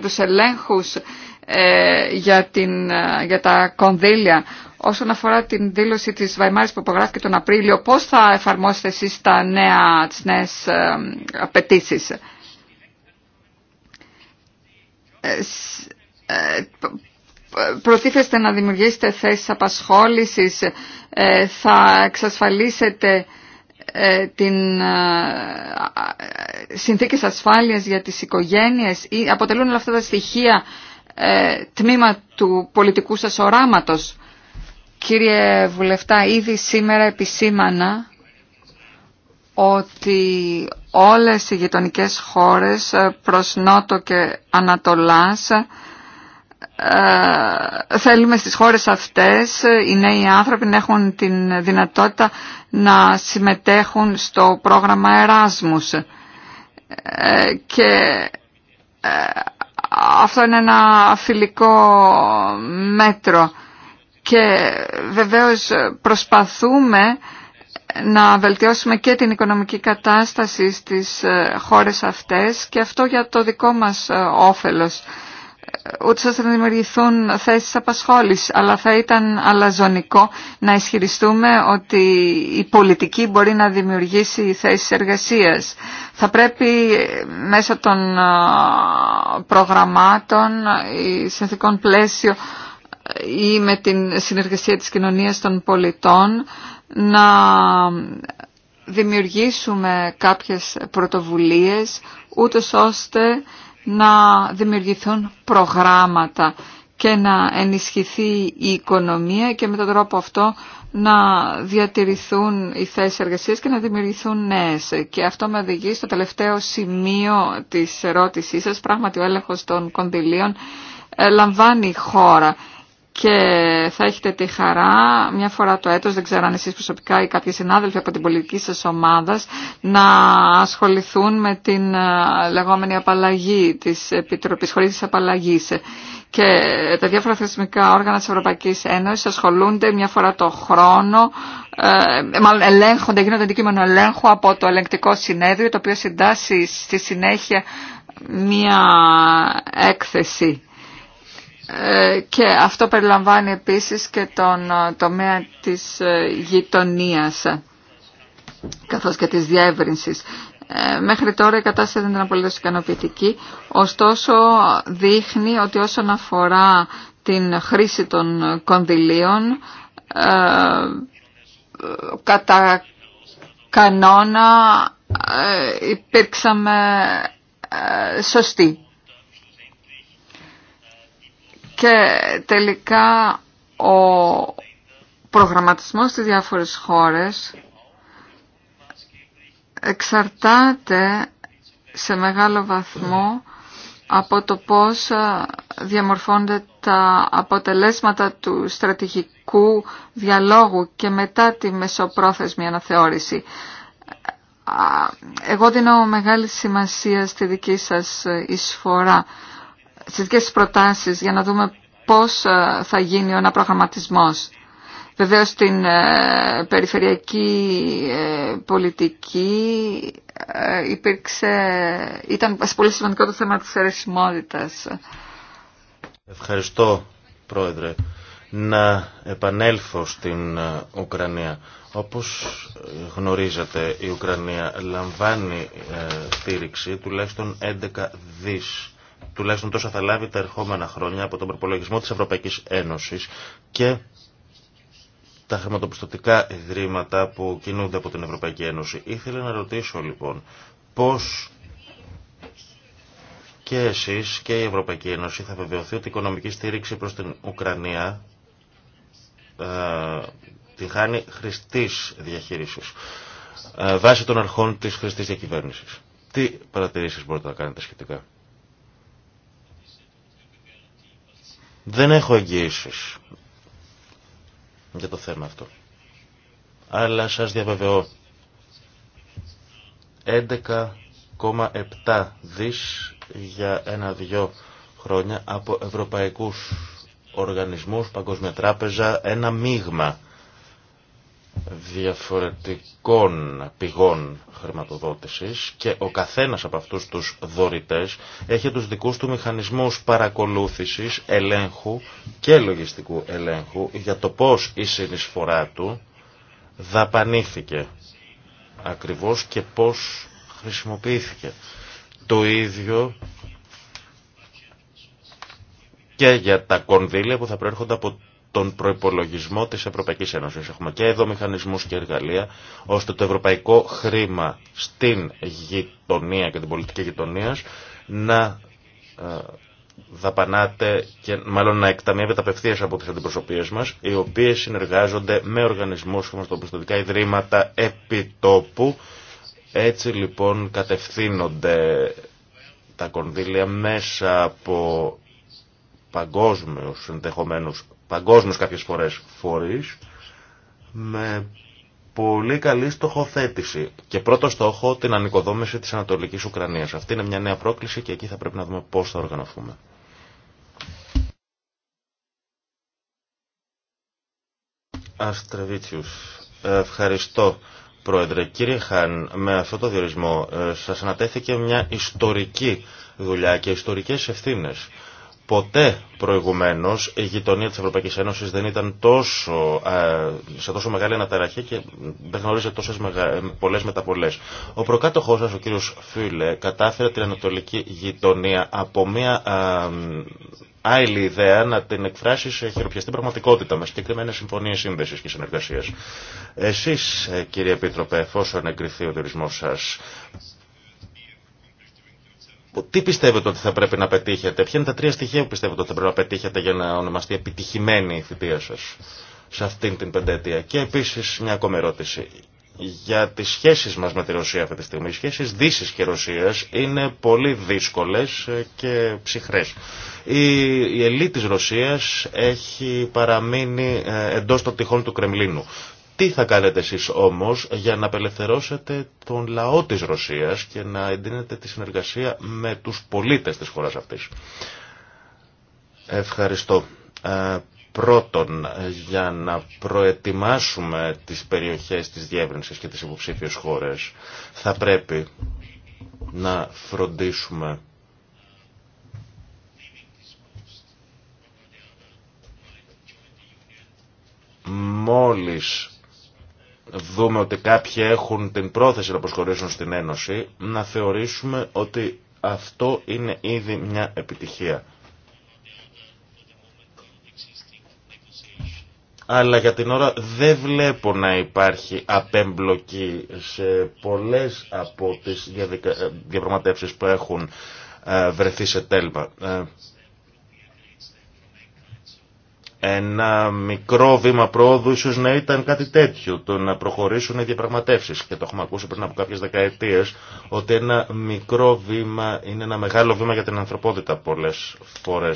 τους ελέγχους ε, ε, για, τα κονδύλια όσον αφορά την δήλωση της Βαϊμάρης που υπογράφηκε τον Απρίλιο. Πώς θα εφαρμόσετε εσείς τα νέα, τις νέες ε, απαιτήσει προτίθεστε να δημιουργήσετε θέσεις απασχόλησης, ε, θα εξασφαλίσετε ε, την ε, συνθήκες ασφάλειας για τις οικογένειες ή αποτελούν όλα αυτά τα στοιχεία τμήμα του πολιτικού σας οράματος. Κύριε Βουλευτά, ήδη σήμερα επισήμανα ότι όλες οι γειτονικές χώρες προς Νότο και Ανατολάς ε, θέλουμε στις χώρες αυτές οι νέοι άνθρωποι να έχουν την δυνατότητα να συμμετέχουν στο πρόγραμμα Εράσμους ε, και ε, αυτό είναι ένα φιλικό μέτρο και βεβαίως προσπαθούμε να βελτιώσουμε και την οικονομική κατάσταση στις χώρες αυτές και αυτό για το δικό μας όφελος ούτως ώστε να δημιουργηθούν θέσεις απασχόλησης, αλλά θα ήταν αλαζονικό να ισχυριστούμε ότι η πολιτική μπορεί να δημιουργήσει θέσεις εργασίας. Θα πρέπει ε, μέσα των ε, προγραμμάτων ε, συνθηκών πλαίσιο ή με την συνεργασία της κοινωνίας των πολιτών να δημιουργήσουμε κάποιες πρωτοβουλίες ούτως ώστε να δημιουργηθούν προγράμματα και να ενισχυθεί η οικονομία και με τον τρόπο αυτό να διατηρηθούν οι θέσεις εργασίας και να δημιουργηθούν νέες. Και αυτό με οδηγεί στο τελευταίο σημείο της ερώτησής σας, πράγματι ο έλεγχος των κονδυλίων ε, λαμβάνει χώρα και θα έχετε τη χαρά μια φορά το έτος, δεν ξέρω αν εσείς προσωπικά ή κάποιοι συνάδελφοι από την πολιτική σας ομάδα να ασχοληθούν με την ε, λεγόμενη απαλλαγή της Επιτροπής, χωρίς της απαλλαγής. Και τα διάφορα θεσμικά όργανα της Ευρωπαϊκής Ένωσης ασχολούνται μια φορά το χρόνο, ε, ε, μάλλον ελέγχονται, γίνονται αντικείμενο ελέγχου από το ελεγκτικό συνέδριο, το οποίο συντάσσει στη συνέχεια μια έκθεση ε, και αυτό περιλαμβάνει επίσης και τον ε, τομέα της ε, γειτονίας καθώς και της διεύρυνσης. Μέχρι τώρα η κατάσταση δεν ήταν απολύτως ικανοποιητική, ωστόσο δείχνει ότι όσον αφορά την χρήση των κονδυλίων κατά κανόνα υπήρξαμε σωστοί. Και τελικά ο προγραμματισμός στις διάφορες χώρες εξαρτάται σε μεγάλο βαθμό από το πώς διαμορφώνται τα αποτελέσματα του στρατηγικού διαλόγου και μετά τη μεσοπρόθεσμη αναθεώρηση. Εγώ δίνω μεγάλη σημασία στη δική σας εισφορά δικές προτάσεις για να δούμε πώς ε, θα γίνει ο αναπρογραμματισμός. Βεβαίως στην ε, περιφερειακή ε, πολιτική υπήρξε, ήταν πολύ σημαντικό το θέμα της αιρεσιμότητας. Ευχαριστώ Πρόεδρε. Να επανέλθω στην Ουκρανία. Όπως γνωρίζετε η Ουκρανία λαμβάνει στήριξη τουλάχιστον 11 δις τουλάχιστον τόσα θα λάβει τα ερχόμενα χρόνια από τον προπολογισμό της Ευρωπαϊκής Ένωσης και τα χρηματοπιστωτικά ιδρύματα που κινούνται από την Ευρωπαϊκή Ένωση. Ήθελα να ρωτήσω λοιπόν πώς και εσείς και η Ευρωπαϊκή Ένωση θα βεβαιωθεί ότι η οικονομική στήριξη προς την Ουκρανία ε, τη χάνει χρηστής διαχείρισης ε, βάσει των αρχών της χρηστής διακυβέρνησης. Τι παρατηρήσεις μπορείτε να κάνετε σχετικά. Δεν έχω εγγυήσεις για το θέμα αυτό. Αλλά σας διαβεβαιώ. 11,7 δις για ένα-δυο χρόνια από ευρωπαϊκούς οργανισμούς, Παγκόσμια Τράπεζα, ένα μείγμα διαφορετικών πηγών χρηματοδότησης και ο καθένας από αυτούς τους δωρητές έχει τους δικούς του μηχανισμούς παρακολούθησης, ελέγχου και λογιστικού ελέγχου για το πώς η συνεισφορά του δαπανήθηκε ακριβώς και πώς χρησιμοποιήθηκε. Το ίδιο και για τα κονδύλια που θα προέρχονται από τον προπολογισμό της Ευρωπαϊκής Ένωσης. Έχουμε και εδώ μηχανισμούς και εργαλεία, ώστε το ευρωπαϊκό χρήμα στην γειτονία και την πολιτική γειτονία να ε, δαπανάται και μάλλον να εκταμιεύεται απευθείας από τις αντιπροσωπείες μας, οι οποίες συνεργάζονται με οργανισμούς χρηματοπιστωτικά ιδρύματα επιτόπου. Έτσι λοιπόν κατευθύνονται τα κονδύλια μέσα από παγκόσμιους ενδεχομένους παγκόσμιους κάποιες φορές φορείς με πολύ καλή στοχοθέτηση και πρώτο στόχο την ανοικοδόμηση της Ανατολικής Ουκρανίας. Αυτή είναι μια νέα πρόκληση και εκεί θα πρέπει να δούμε πώς θα οργανωθούμε. Αστρεβίτσιους, ευχαριστώ. Πρόεδρε, κύριε Χάν, με αυτό το διορισμό ε, σας ανατέθηκε μια ιστορική δουλειά και ιστορικές ευθύνες. Ποτέ προηγουμένω η γειτονία τη Ευρωπαϊκή Ένωση δεν ήταν τόσο, ε, σε τόσο μεγάλη αναταραχή και δεν γνωρίζει τόσε πολλέ μεταβολέ. Ο προκάτοχό σα, ο κύριο Φίλε, κατάφερε την ανατολική γειτονία από μια ε, άλλη ιδέα να την εκφράσει σε χειροπιαστή πραγματικότητα με συγκεκριμένε συμφωνίε σύνδεση και συνεργασία. Εσεί, ε, κύριε Επίτροπε, εφόσον εγκριθεί ο διορισμό σα, τι πιστεύετε ότι θα πρέπει να πετύχετε, ποια είναι τα τρία στοιχεία που πιστεύετε ότι θα πρέπει να πετύχετε για να ονομαστεί επιτυχημένη η θητεία σα σε αυτήν την πεντέτεια. Και επίση μια ακόμη ερώτηση για τις σχέσεις μας με τη Ρωσία αυτή τη στιγμή. Οι σχέσεις Δύση και Ρωσία είναι πολύ δύσκολε και ψυχρέ. Η, η ελίτ Ρωσίας έχει παραμείνει ε, εντό των τυχών του Κρεμλίνου. Τι θα κάνετε εσείς όμως για να απελευθερώσετε τον λαό της Ρωσίας και να εντείνετε τη συνεργασία με τους πολίτες της χώρας αυτής. Ευχαριστώ. Ε, πρώτον, για να προετοιμάσουμε τις περιοχές της διεύρυνσης και τις υποψήφιες χώρες, θα πρέπει να φροντίσουμε μόλις δούμε ότι κάποιοι έχουν την πρόθεση να προσχωρήσουν στην Ένωση, να θεωρήσουμε ότι αυτό είναι ήδη μια επιτυχία. αλλά για την ώρα δεν βλέπω να υπάρχει απέμπλοκη σε πολλές από τις ε, διαπραγματεύσεις που έχουν ε, βρεθεί σε τέλμα. Ε, ένα μικρό βήμα πρόοδου ίσω να ήταν κάτι τέτοιο, το να προχωρήσουν οι διαπραγματεύσει. Και το έχουμε ακούσει πριν από κάποιε δεκαετίε, ότι ένα μικρό βήμα είναι ένα μεγάλο βήμα για την ανθρωπότητα πολλέ φορέ.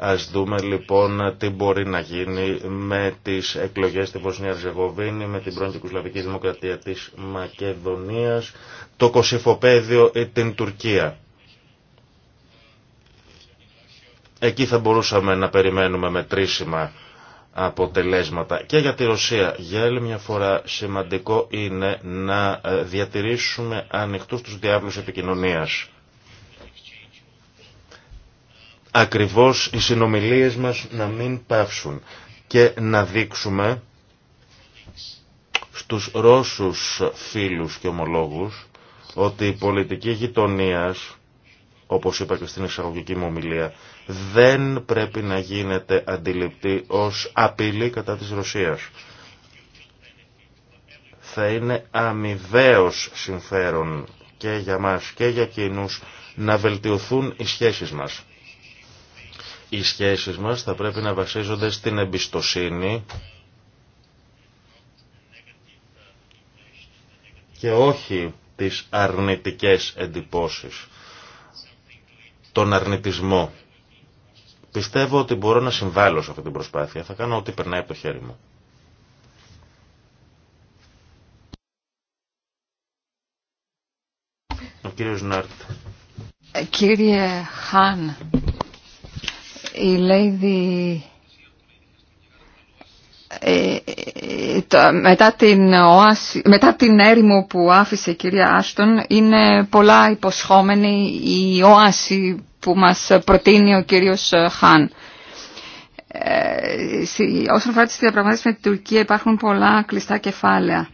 Ας δούμε λοιπόν τι μπορεί να γίνει με τις εκλογές στη Βοσνία Ριζεγοβίνη, με την πρώην Κυκουσλαβική Δημοκρατία της Μακεδονίας, το Κωσυφοπαίδιο ή την Τουρκία. Εκεί θα μπορούσαμε να περιμένουμε μετρήσιμα αποτελέσματα. Και για τη Ρωσία, για άλλη μια φορά σημαντικό είναι να ε, διατηρήσουμε ανοιχτούς τους διάβλους επικοινωνίας. Ακριβώς οι συνομιλίες μας να μην πάυσουν και να δείξουμε στους Ρώσους φίλους και ομολόγους ότι η πολιτική γειτονίας, όπως είπα και στην εισαγωγική μου ομιλία, δεν πρέπει να γίνεται αντιληπτή ως απειλή κατά της Ρωσίας. Θα είναι αμοιβαίως συμφέρον και για μας και για εκείνους να βελτιωθούν οι σχέσεις μας. Οι σχέσεις μας θα πρέπει να βασίζονται στην εμπιστοσύνη και όχι τις αρνητικές εντυπώσεις, τον αρνητισμό. Πιστεύω ότι μπορώ να συμβάλλω σε αυτή την προσπάθεια. Θα κάνω ό,τι περνάει από το χέρι μου. Ο κύριος ε, Κύριε Χάν, η Lady ε, ε, μετά, την μετά την έρημο που άφησε η κυρία Άστον είναι πολλά υποσχόμενη η οάση που μας προτείνει ο κύριος Χάν. Ε, όσον αφορά τις διαπραγματεύσεις με την Τουρκία υπάρχουν πολλά κλειστά κεφάλαια.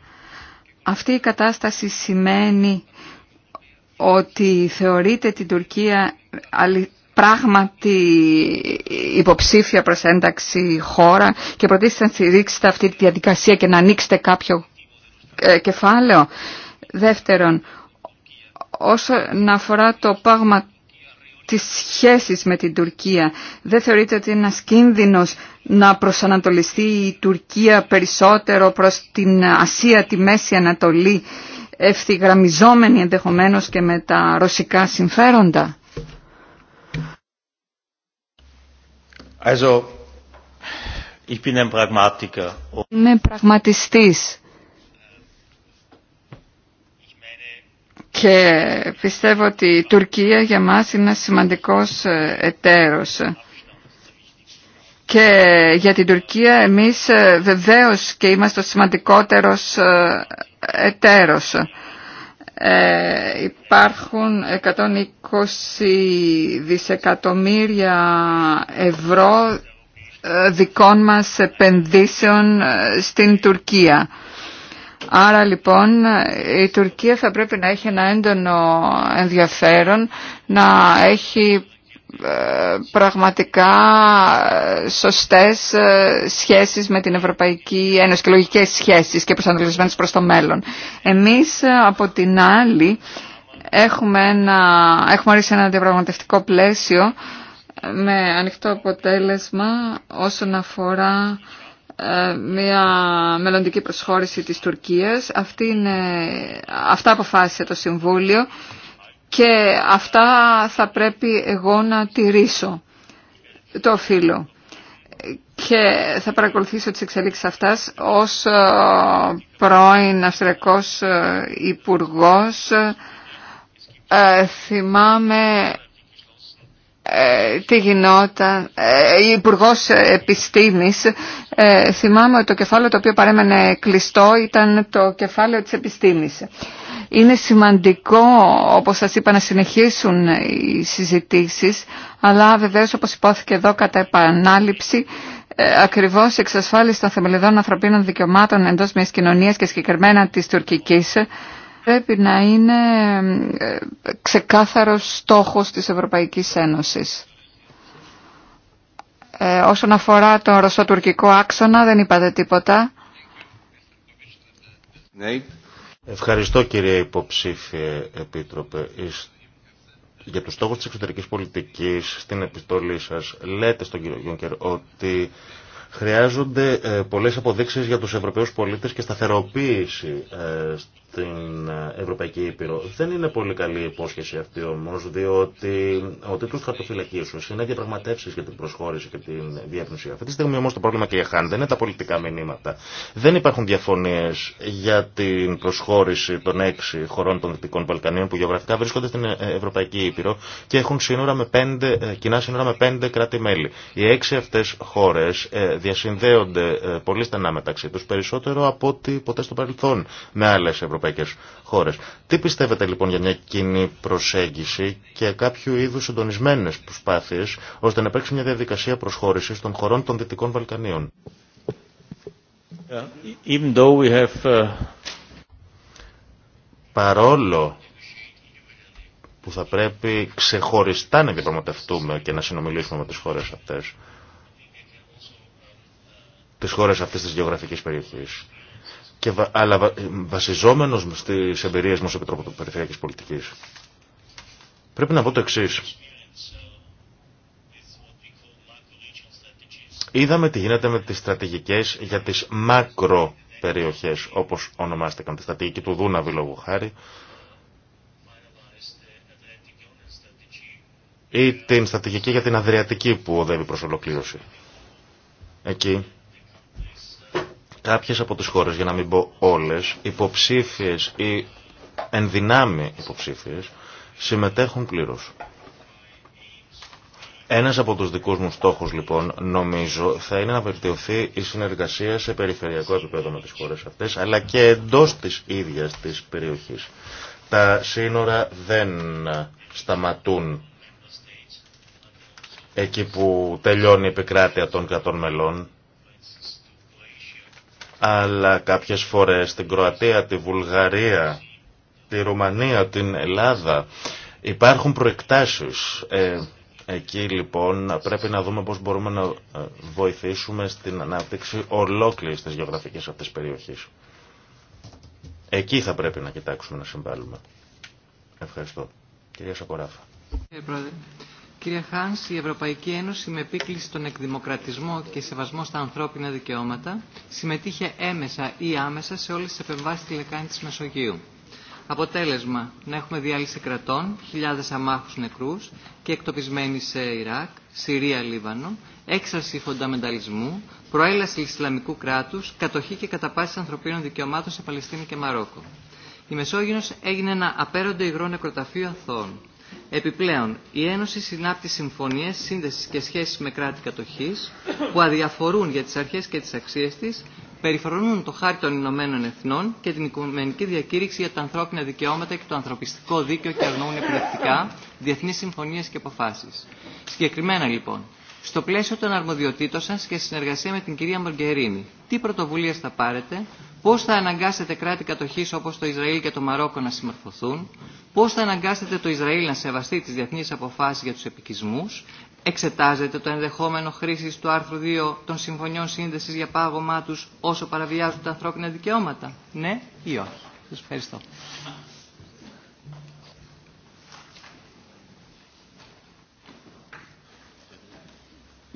Αυτή η κατάσταση σημαίνει ότι θεωρείται την Τουρκία πράγματι υποψήφια προς ένταξη χώρα και προτίθεται να στηρίξετε αυτή τη διαδικασία και να ανοίξετε κάποιο ε, κεφάλαιο. Δεύτερον, όσον αφορά το πάγμα της σχέσης με την Τουρκία. Δεν θεωρείτε ότι είναι ένας κίνδυνος να προσανατολιστεί η Τουρκία περισσότερο προς την Ασία, τη Μέση Ανατολή, ευθυγραμμιζόμενη ενδεχομένως και με τα ρωσικά συμφέροντα. Also, ich Είμαι πραγματιστής. Και πιστεύω ότι η Τουρκία για μας είναι ένας σημαντικός ε, εταίρος. Και για την Τουρκία εμείς ε, βεβαίως και είμαστε ο σημαντικότερος ε, εταίρος. Ε, υπάρχουν 120 δισεκατομμύρια ευρώ ε, δικών μας επενδύσεων ε, στην Τουρκία. Άρα λοιπόν η Τουρκία θα πρέπει να έχει ένα έντονο ενδιαφέρον να έχει ε, πραγματικά ε, σωστές ε, σχέσεις με την Ευρωπαϊκή Ένωση και λογικές σχέσεις και προσανατολισμένες προς το μέλλον. Εμείς από την άλλη έχουμε, ένα, έχουμε ορίσει ένα διαπραγματευτικό πλαίσιο με ανοιχτό αποτέλεσμα όσον αφορά μια μελλοντική προσχώρηση της Τουρκίας. Αυτή είναι, αυτά αποφάσισε το Συμβούλιο και αυτά θα πρέπει εγώ να τηρήσω το φίλο. και θα παρακολουθήσω τις εξελίξεις αυτάς ως ε, πρώην Αυστριακός ε, Υπουργός ε, θυμάμαι ε, τι γινόταν ε, Υπουργός Επιστήμης ε, θυμάμαι ότι το κεφάλαιο το οποίο παρέμενε κλειστό ήταν το κεφάλαιο της επιστήμης είναι σημαντικό, όπως σας είπα, να συνεχίσουν οι συζητήσεις, αλλά βεβαίως, όπως υπόθηκε εδώ κατά επανάληψη, ε, ακριβώς η εξασφάλιση των θεμελιδών ανθρωπίνων δικαιωμάτων εντός μιας κοινωνίας και συγκεκριμένα της τουρκικής ε, πρέπει να είναι ε, ξεκάθαρος στόχος της Ευρωπαϊκής Ένωσης. Ε, όσον αφορά τον ρωσοτουρκικό άξονα δεν είπατε τίποτα. Ναι. Ευχαριστώ κύριε υποψήφιε επίτροπε. Για τους στόχους της εξωτερικής πολιτικής στην επιστολή σας λέτε στον κύριο Γιόνκερ ότι χρειάζονται ε, πολλές αποδείξεις για τους Ευρωπαίους πολίτες και σταθεροποίηση ε, στην ε, Ευρωπαϊκή Ήπειρο. Δεν είναι πολύ καλή η υπόσχεση αυτή όμω, διότι ο τίτλος χαρτοφυλακίου είναι διαπραγματεύσει για την προσχώρηση και την διεύθυνση. Αυτή τη στιγμή όμω το πρόβλημα και για Χάν δεν είναι τα πολιτικά μηνύματα. Δεν υπάρχουν διαφωνίε για την προσχώρηση των έξι χωρών των Δυτικών Βαλκανίων που γεωγραφικά βρίσκονται στην ε, Ευρωπαϊκή Ήπειρο και έχουν σύνορα με πέντε, ε, κοινά σύνορα με πέντε κράτη-μέλη. Οι έξι αυτέ χώρε διασυνδέονται πολύ στενά μεταξύ του περισσότερο από ό,τι ποτέ στο παρελθόν με άλλε Ευρωπαϊκέ τι πιστεύετε λοιπόν για μια κοινή προσέγγιση και κάποιο είδου συντονισμένες προσπάθειες ώστε να υπάρξει μια διαδικασία προσχώρησης των χωρών των Δυτικών Βαλκανίων. Even though we have... Uh, Παρόλο που θα πρέπει ξεχωριστά να διαπραγματευτούμε και να συνομιλήσουμε με τις χώρες αυτές, τις χώρες αυτής της γεωγραφικής περιοχής. Και, αλλά βα, βασιζόμενος στις εμπειρίες μας του Περιφερειακής Πολιτικής, πρέπει να πω το εξή. Είδαμε τι γίνεται με τις στρατηγικές για τις μακροπεριοχές, όπως ονομάστηκαν τη στρατηγική του Δούναβη λόγου χάρη, ή την στρατηγική για την Αδριατική που οδεύει προς ολοκλήρωση. Εκεί κάποιες από τις χώρες, για να μην πω όλες, υποψήφιες ή ενδυνάμει υποψήφιες, συμμετέχουν πλήρως. Ένας από τους δικούς μου στόχους λοιπόν νομίζω θα είναι να βελτιωθεί η συνεργασία σε περιφερειακό επίπεδο με τις χώρες αυτές αλλά και εντός της ίδιας της περιοχής. Τα σύνορα δεν σταματούν εκεί που τελειώνει η επικράτεια των κρατών μελών αλλά κάποιες φορές στην Κροατία, τη Βουλγαρία, τη Ρουμανία, την Ελλάδα υπάρχουν προεκτάσεις. Ε, εκεί λοιπόν πρέπει να δούμε πώς μπορούμε να ε, βοηθήσουμε στην ανάπτυξη ολόκληρης της γεωγραφικής αυτής περιοχής. Εκεί θα πρέπει να κοιτάξουμε να συμβάλλουμε. Ευχαριστώ. Κυρία Σακοράφα. Κύριε Χάνς, η Ευρωπαϊκή Ένωση με επίκληση στον εκδημοκρατισμό και σεβασμό στα ανθρώπινα δικαιώματα συμμετείχε έμεσα ή άμεσα σε όλες τις επεμβάσεις τη λεκάνη της Μεσογείου. Αποτέλεσμα, να έχουμε διάλυση κρατών, χιλιάδες αμάχους νεκρούς και εκτοπισμένοι σε Ιράκ, Συρία, Λίβανο, έξαρση φονταμενταλισμού, προέλαση Ισλαμικού κράτους, κατοχή και καταπάση ανθρωπίνων δικαιωμάτων σε Παλαιστίνη και Μαρόκο. Η Μεσόγειος έγινε ένα απέροντο υγρό νεκροταφείο αθώων Επιπλέον, η Ένωση συνάπτει συμφωνίε σύνδεση και σχέσει με κράτη κατοχή που αδιαφορούν για τι αρχέ και τι αξίε τη, περιφρονούν το χάρτη των Ηνωμένων Εθνών και την Οικουμενική Διακήρυξη για τα ανθρώπινα δικαιώματα και το ανθρωπιστικό δίκαιο και αγνοούν επιλεκτικά διεθνεί συμφωνίε και αποφάσει. Συγκεκριμένα λοιπόν, στο πλαίσιο των αρμοδιοτήτων σας και συνεργασία με την κυρία Μοργκερίνη. Τι πρωτοβουλίες θα πάρετε, πώς θα αναγκάσετε κράτη κατοχής όπως το Ισραήλ και το Μαρόκο να συμμορφωθούν, πώς θα αναγκάσετε το Ισραήλ να σεβαστεί τις διεθνείς αποφάσεις για τους επικισμούς, εξετάζετε το ενδεχόμενο χρήση του άρθρου 2 των συμφωνιών σύνδεσης για πάγωμά τους όσο παραβιάζουν τα ανθρώπινα δικαιώματα. Ναι ή όχι. Σας ευχαριστώ.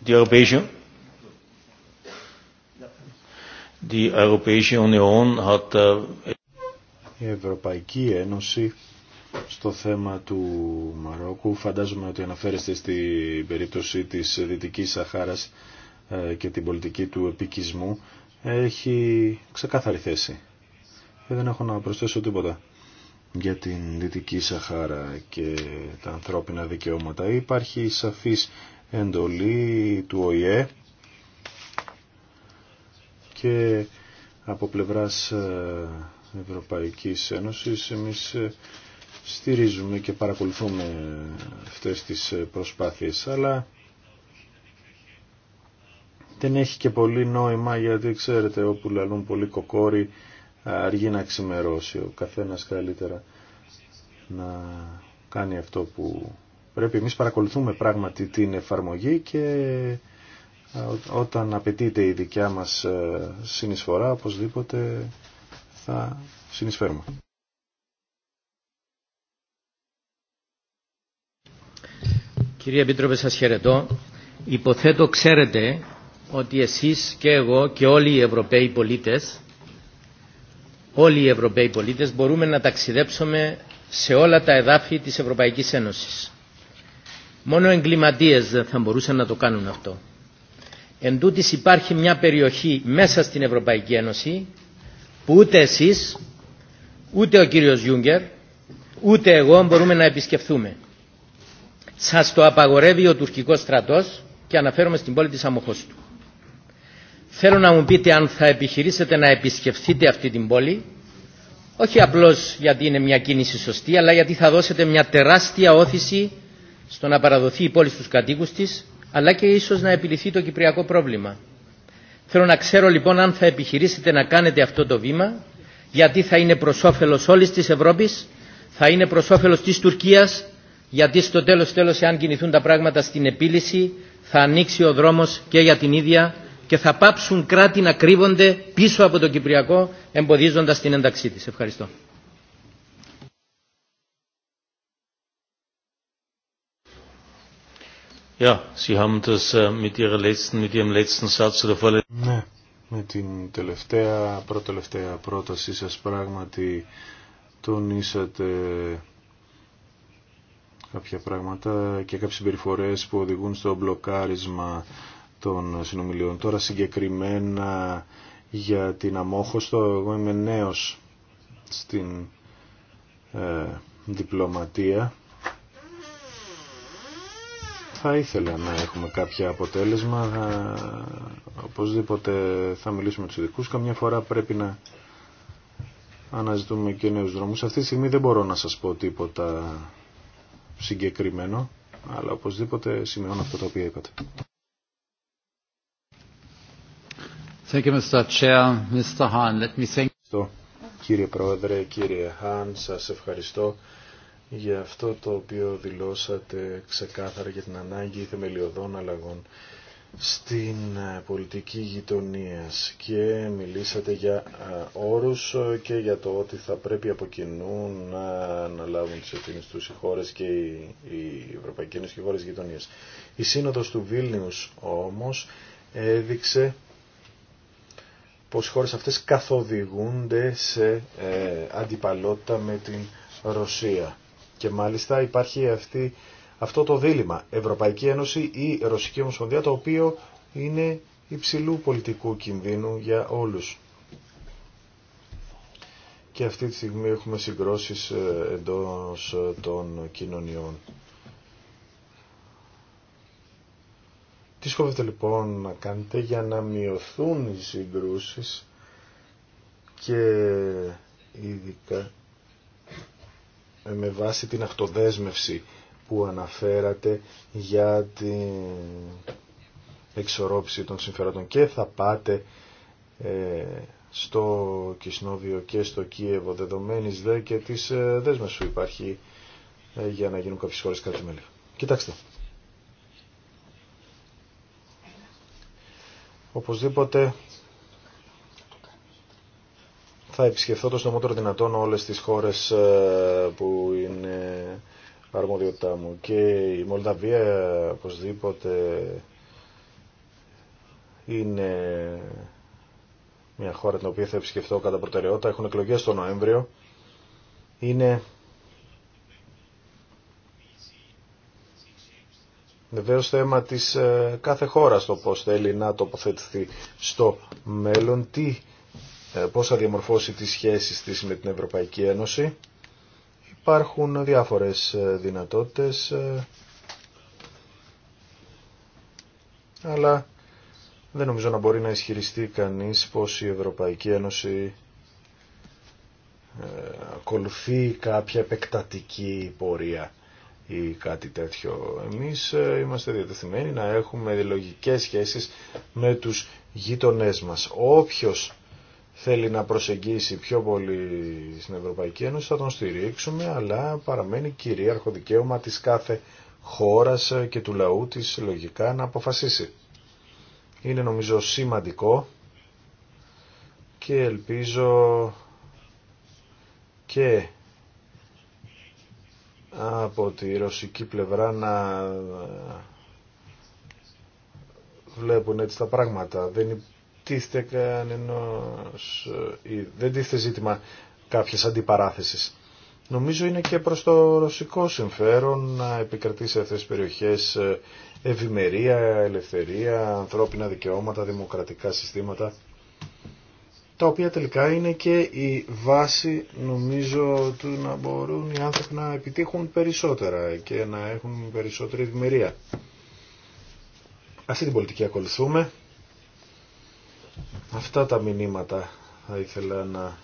Die Europäische, Union uh, Η Ευρωπαϊκή Ένωση στο θέμα του Μαρόκου φαντάζομαι ότι αναφέρεστε στην περίπτωση της Δυτικής Σαχάρας ε, και την πολιτική του επικισμού έχει ξεκάθαρη θέση. Ε, δεν έχω να προσθέσω τίποτα για την Δυτική Σαχάρα και τα ανθρώπινα δικαιώματα. Υπάρχει σαφής εντολή του ΟΗΕ και από πλευράς ε, Ευρωπαϊκής Ένωσης εμείς ε, στηρίζουμε και παρακολουθούμε αυτές τις ε, προσπάθειες αλλά δεν έχει και πολύ νόημα γιατί ξέρετε όπου λαλούν πολύ κοκόρι αργεί να ξημερώσει ο καθένας καλύτερα να κάνει αυτό που Πρέπει εμείς παρακολουθούμε πράγματι την εφαρμογή και όταν απαιτείται η δικιά μας ε, συνεισφορά, οπωσδήποτε θα συνεισφέρουμε. Κύριε Επίτροπε, σας χαιρετώ. Υποθέτω ξέρετε ότι εσείς και εγώ και όλοι οι Ευρωπαίοι πολίτες όλοι οι Ευρωπαίοι πολίτες μπορούμε να ταξιδέψουμε σε όλα τα εδάφη της Ευρωπαϊκής Ένωσης. Μόνο εγκληματίες δεν θα μπορούσαν να το κάνουν αυτό. Εν τούτης υπάρχει μια περιοχή μέσα στην Ευρωπαϊκή Ένωση που ούτε εσείς, ούτε ο κύριος Γιούγκερ, ούτε εγώ μπορούμε να επισκεφθούμε. Σας το απαγορεύει ο τουρκικός στρατός και αναφέρομαι στην πόλη της Αμοχώστου. Θέλω να μου πείτε αν θα επιχειρήσετε να επισκεφθείτε αυτή την πόλη, όχι απλώς γιατί είναι μια κίνηση σωστή, αλλά γιατί θα δώσετε μια τεράστια όθηση στο να παραδοθεί η πόλη στους κατοίκους της, αλλά και ίσως να επιληθεί το κυπριακό πρόβλημα. Θέλω να ξέρω λοιπόν αν θα επιχειρήσετε να κάνετε αυτό το βήμα, γιατί θα είναι προς όφελος όλης της Ευρώπης, θα είναι προς όφελος της Τουρκίας, γιατί στο τέλος τέλος εάν κινηθούν τα πράγματα στην επίλυση θα ανοίξει ο δρόμος και για την ίδια και θα πάψουν κράτη να κρύβονται πίσω από το Κυπριακό εμποδίζοντας την ένταξή της. Ευχαριστώ. Ναι, με την τελευταία, πρώτα-τελευταία πρότασή σας πράγματι τονίσατε κάποια πράγματα και κάποιες συμπεριφορέ που οδηγούν στο μπλοκάρισμα των συνομιλίων. Τώρα συγκεκριμένα για την αμόχωστο, εγώ είμαι νέος στην ε, διπλωματία θα ήθελα να έχουμε κάποια αποτέλεσμα. Οπωσδήποτε θα μιλήσουμε τους ειδικού. Καμιά φορά πρέπει να αναζητούμε και νέους δρόμους. Αυτή τη στιγμή δεν μπορώ να σας πω τίποτα συγκεκριμένο, αλλά οπωσδήποτε σημειώνω αυτό το οποίο είπατε. Κύριε Πρόεδρε, κύριε Χάν, σας ευχαριστώ για αυτό το οποίο δηλώσατε ξεκάθαρα για την ανάγκη θεμελιωδών αλλαγών στην ε, πολιτική γειτονία και μιλήσατε για ε, όρους και για το ότι θα πρέπει από κοινού να αναλάβουν τις ευθύνες τους οι χώρες και οι ευρωπαϊκές Ένωση και οι χώρες Η σύνοδος του Βίλνιους όμως έδειξε πως οι χώρες αυτές καθοδηγούνται σε ε, αντιπαλότητα με την Ρωσία. Και μάλιστα υπάρχει αυτή, αυτό το δίλημα Ευρωπαϊκή Ένωση ή Ρωσική Ομοσπονδία το οποίο είναι υψηλού πολιτικού κινδύνου για όλους. Και αυτή τη στιγμή έχουμε συγκρόσεις ε, εντός ε, των κοινωνιών. Τι σκοπεύετε λοιπόν να κάνετε για να μειωθούν οι συγκρούσεις και ειδικά με βάση την αυτοδέσμευση που αναφέρατε για την εξορόψη των συμφερόντων και θα πάτε ε, στο Κισνόβιο και στο Κίεβο δεδομένης δε και της ε, δέσμε που υπάρχει ε, για να γίνουν κάποιες χώρες κάτι μέλη. Κοιτάξτε. Οπωσδήποτε θα επισκεφθώ το συνομότερο δυνατόν όλες τις χώρες ε, που είναι αρμοδιότητά μου. Και η Μολδαβία οπωσδήποτε είναι μια χώρα την οποία θα επισκεφθώ κατά προτεραιότητα. Έχουν εκλογές τον Νοέμβριο. Είναι Βεβαίω θέμα της ε, κάθε χώρας το πώς θέλει να τοποθετηθεί στο μέλλον, τι ε, πώς θα διαμορφώσει τις σχέσεις της με την Ευρωπαϊκή Ένωση. Υπάρχουν διάφορες ε, δυνατότητες, ε, αλλά δεν νομίζω να μπορεί να ισχυριστεί κανείς πως η Ευρωπαϊκή Ένωση ακολουθεί κάποια επεκτατική πορεία ή κάτι τέτοιο. Εμείς είμαστε διατεθειμένοι να έχουμε λογικές σχέσεις με τους γείτονές μας. Όποιος θέλει να προσεγγίσει πιο πολύ στην Ευρωπαϊκή Ένωση θα τον στηρίξουμε αλλά παραμένει κυρίαρχο δικαίωμα της κάθε χώρας και του λαού της λογικά να αποφασίσει. Είναι νομίζω σημαντικό και ελπίζω και από τη ρωσική πλευρά να βλέπουν έτσι τα πράγματα. Δεν τίθεται ε, δεν τίθεται ζήτημα κάποιες αντιπαράθεση. Νομίζω είναι και προς το ρωσικό συμφέρον να επικρατεί σε αυτές τις περιοχές ε, ευημερία, ελευθερία, ανθρώπινα δικαιώματα, δημοκρατικά συστήματα, τα οποία τελικά είναι και η βάση νομίζω του να μπορούν οι άνθρωποι να επιτύχουν περισσότερα και να έχουν περισσότερη ευημερία. Αυτή την πολιτική ακολουθούμε Αυτά τα μηνύματα θα ήθελα να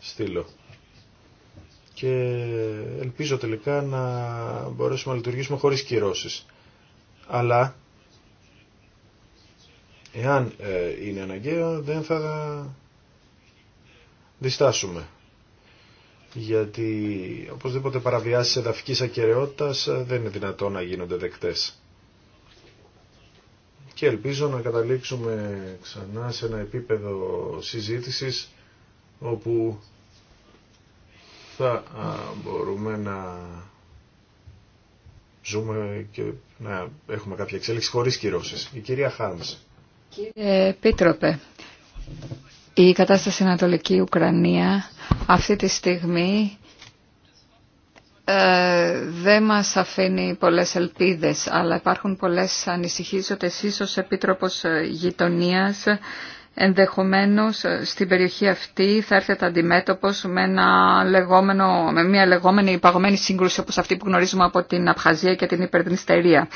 στείλω. Και ελπίζω τελικά να μπορέσουμε να λειτουργήσουμε χωρίς κυρώσεις. Αλλά, εάν ε, είναι αναγκαίο, δεν θα διστάσουμε. Γιατί οπωσδήποτε παραβιάσεις εδαφικής ακαιρεότητας ε, δεν είναι δυνατόν να γίνονται δεκτές και ελπίζω να καταλήξουμε ξανά σε ένα επίπεδο συζήτησης όπου θα μπορούμε να ζούμε και να έχουμε κάποια εξέλιξη χωρίς κυρώσεις. Η κυρία Χάρμς. Κύριε Πίτροπε, η κατάσταση στην Ανατολική Ουκρανία αυτή τη στιγμή ε, δεν μας αφήνει πολλές ελπίδες, αλλά υπάρχουν πολλές ανησυχίες ότι εσείς ως Επίτροπος ε, Γειτονίας ενδεχομένως ε, στην περιοχή αυτή θα έρθετε αντιμέτωπος με, ένα λεγόμενο, με μια λεγόμενη παγωμένη σύγκρουση όπως αυτή που γνωρίζουμε από την Απχαζία και την Υπερδνηστερία.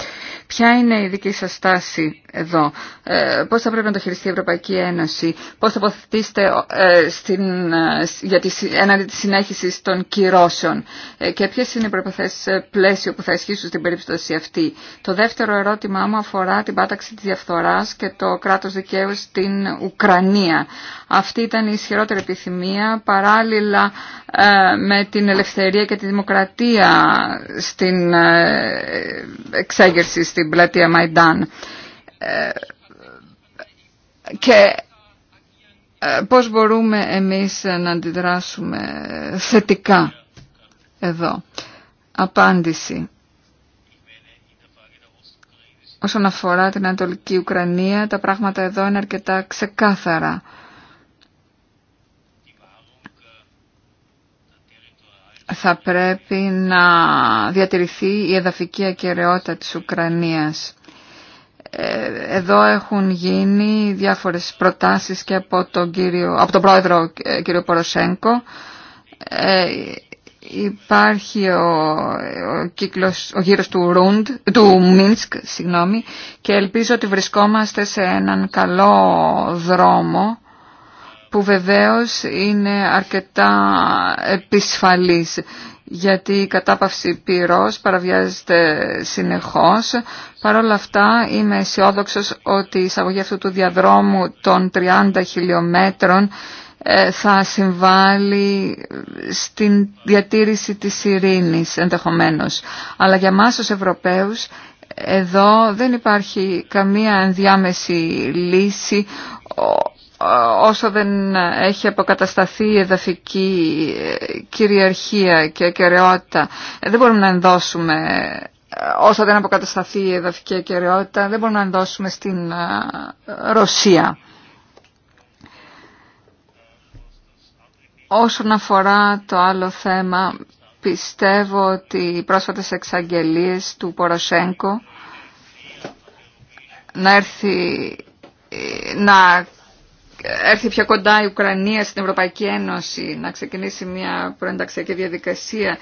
Ποια είναι η δική σας στάση εδώ, ε, πώς θα πρέπει να το χειριστεί η Ευρωπαϊκή Ένωση, πώς θα αποθετήσετε ε, ε, για τη, έναντι της συνέχισης των κυρώσεων και ποιες είναι οι προϋποθέσεις πλαίσιο που θα ισχύσουν στην περίπτωση αυτή. Το δεύτερο ερώτημά μου αφορά την πάταξη της διαφθοράς και το κράτος δικαίου στην Ουκρανία. Αυτή ήταν η ισχυρότερη επιθυμία παράλληλα ε, με την ελευθερία και τη δημοκρατία στην ε, εξέγερση στην πλατεία Μαϊντάν. Ε, και πώς μπορούμε εμείς να αντιδράσουμε θετικά εδώ. Απάντηση. Όσον αφορά την Ανατολική Ουκρανία, τα πράγματα εδώ είναι αρκετά ξεκάθαρα. Θα πρέπει να διατηρηθεί η εδαφική ακεραιότητα της Ουκρανίας. Ε, εδώ έχουν γίνει διάφορες προτάσεις και από τον, κύριο, από τον πρόεδρο ε, κύριο Ποροσέγκο ε, υπάρχει ο, ο, κύκλος, ο γύρος του, Ρουντ, του Μίνσκ συγγνώμη, και ελπίζω ότι βρισκόμαστε σε έναν καλό δρόμο που βεβαίως είναι αρκετά επισφαλής γιατί η κατάπαυση πυρός παραβιάζεται συνεχώς. Παρ' όλα αυτά είμαι αισιόδοξο ότι η εισαγωγή αυτού του διαδρόμου των 30 χιλιόμετρων ε, θα συμβάλλει στην διατήρηση της ειρήνης ενδεχομένως. Αλλά για μας ως Ευρωπαίους εδώ δεν υπάρχει καμία ενδιάμεση λύση όσο δεν έχει αποκατασταθεί η εδαφική ε, κυριαρχία και ακεραιότητα. Ε, δεν μπορούμε να ενδώσουμε, όσο δεν αποκατασταθεί η εδαφική αικαιρεότητα δεν μπορούμε να ενδώσουμε στην Ρωσία. Όσον αφορά το άλλο θέμα, πιστεύω ότι οι πρόσφατες εξαγγελίες του Ποροσέγκο να έρθει, να έρθει πιο κοντά η Ουκρανία στην Ευρωπαϊκή Ένωση, να ξεκινήσει μια προενταξιακή διαδικασία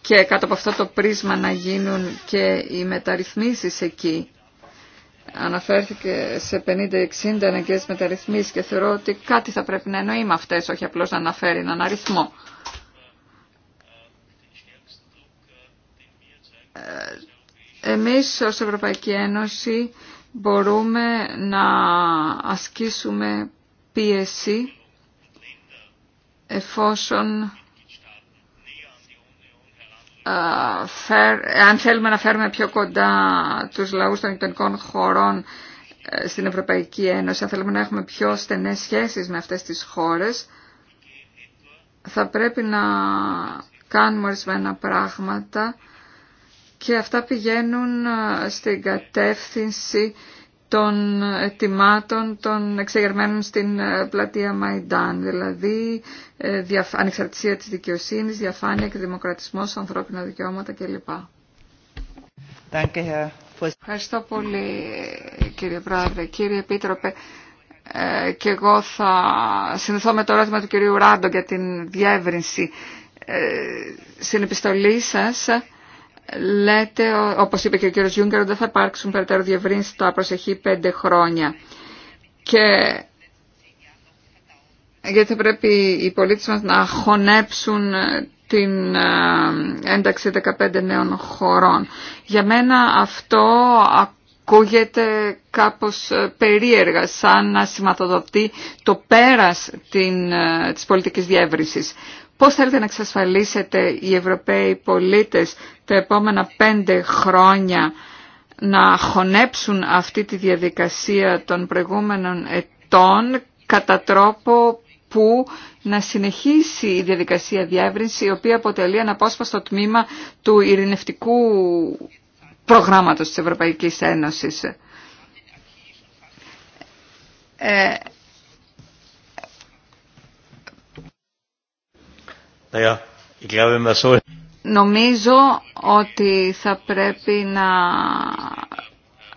και κάτω από αυτό το πρίσμα να γίνουν και οι μεταρρυθμίσεις εκεί αναφέρθηκε σε 50-60 αναγκαίες μεταρρυθμίσεις και θεωρώ ότι κάτι θα πρέπει να εννοεί με αυτές, όχι απλώς να αναφέρει έναν αριθμό. Ε, εμείς ως Ευρωπαϊκή Ένωση μπορούμε να ασκήσουμε πίεση εφόσον αν θέλουμε να φέρουμε πιο κοντά τους λαούς των γειτονικών χωρών ε, στην Ευρωπαϊκή Ένωση, αν θέλουμε να έχουμε πιο στενές σχέσεις με αυτές τις χώρες, θα πρέπει να κάνουμε ορισμένα πράγματα και αυτά πηγαίνουν ε, στην κατεύθυνση των ετοιμάτων των εξεγερμένων στην ε, πλατεία Μαϊντάν, δηλαδή ε, ανεξαρτησία της δικαιοσύνης, διαφάνεια και δημοκρατισμός, ανθρώπινα δικαιώματα κλπ. Ευχαριστώ πολύ κύριε Πρόεδρε. Κύριε Επίτροπε, ε, και εγώ θα συνδεθώ με το ερώτημα του κυρίου Ράντο για την διεύρυνση. Ε, στην επιστολή σας λέτε, όπως είπε και ο κύριος Γιούγκερ, ότι δεν θα υπάρξουν περαιτέρω διευρύνσεις τα προσεχή πέντε χρόνια. Και γιατί θα πρέπει οι πολίτες μας να χωνέψουν την ε, ένταξη 15 νέων χωρών. Για μένα αυτό ακούγεται κάπως ε, περίεργα, σαν να σηματοδοτεί το πέρας τη ε, της πολιτικής διεύρυνσης. Πώς θέλετε να εξασφαλίσετε οι Ευρωπαίοι πολίτες τα επόμενα πέντε χρόνια να χωνέψουν αυτή τη διαδικασία των προηγούμενων ετών κατά τρόπο που να συνεχίσει η διαδικασία διεύρυνση η οποία αποτελεί ένα απόσπαστο τμήμα του ειρηνευτικού προγράμματος της Ευρωπαϊκής Ένωσης. Ε, Νομίζω ότι θα πρέπει να...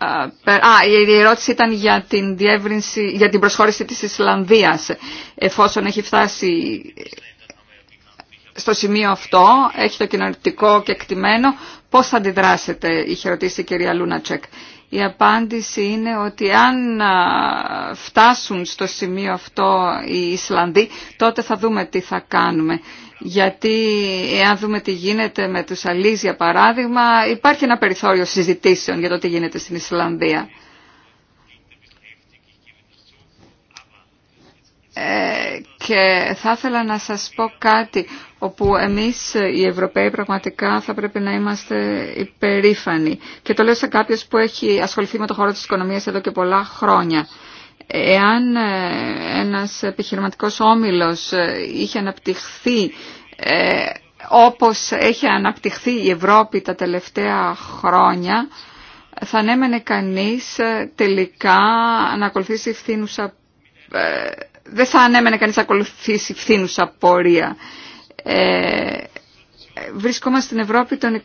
Α, η ερώτηση ήταν για την, διεύρυνση, για την προσχώρηση της Ισλανδίας. Εφόσον έχει φτάσει στο σημείο αυτό, έχει το κοινωνικό και εκτιμένο, πώς θα αντιδράσετε, είχε ρωτήσει η κυρία Λούνατσεκ. Η απάντηση είναι ότι αν φτάσουν στο σημείο αυτό οι Ισλανδοί, τότε θα δούμε τι θα κάνουμε γιατί εάν δούμε τι γίνεται με τους Αλείς για παράδειγμα υπάρχει ένα περιθώριο συζητήσεων για το τι γίνεται στην Ισλανδία. Ε, και θα ήθελα να σας πω κάτι όπου εμείς οι Ευρωπαίοι πραγματικά θα πρέπει να είμαστε υπερήφανοι. Και το λέω σε κάποιος που έχει ασχοληθεί με το χώρο της οικονομίας εδώ και πολλά χρόνια. Εάν ε, ένας επιχειρηματικός όμιλος ε, είχε αναπτυχθεί ε, όπως έχει αναπτυχθεί η Ευρώπη τα τελευταία χρόνια, θα ανέμενε κανείς τελικά να ακολουθήσει φθήνουσα... δεν θα ανέμενε κανείς να ακολουθήσει φθήνουσα πορεία. βρισκόμαστε στην Ευρώπη των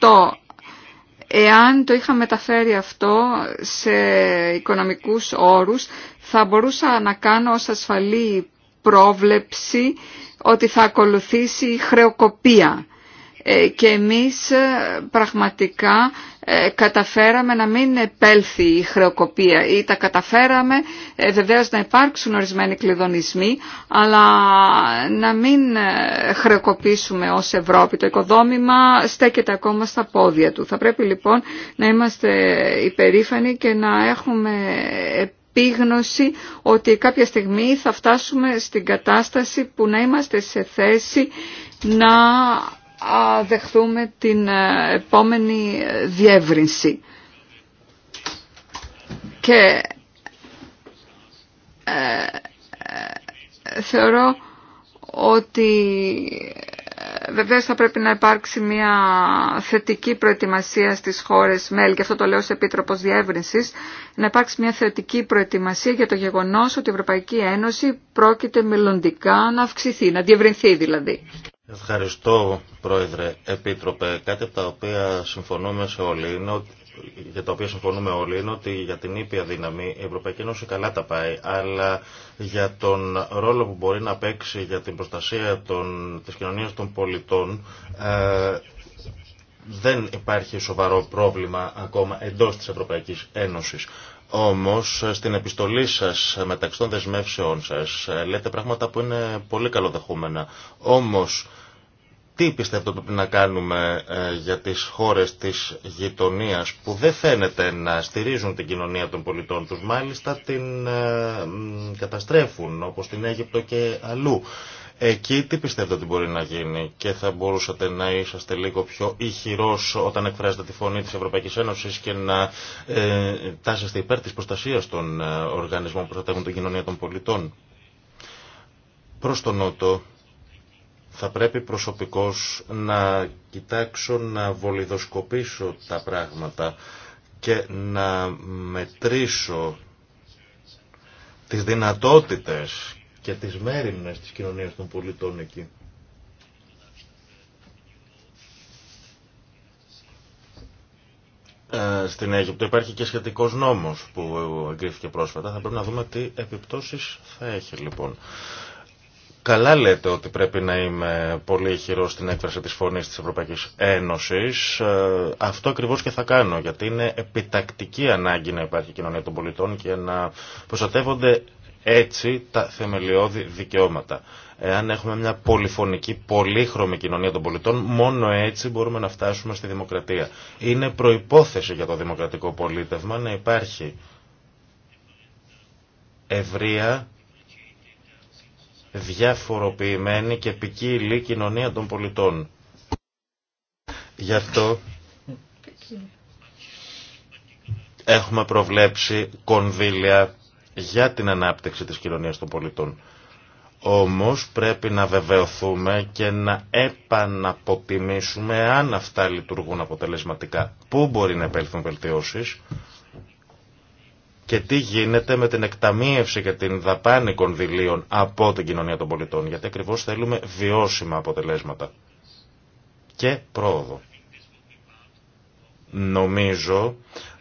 28 Εάν το είχα μεταφέρει αυτό σε οικονομικούς όρους, θα μπορούσα να κάνω ως ασφαλή πρόβλεψη ότι θα ακολουθήσει χρεοκοπία ε, και εμείς ε, πραγματικά ε, καταφέραμε να μην επέλθει η χρεοκοπία ή τα καταφέραμε βεβαίως να υπάρξουν ορισμένοι κλειδονισμοί αλλά να μην χρεοκοπήσουμε ως Ευρώπη. Το οικοδόμημα στέκεται ακόμα στα πόδια του. Θα πρέπει λοιπόν να είμαστε υπερήφανοι και να έχουμε επίγνωση ότι κάποια στιγμή θα φτάσουμε στην κατάσταση που να είμαστε σε θέση να δεχθούμε την ε, επόμενη ε, διεύρυνση. Και ε, θεωρώ ότι βεβαίως θα πρέπει να υπάρξει μια θετική προετοιμασία στις χώρες μέλη και αυτό το λέω σε Επίτροπος Διεύρυνσης να υπάρξει μια θετική προετοιμασία για το γεγονός ότι η Ευρωπαϊκή Ένωση πρόκειται μελλοντικά να αυξηθεί, να διευρυνθεί δηλαδή. Ευχαριστώ, Πρόεδρε, Επίτροπε. Κάτι από τα οποία συμφωνούμε σε όλοι είναι για τα οποία συμφωνούμε όλοι είναι ότι για την ήπια δύναμη η Ευρωπαϊκή Ένωση καλά τα πάει, αλλά για τον ρόλο που μπορεί να παίξει για την προστασία των, της κοινωνίας των πολιτών ε, δεν υπάρχει σοβαρό πρόβλημα ακόμα εντός της Ευρωπαϊκής Ένωσης. Όμως στην επιστολή σας μεταξύ των δεσμεύσεών σας ε, λέτε πράγματα που είναι πολύ καλοδεχούμενα. Όμως τι πιστεύετε ότι πρέπει να κάνουμε ε, για τις χώρες της γειτονίας που δεν φαίνεται να στηρίζουν την κοινωνία των πολιτών τους, μάλιστα την ε, καταστρέφουν όπως την Αίγυπτο και αλλού. Εκεί τι πιστεύετε ότι μπορεί να γίνει και θα μπορούσατε να είσαστε λίγο πιο ηχηρός όταν εκφράζετε τη φωνή της Ευρωπαϊκής Ένωσης και να ε, τάσεστε υπέρ της προστασίας των ε, οργανισμών που προστατεύουν την κοινωνία των πολιτών. Προς τον Νότο, θα πρέπει προσωπικώς να κοιτάξω, να βολιδοσκοπήσω τα πράγματα και να μετρήσω τις δυνατότητες και τις μέρημνες της κοινωνίας των πολιτών εκεί. Ε, στην Αίγυπτο υπάρχει και σχετικός νόμος που εγκρίθηκε πρόσφατα. Θα πρέπει να δούμε τι επιπτώσεις θα έχει λοιπόν. Καλά λέτε ότι πρέπει να είμαι πολύ χειρό στην έκφραση της φωνής της Ευρωπαϊκής Ένωσης. Ε, αυτό ακριβώς και θα κάνω, γιατί είναι επιτακτική ανάγκη να υπάρχει κοινωνία των πολιτών και να προστατεύονται έτσι τα θεμελιώδη δικαιώματα. Εάν έχουμε μια πολυφωνική, πολύχρωμη κοινωνία των πολιτών, μόνο έτσι μπορούμε να φτάσουμε στη δημοκρατία. Είναι προϋπόθεση για το δημοκρατικό πολίτευμα να υπάρχει ευρεία διαφοροποιημένη και ποικίλη κοινωνία των πολιτών. Γι' αυτό έχουμε προβλέψει κονδύλια για την ανάπτυξη της κοινωνίας των πολιτών. Όμως πρέπει να βεβαιωθούμε και να επαναποτιμήσουμε αν αυτά λειτουργούν αποτελεσματικά. Πού μπορεί να επέλθουν βελτιώσεις και τι γίνεται με την εκταμείευση και την δαπάνη κονδυλίων από την κοινωνία των πολιτών, γιατί ακριβώ θέλουμε βιώσιμα αποτελέσματα και πρόοδο. Νομίζω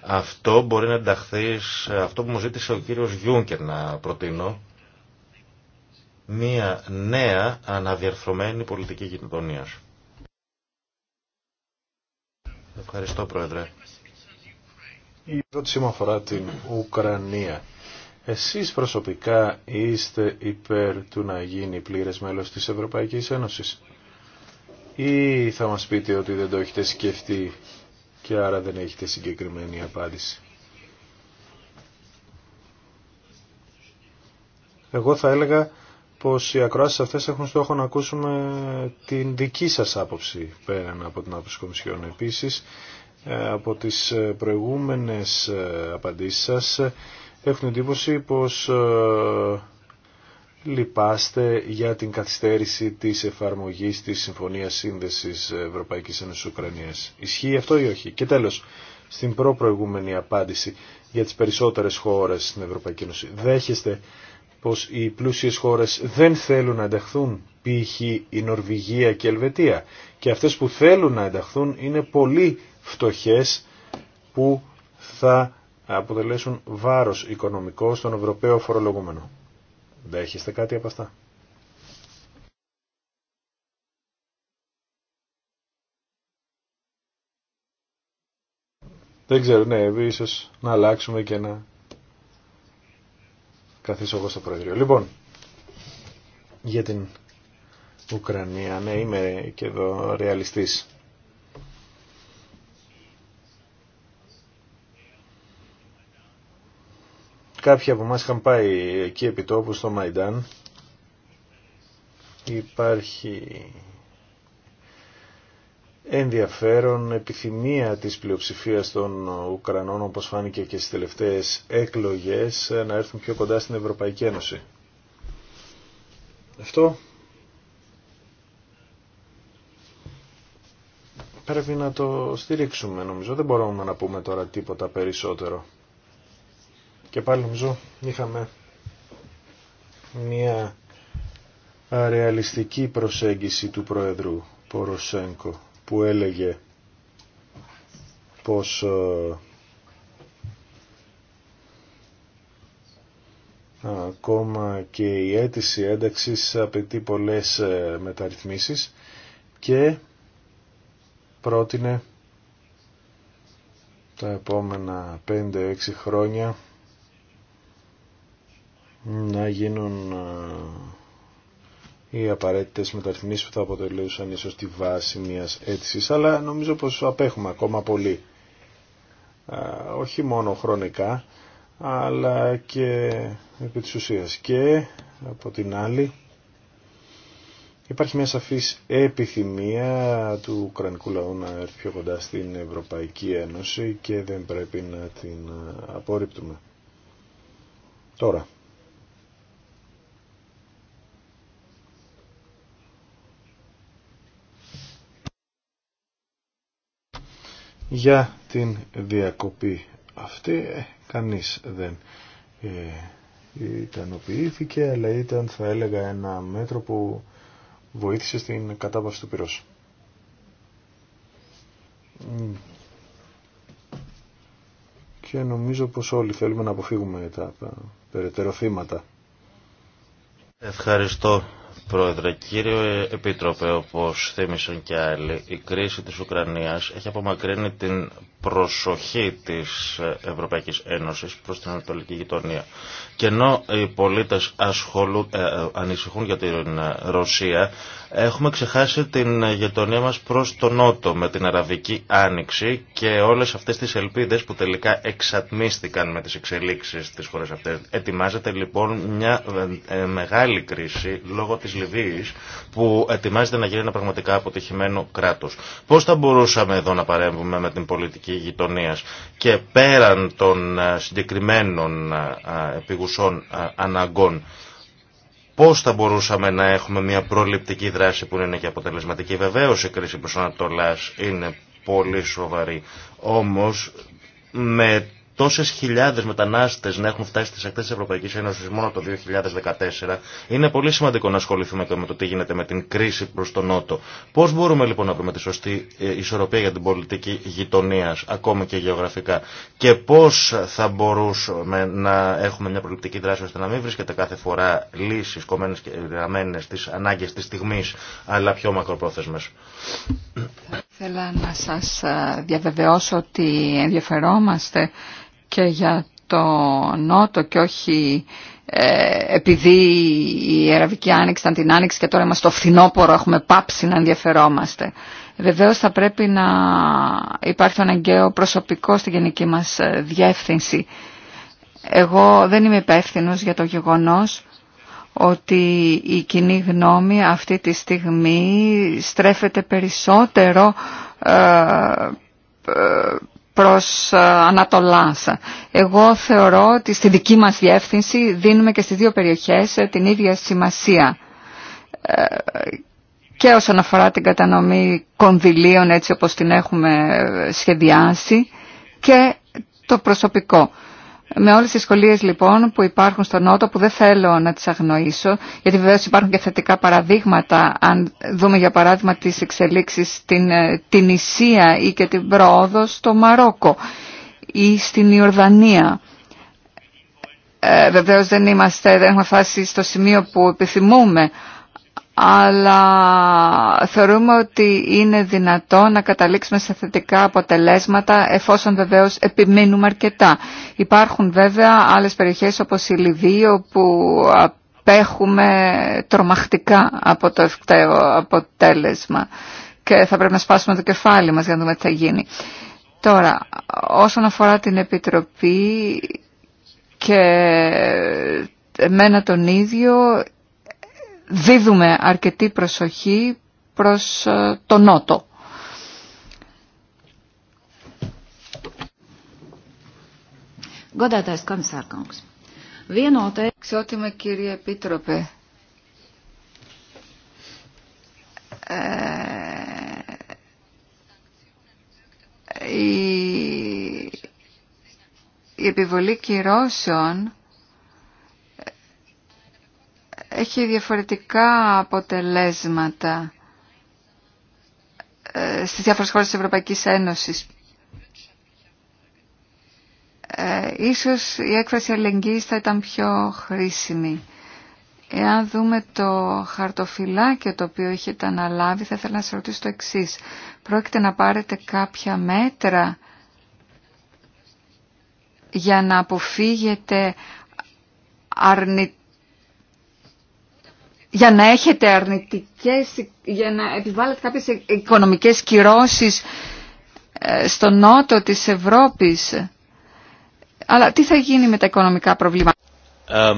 αυτό μπορεί να ενταχθεί σε αυτό που μου ζήτησε ο κύριος Γιούνκερ να προτείνω, μία νέα αναδιαρθρωμένη πολιτική κοινωνίας. Ευχαριστώ Πρόεδρε. Η ερώτησή μου αφορά την Ουκρανία. Εσείς προσωπικά είστε υπέρ του να γίνει πλήρες μέλος της Ευρωπαϊκής Ένωσης ή θα μας πείτε ότι δεν το έχετε σκεφτεί και άρα δεν έχετε συγκεκριμένη απάντηση. Εγώ θα έλεγα πως οι ακροάσεις αυτές έχουν στόχο να ακούσουμε την δική σας άποψη πέραν από την άποψη Κομισιόν. Ε, από τις ε, προηγούμενες ε, απαντήσεις σας έχουν εντύπωση πως λυπάστε για την καθυστέρηση της εφαρμογής της Συμφωνίας Σύνδεσης Ευρωπαϊκής Ένωσης Ουκρανίας. Ισχύει αυτό ή όχι. Και τέλος, στην προπροηγούμενη απάντηση για τις περισσότερες χώρες στην Ευρωπαϊκή Ένωση. Δέχεστε πως οι πλούσιες χώρες δεν θέλουν να ενταχθούν, π.χ. η Νορβηγία και η Ελβετία. Και αυτές που θέλουν να ενταχθούν είναι πολύ φτωχές που θα αποτελέσουν βάρος οικονομικό στον Ευρωπαίο φορολογούμενο. Δέχεστε κάτι από αυτά. Δεν ξέρω, ναι, ίσως να αλλάξουμε και να καθίσω εγώ στο Προεδρείο. Λοιπόν, για την Ουκρανία, ναι, είμαι και εδώ ρεαλιστής. Κάποιοι από μας είχαν πάει εκεί επί τόπου στο Μαϊντάν. Υπάρχει ενδιαφέρον επιθυμία της πλειοψηφίας των Ουκρανών όπως φάνηκε και στις τελευταίες εκλογές να έρθουν πιο κοντά στην Ευρωπαϊκή Ένωση. Αυτό πρέπει να το στηρίξουμε νομίζω. Δεν μπορούμε να πούμε τώρα τίποτα περισσότερο. Και πάλι νομίζω είχαμε μια αρεαλιστική προσέγγιση του Προεδρού Ποροσέγκο που έλεγε πως ε, ακόμα και η αίτηση ένταξης απαιτεί πολλές ε, μεταρρυθμίσεις και πρότεινε τα επόμενα 5-6 χρόνια να γίνουν οι απαραίτητες μεταρρυθμίσεις που θα αποτελούσαν ίσως τη βάση μιας αίτησης, αλλά νομίζω πως απέχουμε ακόμα πολύ. Όχι μόνο χρονικά, αλλά και επί της ουσίας. Και από την άλλη υπάρχει μια σαφής επιθυμία του Ουκρανικού λαού να έρθει πιο κοντά στην Ευρωπαϊκή Ένωση και δεν πρέπει να την απορρίπτουμε. Τώρα, για την διακοπή αυτή ε, κανείς δεν ε, ικανοποιήθηκε αλλά ήταν θα έλεγα ένα μέτρο που βοήθησε στην κατάβαση του πυρός. Και νομίζω πως όλοι θέλουμε να αποφύγουμε τα περαιτέρω θύματα. Ευχαριστώ Πρόεδρε, κύριε Επίτροπε, όπως θύμισαν και άλλοι, η κρίση της Ουκρανίας έχει απομακρύνει την προσοχή της Ευρωπαϊκής Ένωσης προς την Ανατολική γειτονία. Και ενώ οι πολίτες ε, ανησυχούν για την Ρωσία, έχουμε ξεχάσει την γειτονία μας προς τον Νότο με την Αραβική Άνοιξη και όλες αυτές τις ελπίδες που τελικά εξατμίστηκαν με τις εξελίξεις της χώρας αυτές. Ετοιμάζεται λοιπόν μια ε, μεγάλη κρίση λόγω της Λιβύης που ετοιμάζεται να γίνει ένα πραγματικά αποτυχημένο κράτος. Πώς θα μπορούσαμε εδώ να παρέμβουμε με την πολιτική γειτονία και πέραν των ε, συγκεκριμένων ε, ε, επιγουσών αναγκών πώς θα μπορούσαμε να έχουμε μια προληπτική δράση που είναι και αποτελεσματική. Βεβαίως η κρίση προς Ανατολάς είναι πολύ σοβαρή, όμως με τόσε χιλιάδε μετανάστε να έχουν φτάσει στι ακτέ τη Ευρωπαϊκή Ένωση μόνο το 2014, είναι πολύ σημαντικό να ασχοληθούμε και με το τι γίνεται με την κρίση προ τον Νότο. Πώ μπορούμε λοιπόν να βρούμε τη σωστή ε, ισορροπία για την πολιτική γειτονία, ακόμη και γεωγραφικά, και πώ θα μπορούσαμε να έχουμε μια προληπτική δράση ώστε να μην βρίσκεται κάθε φορά λύσει κομμένε και γραμμένε στι ανάγκε τη στιγμή, αλλά πιο μακροπρόθεσμε. Θέλω να σας ε, διαβεβαιώσω ότι ενδιαφερόμαστε και για το Νότο και όχι ε, επειδή η Αραβική Άνοιξη ήταν την Άνοιξη και τώρα είμαστε στο φθινόπωρο, έχουμε πάψει να ενδιαφερόμαστε. Βεβαίως θα πρέπει να υπάρχει το αναγκαίο προσωπικό στην γενική μας ε, διεύθυνση. Εγώ δεν είμαι υπεύθυνο για το γεγονός ότι η κοινή γνώμη αυτή τη στιγμή στρέφεται περισσότερο ε, προς ε, Ανατολάς. Εγώ θεωρώ ότι στη δική μας διεύθυνση δίνουμε και στις δύο περιοχές ε, την ίδια σημασία ε, και όσον αφορά την κατανομή κονδυλίων έτσι όπως την έχουμε σχεδιάσει και το προσωπικό. Με όλες τις σχολίες λοιπόν που υπάρχουν στον Νότο που δεν θέλω να τις αγνοήσω, γιατί βεβαίως υπάρχουν και θετικά παραδείγματα, αν δούμε για παράδειγμα τις εξελίξεις στην ε, την Ισία ή και την πρόοδο στο Μαρόκο ή στην Ιορδανία. Ε, βεβαίως δεν, είμαστε, δεν έχουμε φτάσει στο σημείο που επιθυμούμε, αλλά θεωρούμε ότι είναι δυνατό να καταλήξουμε σε θετικά αποτελέσματα εφόσον βεβαίως επιμείνουμε αρκετά. Υπάρχουν βέβαια άλλες περιοχές όπως η Λιβύη όπου απέχουμε τρομακτικά από το ευκταίο αποτέλεσμα και θα πρέπει να σπάσουμε το κεφάλι μας για να δούμε τι θα γίνει. Τώρα, όσον αφορά την Επιτροπή και εμένα τον ίδιο δίδουμε αρκετή προσοχή προς ε, το νότο. Godātais komisārkungs, vienotai... Ξότιμε κύριε Επίτροπε, ε, η, η επιβολή κυρώσεων έχει διαφορετικά αποτελέσματα ε, στις διάφορες χώρες της Ευρωπαϊκής Ένωσης. Ε, ίσως η έκφραση αλληλεγγύης θα ήταν πιο χρήσιμη. Εάν δούμε το χαρτοφυλάκιο το οποίο έχετε αναλάβει, θα ήθελα να σας ρωτήσω το εξής. Πρόκειται να πάρετε κάποια μέτρα για να αποφύγετε αρνητικά για να έχετε αρνητικές, για να επιβάλλετε κάποιες οικονομικές κυρώσεις ε, στο νότο της Ευρώπης. Αλλά τι θα γίνει με τα οικονομικά προβλήματα. Ε,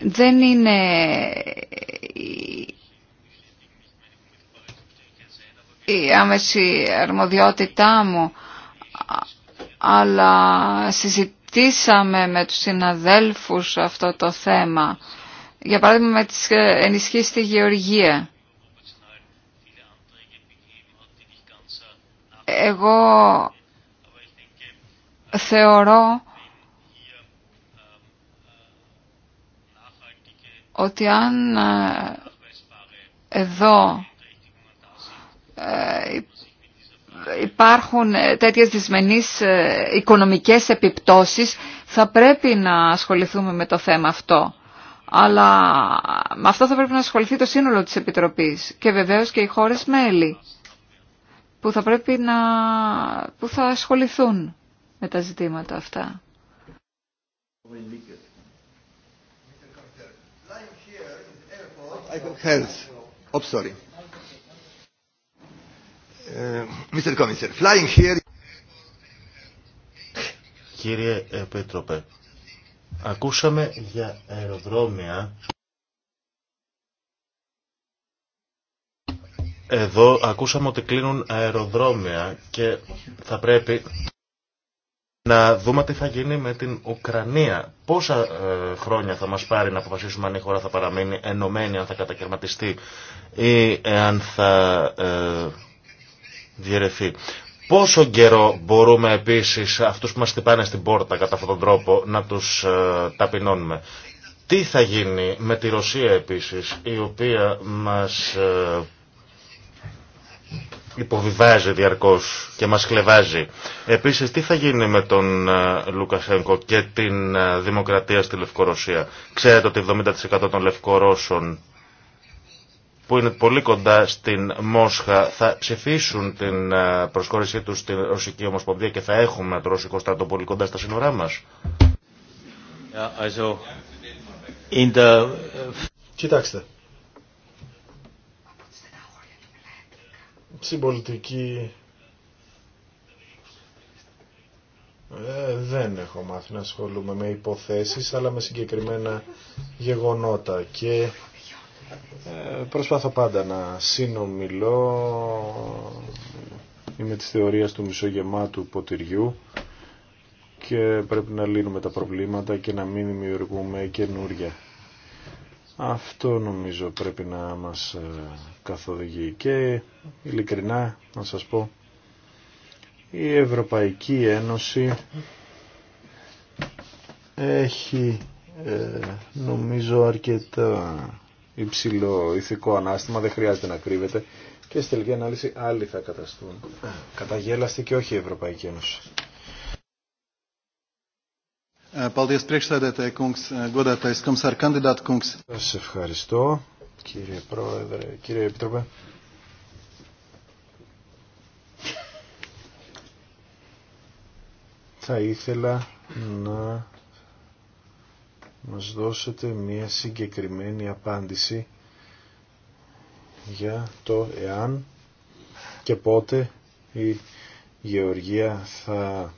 Δεν είναι ε, η άμεση αρμοδιότητά μου, αλλά συζητήσαμε με τους συναδέλφους αυτό το θέμα για παράδειγμα με τις ε, ενισχύσεις στη γεωργία. Εγώ θεωρώ ότι αν ε, εδώ ε, υπάρχουν τέτοιες δυσμενείς οικονομικές επιπτώσεις, θα πρέπει να ασχοληθούμε με το θέμα αυτό αλλά με αυτό θα πρέπει να ασχοληθεί το σύνολο της Επιτροπής και βεβαίως και οι χώρες μέλη που θα πρέπει να που θα ασχοληθούν με τα ζητήματα αυτά. Uh, Κύριε Επίτροπε, Ακούσαμε για αεροδρόμια. Εδώ ακούσαμε ότι κλείνουν αεροδρόμια και θα πρέπει να δούμε τι θα γίνει με την Ουκρανία. Πόσα ε, χρόνια θα μας πάρει να αποφασίσουμε αν η χώρα θα παραμείνει ενωμένη, αν θα κατακαιρματιστεί ή αν θα ε, διαιρεθεί. Πόσο καιρό μπορούμε επίσης αυτούς που μας χτυπάνε στην πόρτα κατά αυτόν τον τρόπο να τους ε, ταπεινώνουμε. Τι θα γίνει με τη Ρωσία επίσης η οποία μας ε, υποβιβάζει διαρκώς και μας χλεβάζει. Επίσης τι θα γίνει με τον ε, Λουκασένκο και την δημοκρατία στη Λευκορωσία. Ξέρετε ότι 70% των Λευκορώσων που είναι πολύ κοντά στην Μόσχα θα ψηφίσουν την ε, προσχώρησή τους στην Ρωσική Ομοσπονδία και θα έχουμε το Ρωσικό στρατό πολύ κοντά στα σύνορά μας. Uh, Κοιτάξτε. Συμπολιτική. Ε, δεν έχω μάθει να ασχολούμαι με υποθέσεις αλλά με συγκεκριμένα γεγονότα και ε, προσπάθω πάντα να συνομιλώ με της θεωρίας του μισογεμάτου ποτηριού και πρέπει να λύνουμε τα προβλήματα και να μην δημιουργούμε καινούρια. Αυτό νομίζω πρέπει να μας ε, καθοδηγεί και ειλικρινά να σας πω η Ευρωπαϊκή Ένωση έχει ε, νομίζω αρκετά υψηλό ηθικό ανάστημα, δεν χρειάζεται να κρύβεται και στη τελική ανάλυση άλλοι θα καταστούν Καταγέλαστη και όχι η Ευρωπαϊκή Ένωση. Ε, Σας ευχαριστώ κύριε Πρόεδρε, κύριε Επιτροπέ. Θα ήθελα να μας δώσετε μία συγκεκριμένη απάντηση για το εάν και πότε η Γεωργία θα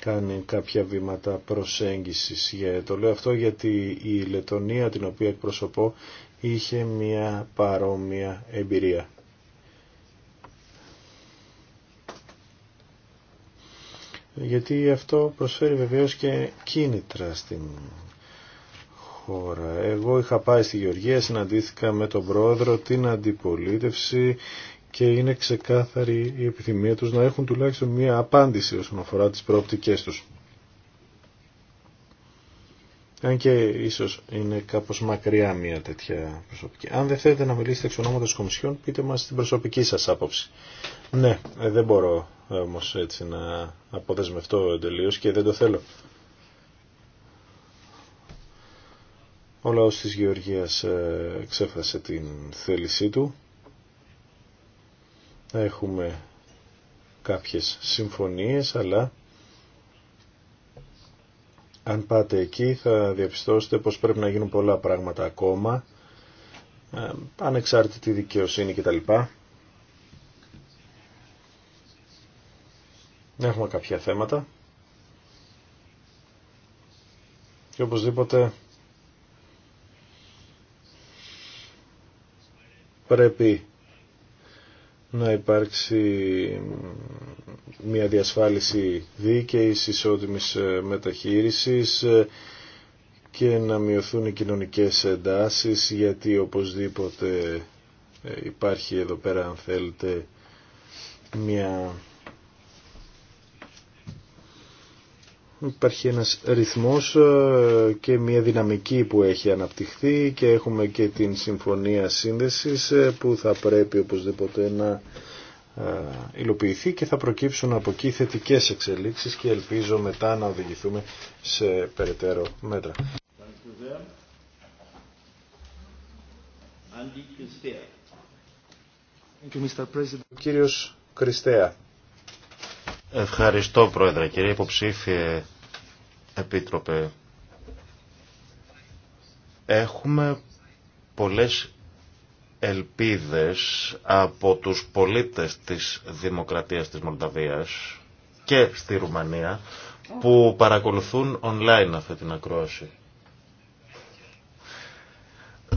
κάνει κάποια βήματα προσέγγισης. Για, το λέω αυτό γιατί η Λετωνία την οποία εκπροσωπώ είχε μια παρόμοια εμπειρία. γιατί αυτό προσφέρει βεβαίως και κίνητρα στην χώρα. Εγώ είχα πάει στη Γεωργία, συναντήθηκα με τον πρόεδρο, την αντιπολίτευση και είναι ξεκάθαρη η επιθυμία τους να έχουν τουλάχιστον μία απάντηση όσον αφορά τις προοπτικές τους. Αν και ίσως είναι κάπως μακριά μια τέτοια προσωπική. Αν δεν θέλετε να μιλήσετε εξ ονόματος Κομισιόν, πείτε μας την προσωπική σας άποψη. Ναι, ε, δεν μπορώ ε, όμως έτσι να αποδεσμευτώ εντελείω και δεν το θέλω. Ο λαός της Γεωργίας ε, ξέφρασε την θέλησή του. Έχουμε κάποιες συμφωνίες, αλλά αν πάτε εκεί θα διαπιστώσετε πως πρέπει να γίνουν πολλά πράγματα ακόμα, ε, ανεξάρτητη δικαιοσύνη κτλ. Έχουμε κάποια θέματα και οπωσδήποτε πρέπει να υπάρξει μια διασφάλιση δίκαιης, ισότιμης ε, μεταχείρισης ε, και να μειωθούν οι κοινωνικές εντάσεις γιατί οπωσδήποτε ε, υπάρχει εδώ πέρα αν θέλετε μια... Υπάρχει ένας ρυθμός και μια δυναμική που έχει αναπτυχθεί και έχουμε και την συμφωνία σύνδεσης που θα πρέπει οπωσδήποτε να ε, υλοποιηθεί και θα προκύψουν από εκεί θετικές εξελίξεις και ελπίζω μετά να οδηγηθούμε σε περαιτέρω μέτρα. Ο κύριος Κριστέα. Ευχαριστώ Πρόεδρε. Κύριε Υποψήφιε Επίτροπε, έχουμε πολλές ελπίδες από τους πολίτες της Δημοκρατίας της Μολδαβίας και στη Ρουμανία που παρακολουθούν online αυτή την ακρόαση.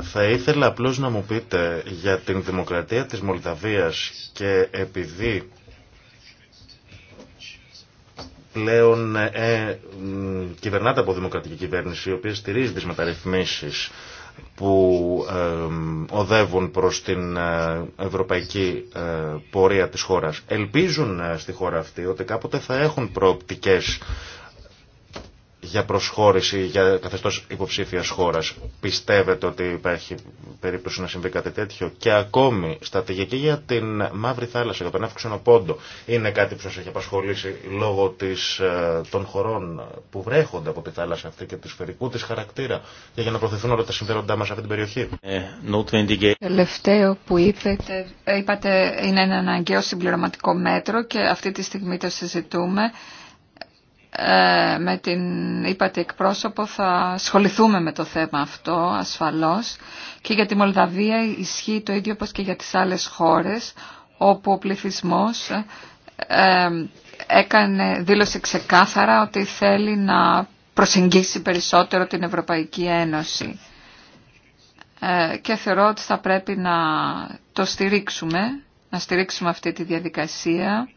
Θα ήθελα απλώς να μου πείτε για την δημοκρατία της Μολδαβίας και επειδή πλέον ε, κυβερνάται από δημοκρατική κυβέρνηση η οποία στηρίζει τις μεταρρυθμίσεις που οδεύουν προς την ε, ευρωπαϊκή ε, πορεία της χώρας ελπίζουν ε, στη χώρα αυτή ότι κάποτε θα έχουν προοπτικές για προσχώρηση, για καθεστώς υποψήφιας χώρας. Πιστεύετε ότι υπάρχει περίπτωση να συμβεί κάτι τέτοιο και ακόμη στρατηγική για την Μαύρη Θάλασσα, για τον Εύξενο Πόντο. Είναι κάτι που σας έχει απασχολήσει λόγω της, ε, των χωρών που βρέχονται από τη θάλασσα αυτή και του σφαιρικού της χαρακτήρα για να προθεθούν όλα τα συμφέροντά μας σε αυτή την περιοχή. Ε, Τελευταίο που είπετε, ε, είπατε είναι ένα αναγκαίο συμπληρωματικό μέτρο και αυτή τη στιγμή το συζητούμε ε, με την είπατε εκπρόσωπο θα ασχοληθούμε με το θέμα αυτό ασφαλώς και για τη Μολδαβία ισχύει το ίδιο όπως και για τις άλλες χώρες όπου ο πληθυσμός ε, ε, έκανε, δήλωσε ξεκάθαρα ότι θέλει να προσεγγίσει περισσότερο την Ευρωπαϊκή Ένωση και θεωρώ ότι θα πρέπει να το στηρίξουμε, να στηρίξουμε αυτή τη διαδικασία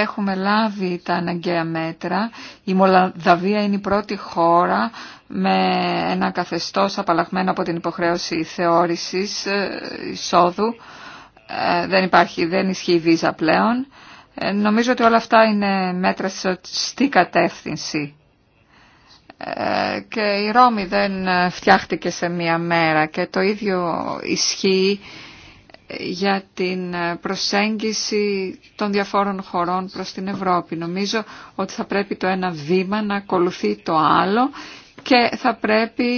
έχουμε λάβει τα αναγκαία μέτρα. Η Μολδαβία είναι η πρώτη χώρα με ένα καθεστώς απαλλαγμένο από την υποχρέωση θεώρησης ε, εισόδου. Ε, δεν, υπάρχει, δεν ισχύει η βίζα πλέον. Ε, νομίζω ότι όλα αυτά είναι μέτρα στη κατεύθυνση. Και η Ρώμη δεν φτιάχτηκε σε μία μέρα και το ίδιο ισχύει για την προσέγγιση των διαφόρων χωρών προς την Ευρώπη. Νομίζω ότι θα πρέπει το ένα βήμα να ακολουθεί το άλλο και θα πρέπει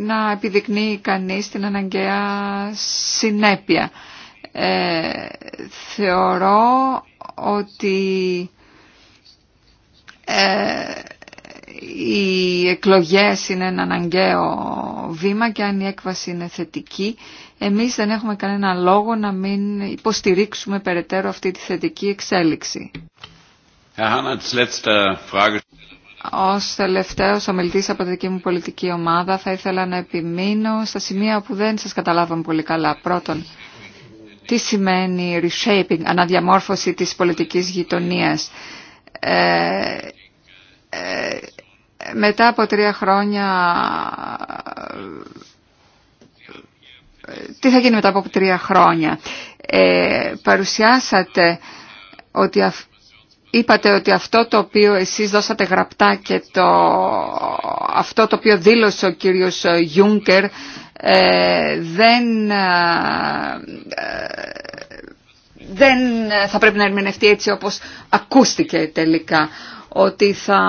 να επιδεικνύει κανείς την αναγκαία συνέπεια. Ε, θεωρώ ότι ε, οι εκλογές είναι ένα αναγκαίο βήμα και αν η έκβαση είναι θετική, εμείς δεν έχουμε κανένα λόγο να μην υποστηρίξουμε περαιτέρω αυτή τη θετική εξέλιξη. Ως τελευταίος ομιλητή από τη δική μου πολιτική ομάδα θα ήθελα να επιμείνω στα σημεία που δεν σας καταλάβαμε πολύ καλά. Πρώτον, τι σημαίνει reshaping, αναδιαμόρφωση της πολιτικής γειτονίας. ε, ε μετά από τρία χρόνια τι θα γίνει μετά από τρία χρόνια. Ε, παρουσιάσατε ότι είπατε ότι αυτό το οποίο εσείς δώσατε γραπτά και το... αυτό το οποίο δήλωσε ο κύριος Γιούνκερ ε, δεν, ε, δεν θα πρέπει να ερμηνευτεί έτσι όπως ακούστηκε τελικά ότι θα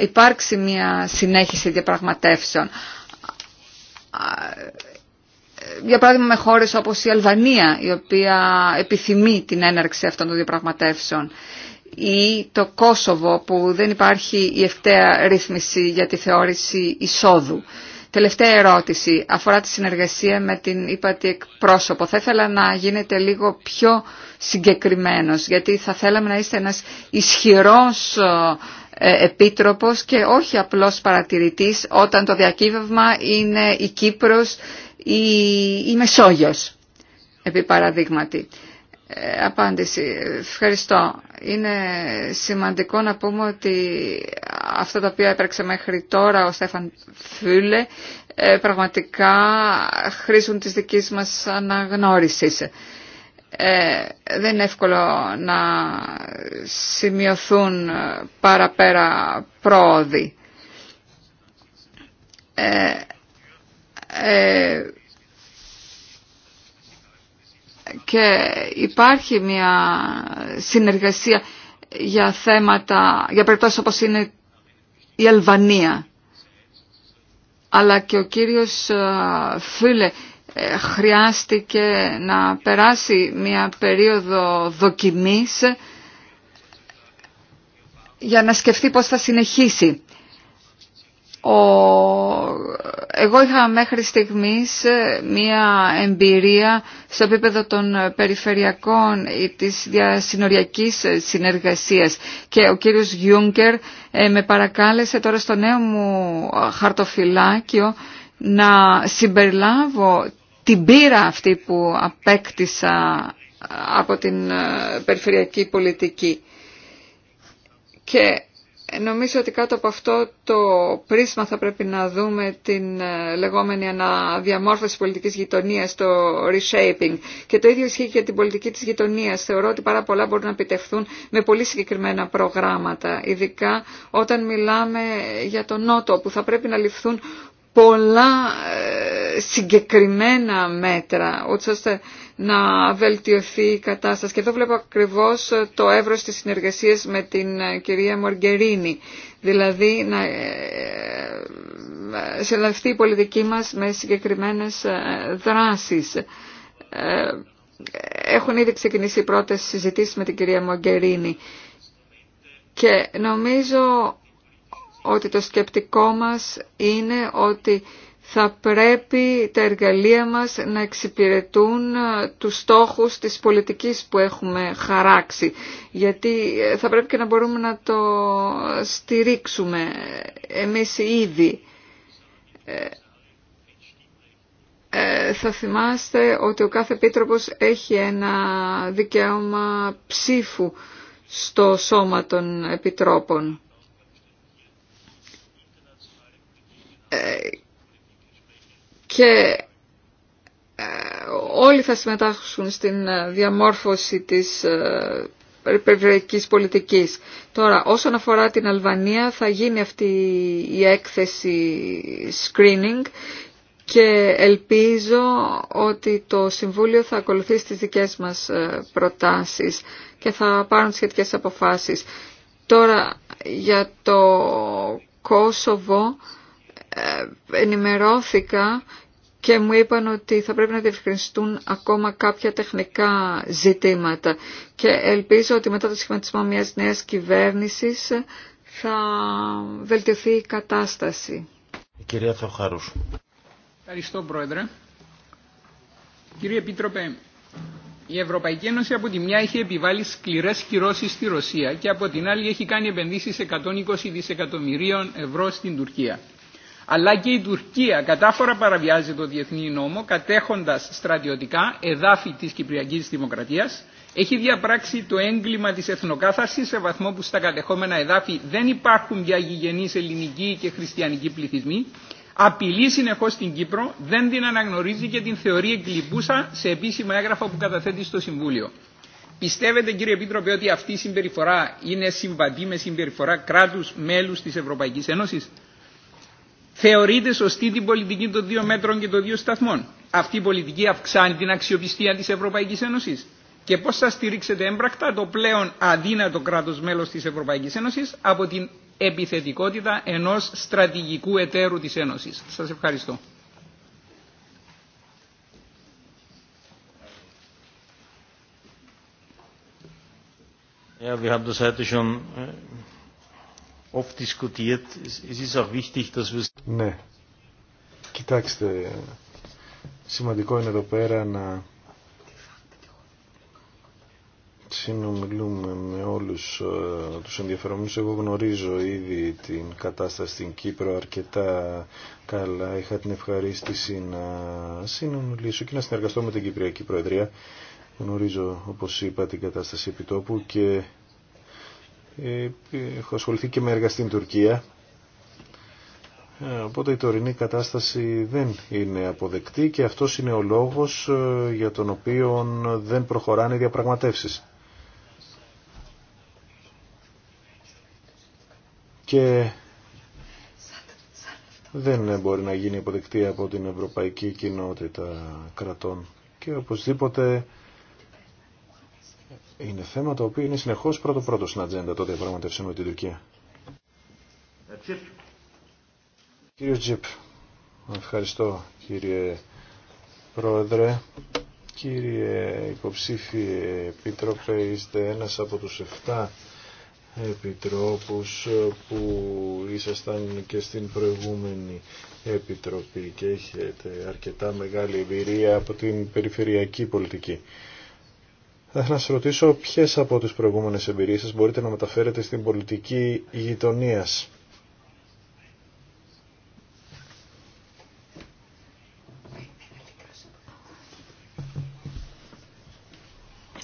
υπάρξει μια συνέχιση διαπραγματεύσεων. Για παράδειγμα με χώρες όπως η Αλβανία, η οποία επιθυμεί την έναρξη αυτών των διαπραγματεύσεων ή το Κόσοβο που δεν υπάρχει η ευταία ρύθμιση για τη θεώρηση εισόδου. Τελευταία ερώτηση αφορά τη συνεργασία με την είπατε εκπρόσωπο. Θα ήθελα να γίνετε λίγο πιο συγκεκριμένος, γιατί θα θέλαμε να είστε ένας ισχυρός ε, επίτροπος και όχι απλώς παρατηρητής όταν το διακύβευμα είναι η Κύπρος ή η Μεσόγειος, επί παραδείγματι. Ε, απάντηση. Ευχαριστώ. Είναι σημαντικό να πούμε ότι αυτά τα οποία έπραξε μέχρι τώρα ο Στέφαν Φούλε ε, πραγματικά χρήσουν της δικής μας αναγνώρισης. Ε, δεν είναι εύκολο να σημειωθούν παραπέρα πρόοδοι. Ε, και υπάρχει μια συνεργασία για θέματα, για περιπτώσεις όπως είναι η Αλβανία. Αλλά και ο κύριος ε, Φίλε ε, χρειάστηκε να περάσει μια περίοδο δοκιμής για να σκεφτεί πώς θα συνεχίσει. Ο... Εγώ είχα μέχρι στιγμής ε, μία εμπειρία στο επίπεδο των περιφερειακών ή ε, της διασυνοριακής ε, συνεργασίας και ο κύριος Γιούγκερ με παρακάλεσε τώρα στο νέο μου χαρτοφυλάκιο να συμπεριλάβω την πείρα αυτή που απέκτησα από την περιφερειακή πολιτική. Και Νομίζω ότι κάτω από αυτό το πρίσμα θα πρέπει να δούμε την ε, λεγόμενη αναδιαμόρφωση πολιτικής γειτονίας, το reshaping. Και το ίδιο ισχύει και για την πολιτική της γειτονίας. Θεωρώ ότι πάρα πολλά μπορούν να επιτευχθούν με πολύ συγκεκριμένα προγράμματα, ειδικά όταν μιλάμε για τον Νότο, που θα πρέπει να ληφθούν πολλά ε, συγκεκριμένα μέτρα, ώστε να βελτιωθεί η κατάσταση. Και εδώ βλέπω ακριβώς ε, το εύρος της συνεργασίας με την ε, κυρία Μοργκερίνη. Δηλαδή να συναλλευτεί η πολιτική μας με συγκεκριμένες δράσεις. Έχουν ήδη ξεκινήσει οι πρώτες συζητήσεις με την κυρία Μογκερίνη και νομίζω ότι το σκεπτικό μας είναι ότι θα πρέπει τα εργαλεία μας να εξυπηρετούν ε, τους στόχους της πολιτικής που έχουμε χαράξει. Γιατί ε, θα πρέπει και να μπορούμε να το στηρίξουμε ε, εμείς ήδη. Θα θυμάστε ότι ο κάθε επίτροπος έχει ένα δικαίωμα ψήφου στο σώμα των επιτρόπων. Ε, και ε, όλοι θα συμμετάσχουν στην ε, διαμόρφωση της περιφερειακής πολιτικής. Τώρα, όσον αφορά την Αλβανία, θα γίνει αυτή η έκθεση screening και ελπίζω ότι το Συμβούλιο θα ακολουθήσει τις δικές μας προτάσεις και θα πάρουν σχετικές αποφάσεις. Τώρα, για το Κόσοβο ε, ενημερώθηκα και μου είπαν ότι θα πρέπει να διευκρινιστούν ακόμα κάποια τεχνικά ζητήματα και ελπίζω ότι μετά το σχηματισμό μιας νέας κυβέρνησης θα βελτιωθεί η κατάσταση. Η κυρία Θεοχάρους. Ευχαριστώ Πρόεδρε. Κύριε Επίτροπε, η Ευρωπαϊκή Ένωση από τη μια έχει επιβάλει σκληρές κυρώσεις στη Ρωσία και από την άλλη έχει κάνει επενδύσει 120 δισεκατομμυρίων ευρώ στην Τουρκία αλλά και η Τουρκία κατάφορα παραβιάζει το διεθνή νόμο κατέχοντας στρατιωτικά εδάφη της Κυπριακής Δημοκρατίας, έχει διαπράξει το έγκλημα της εθνοκάθαρσης σε βαθμό που στα κατεχόμενα εδάφη δεν υπάρχουν για γηγενείς ελληνικοί και χριστιανικοί πληθυσμοί, απειλεί συνεχώ την Κύπρο, δεν την αναγνωρίζει και την θεωρεί εγκλυπούσα σε επίσημα έγγραφα που καταθέτει στο Συμβούλιο. Πιστεύετε κύριε Επίτροπε ότι αυτή η συμπεριφορά είναι συμβατή με συμπεριφορά κράτου μέλου της Ευρωπαϊκής Ένωσης. Θεωρείται σωστή την πολιτική των δύο μέτρων και των δύο σταθμών. Αυτή η πολιτική αυξάνει την αξιοπιστία της Ευρωπαϊκής Ένωσης. Και πώς θα στηρίξετε έμπρακτα το πλέον αδύνατο κράτος μέλος της Ευρωπαϊκής Ένωσης από την επιθετικότητα ενός στρατηγικού εταίρου της Ένωσης. Σας ευχαριστώ oft diskutiert. Es ist auch wichtig, dass wir... Ναι. Κοιτάξτε, σημαντικό είναι εδώ πέρα να συνομιλούμε με όλους ε, τους ενδιαφερόμενους. Εγώ γνωρίζω ήδη την κατάσταση στην Κύπρο αρκετά καλά. Είχα την ευχαρίστηση να συνομιλήσω και να συνεργαστώ με την Κυπριακή Προεδρία. Γνωρίζω, όπως είπα, την κατάσταση επιτόπου και ε, έχω ασχοληθεί και με έργα στην Τουρκία. Ε, οπότε η τωρινή κατάσταση δεν είναι αποδεκτή και αυτό είναι ο λόγος ε, για τον οποίο δεν προχωράνε οι διαπραγματεύσεις. Και δεν μπορεί να γίνει αποδεκτή από την Ευρωπαϊκή Κοινότητα Κρατών. Και οπωσδήποτε είναι θέμα το οποίο είναι συνεχώς πρώτο πρώτο στην ατζέντα τότε διαπραγματεύσεων με την Τουρκία. Κύριο Τζιπ, ευχαριστώ κύριε Πρόεδρε. Κύριε υποψήφι επίτροπε, είστε ένας από τους 7 επιτρόπους που ήσασταν και στην προηγούμενη επιτροπή και έχετε αρκετά μεγάλη εμπειρία από την περιφερειακή πολιτική. Θα ήθελα να σας ρωτήσω ποιες από τις προηγούμενες εμπειρίες σας μπορείτε να μεταφέρετε στην πολιτική γειτονία.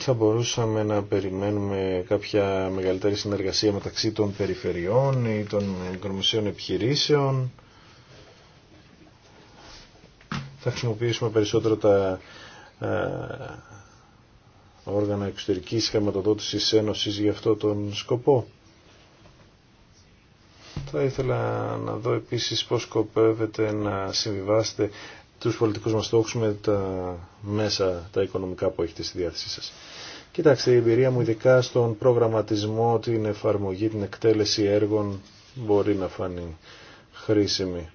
θα μπορούσαμε να περιμένουμε κάποια μεγαλύτερη συνεργασία μεταξύ των περιφερειών ή των οικονομικών επιχειρήσεων. Θα χρησιμοποιήσουμε περισσότερο τα ε, όργανα εξωτερική χρηματοδότηση ένωση για αυτό τον σκοπό. Θα ήθελα να δω επίσης πώς σκοπεύετε να συμβιβάσετε τους πολιτικούς μας στόχους με τα μέσα, τα οικονομικά που έχετε στη διάθεσή σας. Κοιτάξτε, η εμπειρία μου ειδικά στον προγραμματισμό, την εφαρμογή, την εκτέλεση έργων μπορεί να φανεί χρήσιμη.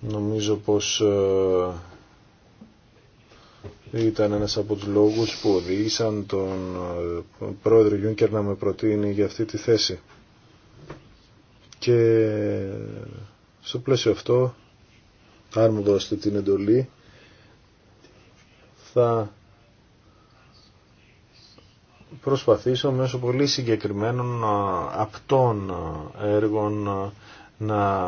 Νομίζω πως ε, ήταν ένας από τους λόγους που οδήγησαν ε, τον πρόεδρο Γιούνκερ να με προτείνει για αυτή τη θέση. Και στο πλαίσιο αυτό, αν μου δώσετε την εντολή, θα προσπαθήσω μέσω πολύ συγκεκριμένων ε, απτών ε, έργων να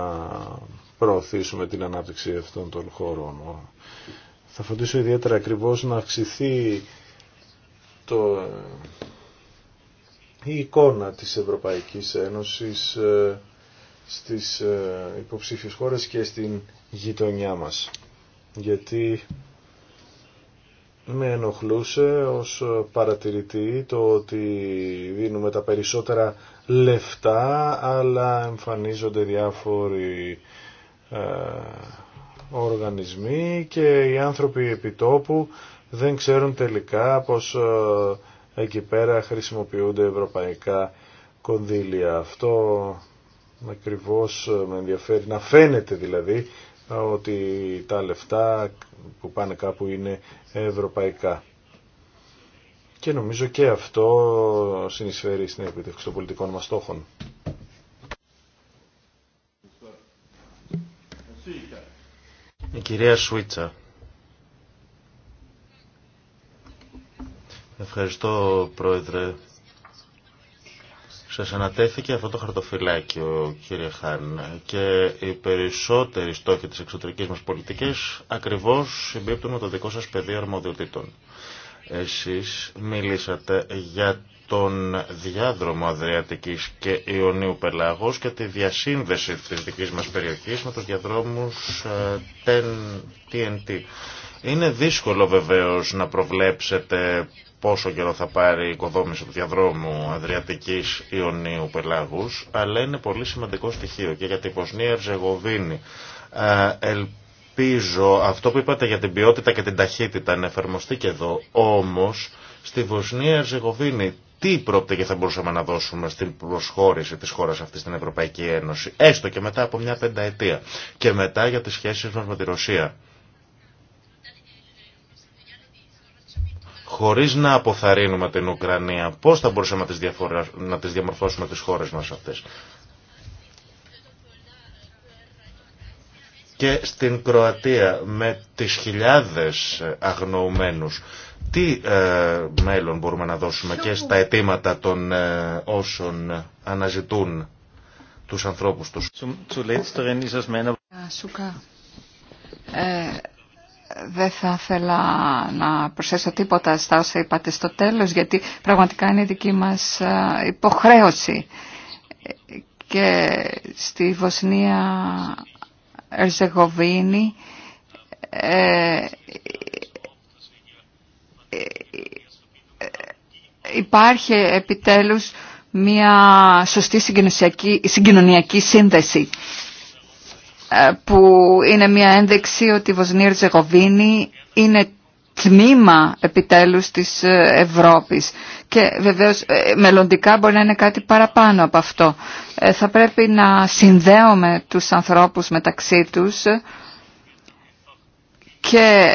προωθήσουμε την ανάπτυξη αυτών των χωρών θα φροντίσω ιδιαίτερα ακριβώς να αυξηθεί το, η εικόνα της Ευρωπαϊκής Ένωσης ε, στις ε, υποψήφιες χώρες και στην γειτονιά μας. Γιατί με ενοχλούσε ως παρατηρητή το ότι δίνουμε τα περισσότερα λεφτά αλλά εμφανίζονται διάφοροι ε, οργανισμοί και οι άνθρωποι επιτόπου δεν ξέρουν τελικά πως ε, εκεί πέρα χρησιμοποιούνται ευρωπαϊκά κονδύλια. Αυτό ακριβώς ε, με ενδιαφέρει να φαίνεται δηλαδή ε, ότι τα λεφτά που πάνε κάπου είναι ευρωπαϊκά. Και νομίζω και αυτό συνεισφέρει στην επίτευξη των πολιτικών μας στόχων. Η κυρία Σουίτσα. Ευχαριστώ, Πρόεδρε. Σας ανατέθηκε αυτό το χαρτοφυλάκιο, κύριε Χάν, και οι περισσότεροι στόχοι της εξωτερικής μας πολιτικής ακριβώς συμπίπτουν με το δικό σας πεδίο αρμοδιοτήτων. Εσείς μιλήσατε για τον διάδρομο Αδριατικής και Ιωνίου Πελάγος και τη διασύνδεση της δικής μας περιοχής με τους διαδρόμους TNT. Ε, είναι δύσκολο βεβαίως να προβλέψετε πόσο καιρό θα πάρει η οικοδόμηση του διαδρόμου Αδριατικής Ιωνίου Πελάγους, αλλά είναι πολύ σημαντικό στοιχείο και για την Ποσνία Ερζεγοβίνη. Ε, ελπίζω αυτό που είπατε για την ποιότητα και την ταχύτητα να εφαρμοστεί και εδώ, όμως στη Βοσνία Ερζεγοβίνη τι και θα μπορούσαμε να δώσουμε στην προσχώρηση της χώρας αυτής στην Ευρωπαϊκή Ένωση, έστω και μετά από μια πενταετία και μετά για τις σχέσεις μας με τη Ρωσία. χωρίς να αποθαρρύνουμε την Ουκρανία, πώς θα μπορούσαμε να τις, να τις διαμορφώσουμε τις χώρες μας αυτές. Και στην Κροατία με τις χιλιάδες αγνοωμένους τι ε, μέλλον μπορούμε να δώσουμε και στα αιτήματα των ε, όσων αναζητούν τους ανθρώπους τους. Σουκά. Ε, δεν θα ήθελα να προσθέσω τίποτα στα όσα είπατε στο τέλος, γιατί πραγματικά είναι δική μας ε, υποχρέωση. Και στη Βοσνία Ερζεγοβίνη υπάρχει επιτέλους μια σωστή συγκοινωνιακή σύνδεση ε, που είναι μια ένδειξη ότι η Βοσνία Ριζεγοβίνη είναι τμήμα επιτέλους της ε, Ευρώπης και βεβαίως ε, μελλοντικά μπορεί να είναι κάτι παραπάνω από αυτό. Θα πρέπει να συνδέουμε τους ανθρώπους μεταξύ τους και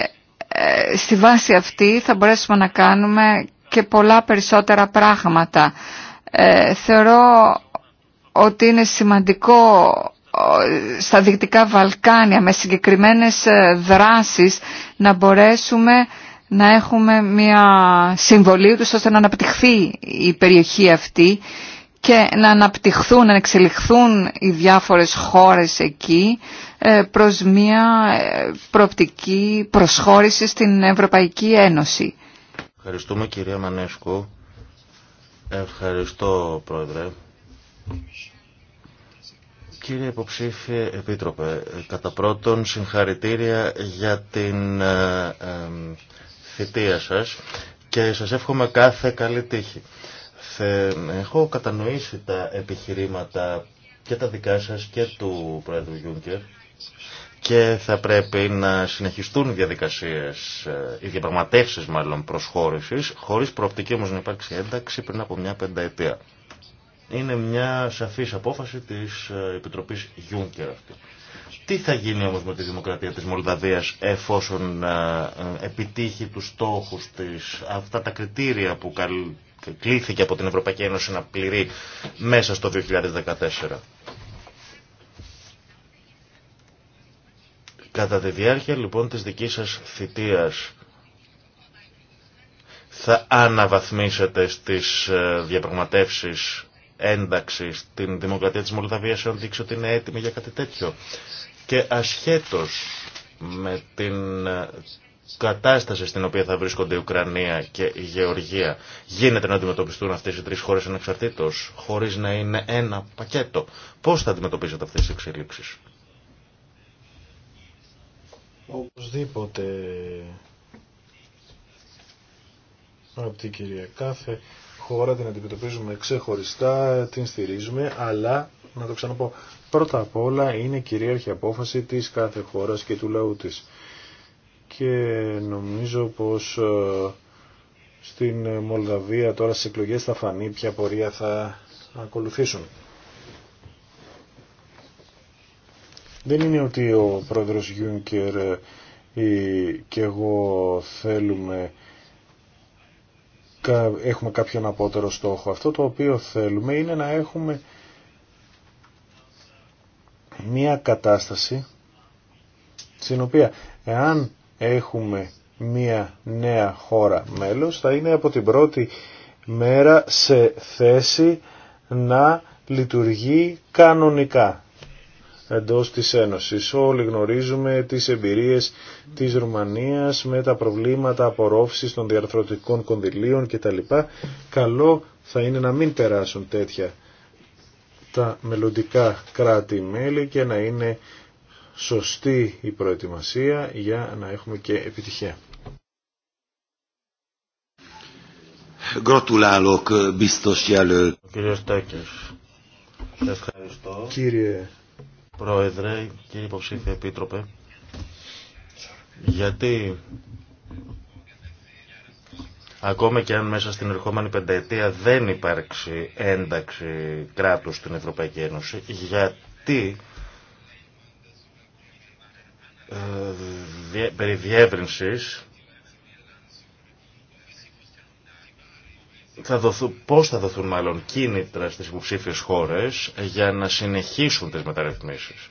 ε, στη βάση αυτή θα μπορέσουμε να κάνουμε και πολλά περισσότερα πράγματα. Ε, θεωρώ ότι είναι σημαντικό στα Δυτικά Βαλκάνια με συγκεκριμένες ε, δράσεις να μπορέσουμε να έχουμε μια συμβολή τους ώστε να αναπτυχθεί η περιοχή αυτή και να αναπτυχθούν, να εξελιχθούν οι διάφορες χώρες εκεί ε, προς μια ε, προοπτική προσχώρηση στην Ευρωπαϊκή Ένωση. Ευχαριστούμε κυρία Μανέσκου. Ευχαριστώ πρόεδρε. Κύριε Υποψήφιε Επίτροπε, κατά πρώτον συγχαρητήρια για την ε, θητεία σας και σας εύχομαι κάθε καλή τύχη. Έχω κατανοήσει τα επιχειρήματα και τα δικά σας και του Πρόεδρου Γιούνκερ και θα πρέπει να συνεχιστούν οι διαδικασίες, ε, οι διαπραγματεύσεις μάλλον προσχώρησης, χωρίς προοπτική όμως να υπάρξει ένταξη πριν από μια πενταετία. Είναι μια σαφής απόφαση της ε, Επιτροπής Γιούνκερ αυτή. Τι θα γίνει όμως με τη δημοκρατία της Μολδαβίας εφόσον ε, επιτύχει τους στόχους της, αυτά τα κριτήρια που κλήθηκε από την Ευρωπαϊκή Ένωση να πληρεί μέσα στο 2014. Κατά τη διάρκεια λοιπόν της δικής σας θητείας θα αναβαθμίσετε στις ε, διαπραγματεύσεις ένταξης την δημοκρατία της Μολδαβίας αν δείξει ότι είναι έτοιμη για κάτι τέτοιο. Και ασχέτως με την ε, κατάσταση στην οποία θα βρίσκονται η Ουκρανία και η Γεωργία γίνεται να αντιμετωπιστούν αυτές οι τρεις χώρες ανεξαρτήτως χωρίς να είναι ένα πακέτο. Πώς θα αντιμετωπίσετε αυτές τις εξελίξεις. Οπωσδήποτε την κυρία κάθε χώρα την αντιμετωπίζουμε ξεχωριστά, την στηρίζουμε αλλά να το ξαναπώ πρώτα απ' όλα είναι κυρίαρχη απόφαση της κάθε χώρας και του λαού της και νομίζω πως ε, στην Μολδαβία τώρα στις εκλογές θα φανεί ποια πορεία θα ακολουθήσουν. Δεν είναι ότι ο πρόεδρος Γιούνκερ ε, ή και εγώ θέλουμε έχουμε κάποιον απότερο στόχο. Αυτό το οποίο θέλουμε είναι να έχουμε μία κατάσταση στην οποία εάν έχουμε μία νέα χώρα μέλος θα είναι από την πρώτη μέρα σε θέση να λειτουργεί κανονικά εντός της Ένωσης. Όλοι γνωρίζουμε τις εμπειρίες της Ρουμανίας με τα προβλήματα απορρόφησης των διαρθρωτικών κονδυλίων κτλ. Καλό θα είναι να μην περάσουν τέτοια τα μελλοντικά κράτη-μέλη και να είναι σωστή η προετοιμασία για να έχουμε και επιτυχία. Κύριε Στέκες, ευχαριστώ. Κύριε Πρόεδρε, κύριε υποψήφια επίτροπε, γιατί ακόμα και αν μέσα στην ερχόμενη πενταετία δεν υπάρξει ένταξη κράτους στην Ευρωπαϊκή Ένωση, γιατί ε, περί διεύρυνσης, θα δοθού, πώς θα δοθούν μάλλον κίνητρα στις υποψήφιες χώρες για να συνεχίσουν τις μεταρρυθμίσεις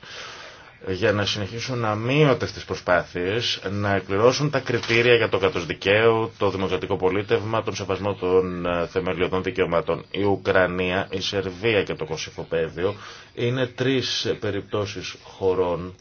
για να συνεχίσουν αμύωτες τις προσπάθειες να εκπληρώσουν τα κριτήρια για το κατοσδικαίο, το δημοκρατικό πολίτευμα, τον σεβασμό των ε, θεμελιωδών δικαιωμάτων. Η Ουκρανία, η Σερβία και το Κωσυφοπαίδιο είναι τρεις περιπτώσεις χωρών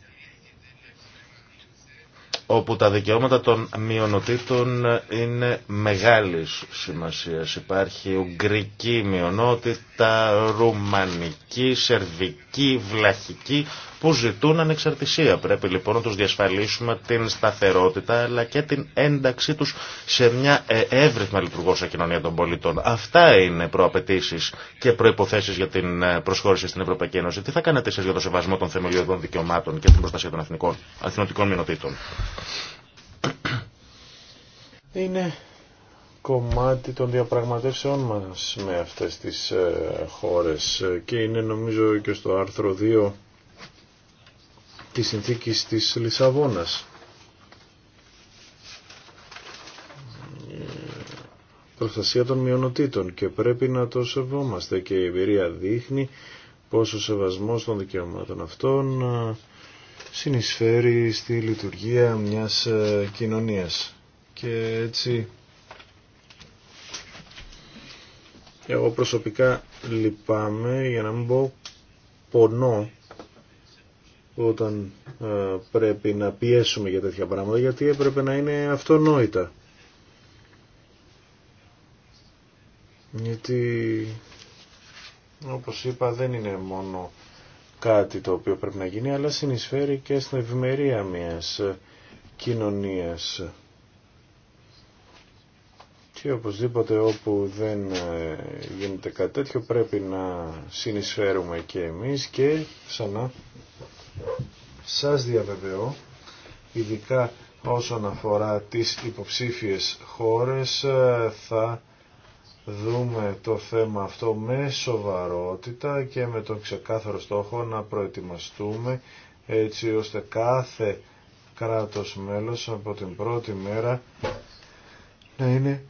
όπου τα δικαιώματα των μειονοτήτων είναι μεγάλης σημασίας. Υπάρχει ουγγρική μειονότητα, ρουμανική, σερβική, βλαχική, που ζητούν ανεξαρτησία. Πρέπει λοιπόν να τους διασφαλίσουμε την σταθερότητα αλλά και την ένταξή τους σε μια ε, εύρυθμα λειτουργώσα κοινωνία των πολιτών. Αυτά είναι προαπαιτήσει και προϋποθέσεις για την ε, προσχώρηση στην Ευρωπαϊκή Ένωση. Τι θα κάνετε εσείς για το σεβασμό των θεμελιωδών δικαιωμάτων και την προστασία των εθνικών, αθηνοτικών μηνοτήτων. Είναι κομμάτι των διαπραγματεύσεών μας με αυτές τις ε, χώρες και είναι νομίζω και στο άρθρο 2 της συνθήκης της Λισαβόνας. Προστασία των μειονοτήτων και πρέπει να το σεβόμαστε και η εμπειρία δείχνει πως ο σεβασμός των δικαιωμάτων αυτών ε, συνεισφέρει στη λειτουργία μιας ε, κοινωνίας. Και έτσι εγώ προσωπικά λυπάμαι για να μην πω πονώ όταν ε, πρέπει να πιέσουμε για τέτοια πράγματα γιατί έπρεπε να είναι αυτονόητα. Γιατί όπως είπα δεν είναι μόνο κάτι το οποίο πρέπει να γίνει αλλά συνεισφέρει και στην ευημερία μιας κοινωνίας. Και οπωσδήποτε όπου δεν ε, γίνεται κάτι τέτοιο πρέπει να συνεισφέρουμε και εμείς και ξανά σας διαβεβαιώ, ειδικά όσον αφορά τις υποψήφιες χώρες, θα δούμε το θέμα αυτό με σοβαρότητα και με τον ξεκάθαρο στόχο να προετοιμαστούμε έτσι ώστε κάθε κράτος μέλος από την πρώτη μέρα να είναι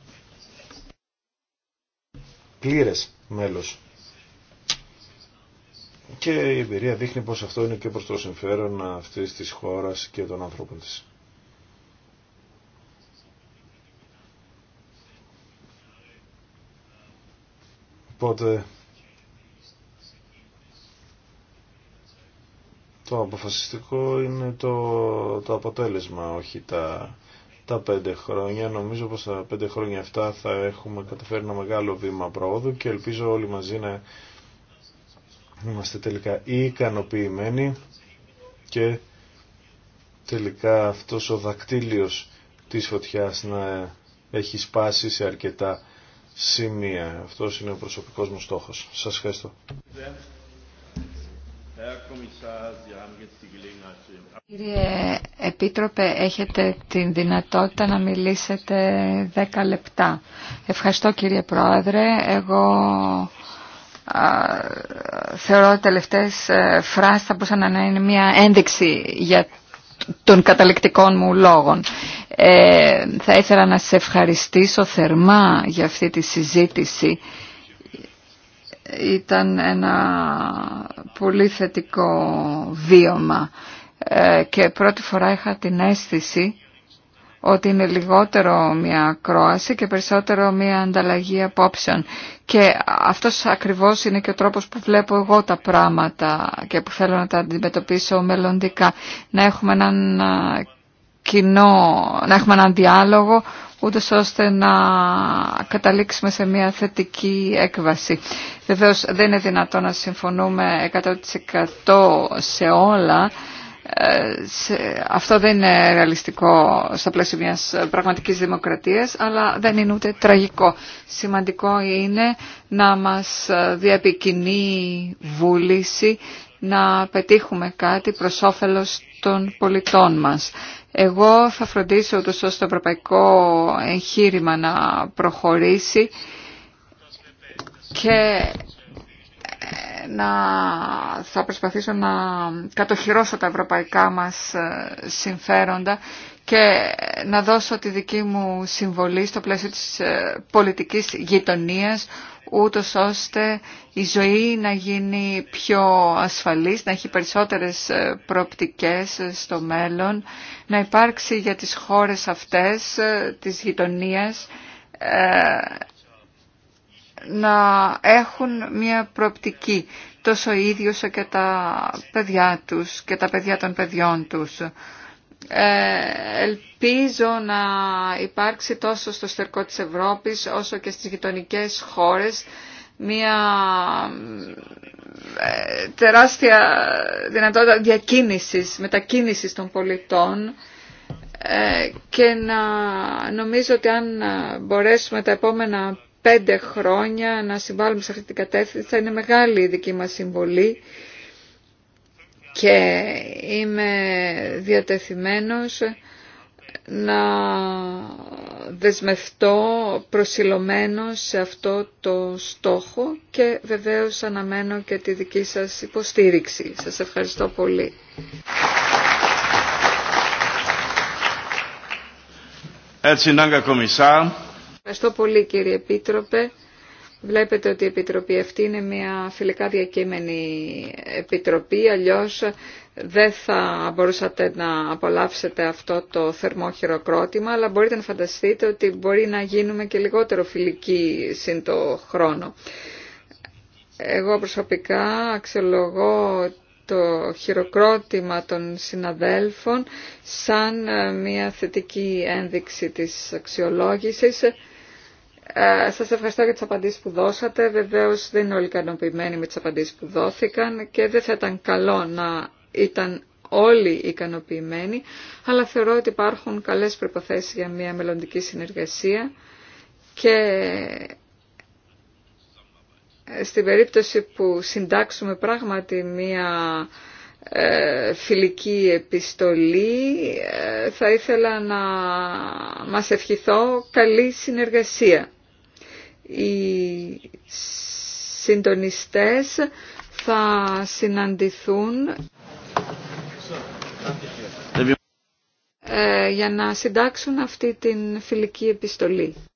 πλήρες μέλος και η εμπειρία δείχνει πως αυτό είναι και προς το συμφέρον αυτής της χώρας και των ανθρώπων της. Οπότε το αποφασιστικό είναι το, το αποτέλεσμα, όχι τα, τα πέντε χρόνια. Νομίζω πως τα πέντε χρόνια αυτά θα έχουμε καταφέρει ένα μεγάλο βήμα πρόοδου και ελπίζω όλοι μαζί να είμαστε τελικά ικανοποιημένοι και τελικά αυτός ο δακτύλιος της φωτιάς να έχει σπάσει σε αρκετά σημεία. Αυτός είναι ο προσωπικός μου στόχος. Σας ευχαριστώ. Κύριε Επίτροπε, έχετε την δυνατότητα να μιλήσετε 10 λεπτά. Ευχαριστώ κύριε Πρόεδρε. Εγώ θεωρώ ότι τελευταίες ε, φράσεις θα μπορούσαν να είναι μια ένδειξη για των καταληκτικών μου λόγων. Ε, θα ήθελα να σε ευχαριστήσω θερμά για αυτή τη συζήτηση. Ήταν ένα πολύ θετικό βίωμα ε, και πρώτη φορά είχα την αίσθηση ότι είναι λιγότερο μια κρόαση και περισσότερο μια ανταλλαγή απόψεων. Και αυτός ακριβώς είναι και ο τρόπος που βλέπω εγώ τα πράγματα και που θέλω να τα αντιμετωπίσω μελλοντικά. Να έχουμε έναν κοινό, να έχουμε έναν διάλογο ούτε ώστε να καταλήξουμε σε μια θετική έκβαση. Βεβαίω δεν είναι δυνατό να συμφωνούμε 100% σε όλα αυτό δεν είναι ρεαλιστικό στα πλαίσια μιας πραγματικής δημοκρατίας, αλλά δεν είναι ούτε τραγικό. Σημαντικό είναι να μας διαπικινεί βούληση να πετύχουμε κάτι προς όφελος των πολιτών μας. Εγώ θα φροντίσω ούτως ώστε το ευρωπαϊκό εγχείρημα να προχωρήσει και να θα προσπαθήσω να κατοχυρώσω τα ευρωπαϊκά μας ε, συμφέροντα και να δώσω τη δική μου συμβολή στο πλαίσιο της ε, πολιτικής γειτονίας ούτως ώστε η ζωή να γίνει πιο ασφαλής, να έχει περισσότερες ε, προοπτικές στο μέλλον, να υπάρξει για τις χώρες αυτές της γειτονίας να έχουν μια προοπτική τόσο οι ίδιοι όσο και τα παιδιά τους και τα παιδιά των παιδιών τους. Ε, ελπίζω να υπάρξει τόσο στο στερκό της Ευρώπης όσο και στις γειτονικέ χώρες μια ε, τεράστια δυνατότητα διακίνησης, μετακίνησης των πολιτών ε, και να νομίζω ότι αν μπορέσουμε τα επόμενα πέντε χρόνια να συμβάλλουμε σε αυτή την κατεύθυνση. Θα είναι μεγάλη η δική μας συμβολή και είμαι διατεθειμένος να δεσμευτώ προσιλωμένο σε αυτό το στόχο και βεβαίως αναμένω και τη δική σας υποστήριξη. Σας ευχαριστώ πολύ. Έτσι, Ευχαριστώ πολύ κύριε Επίτροπε. Βλέπετε ότι η Επιτροπή αυτή είναι μια φιλικά διακείμενη επιτροπή, αλλιώς δεν θα μπορούσατε να απολαύσετε αυτό το θερμό χειροκρότημα, αλλά μπορείτε να φανταστείτε ότι μπορεί να γίνουμε και λιγότερο φιλικοί συν το χρόνο. Εγώ προσωπικά αξιολογώ το χειροκρότημα των συναδέλφων σαν ε, μια θετική ένδειξη της αξιολόγησης ε, σας ευχαριστώ για τις απαντήσεις που δώσατε. Βεβαίως δεν είναι όλοι ικανοποιημένοι με τις απαντήσεις που δόθηκαν και δεν θα ήταν καλό να ήταν όλοι ικανοποιημένοι, αλλά θεωρώ ότι υπάρχουν καλές προϋποθέσεις για μια μελλοντική συνεργασία και στην περίπτωση που συντάξουμε πράγματι μια ε, φιλική επιστολή ε, θα ήθελα να μας ευχηθώ καλή συνεργασία οι συντονιστές θα συναντηθούν ε, για να συντάξουν αυτή την φιλική επιστολή.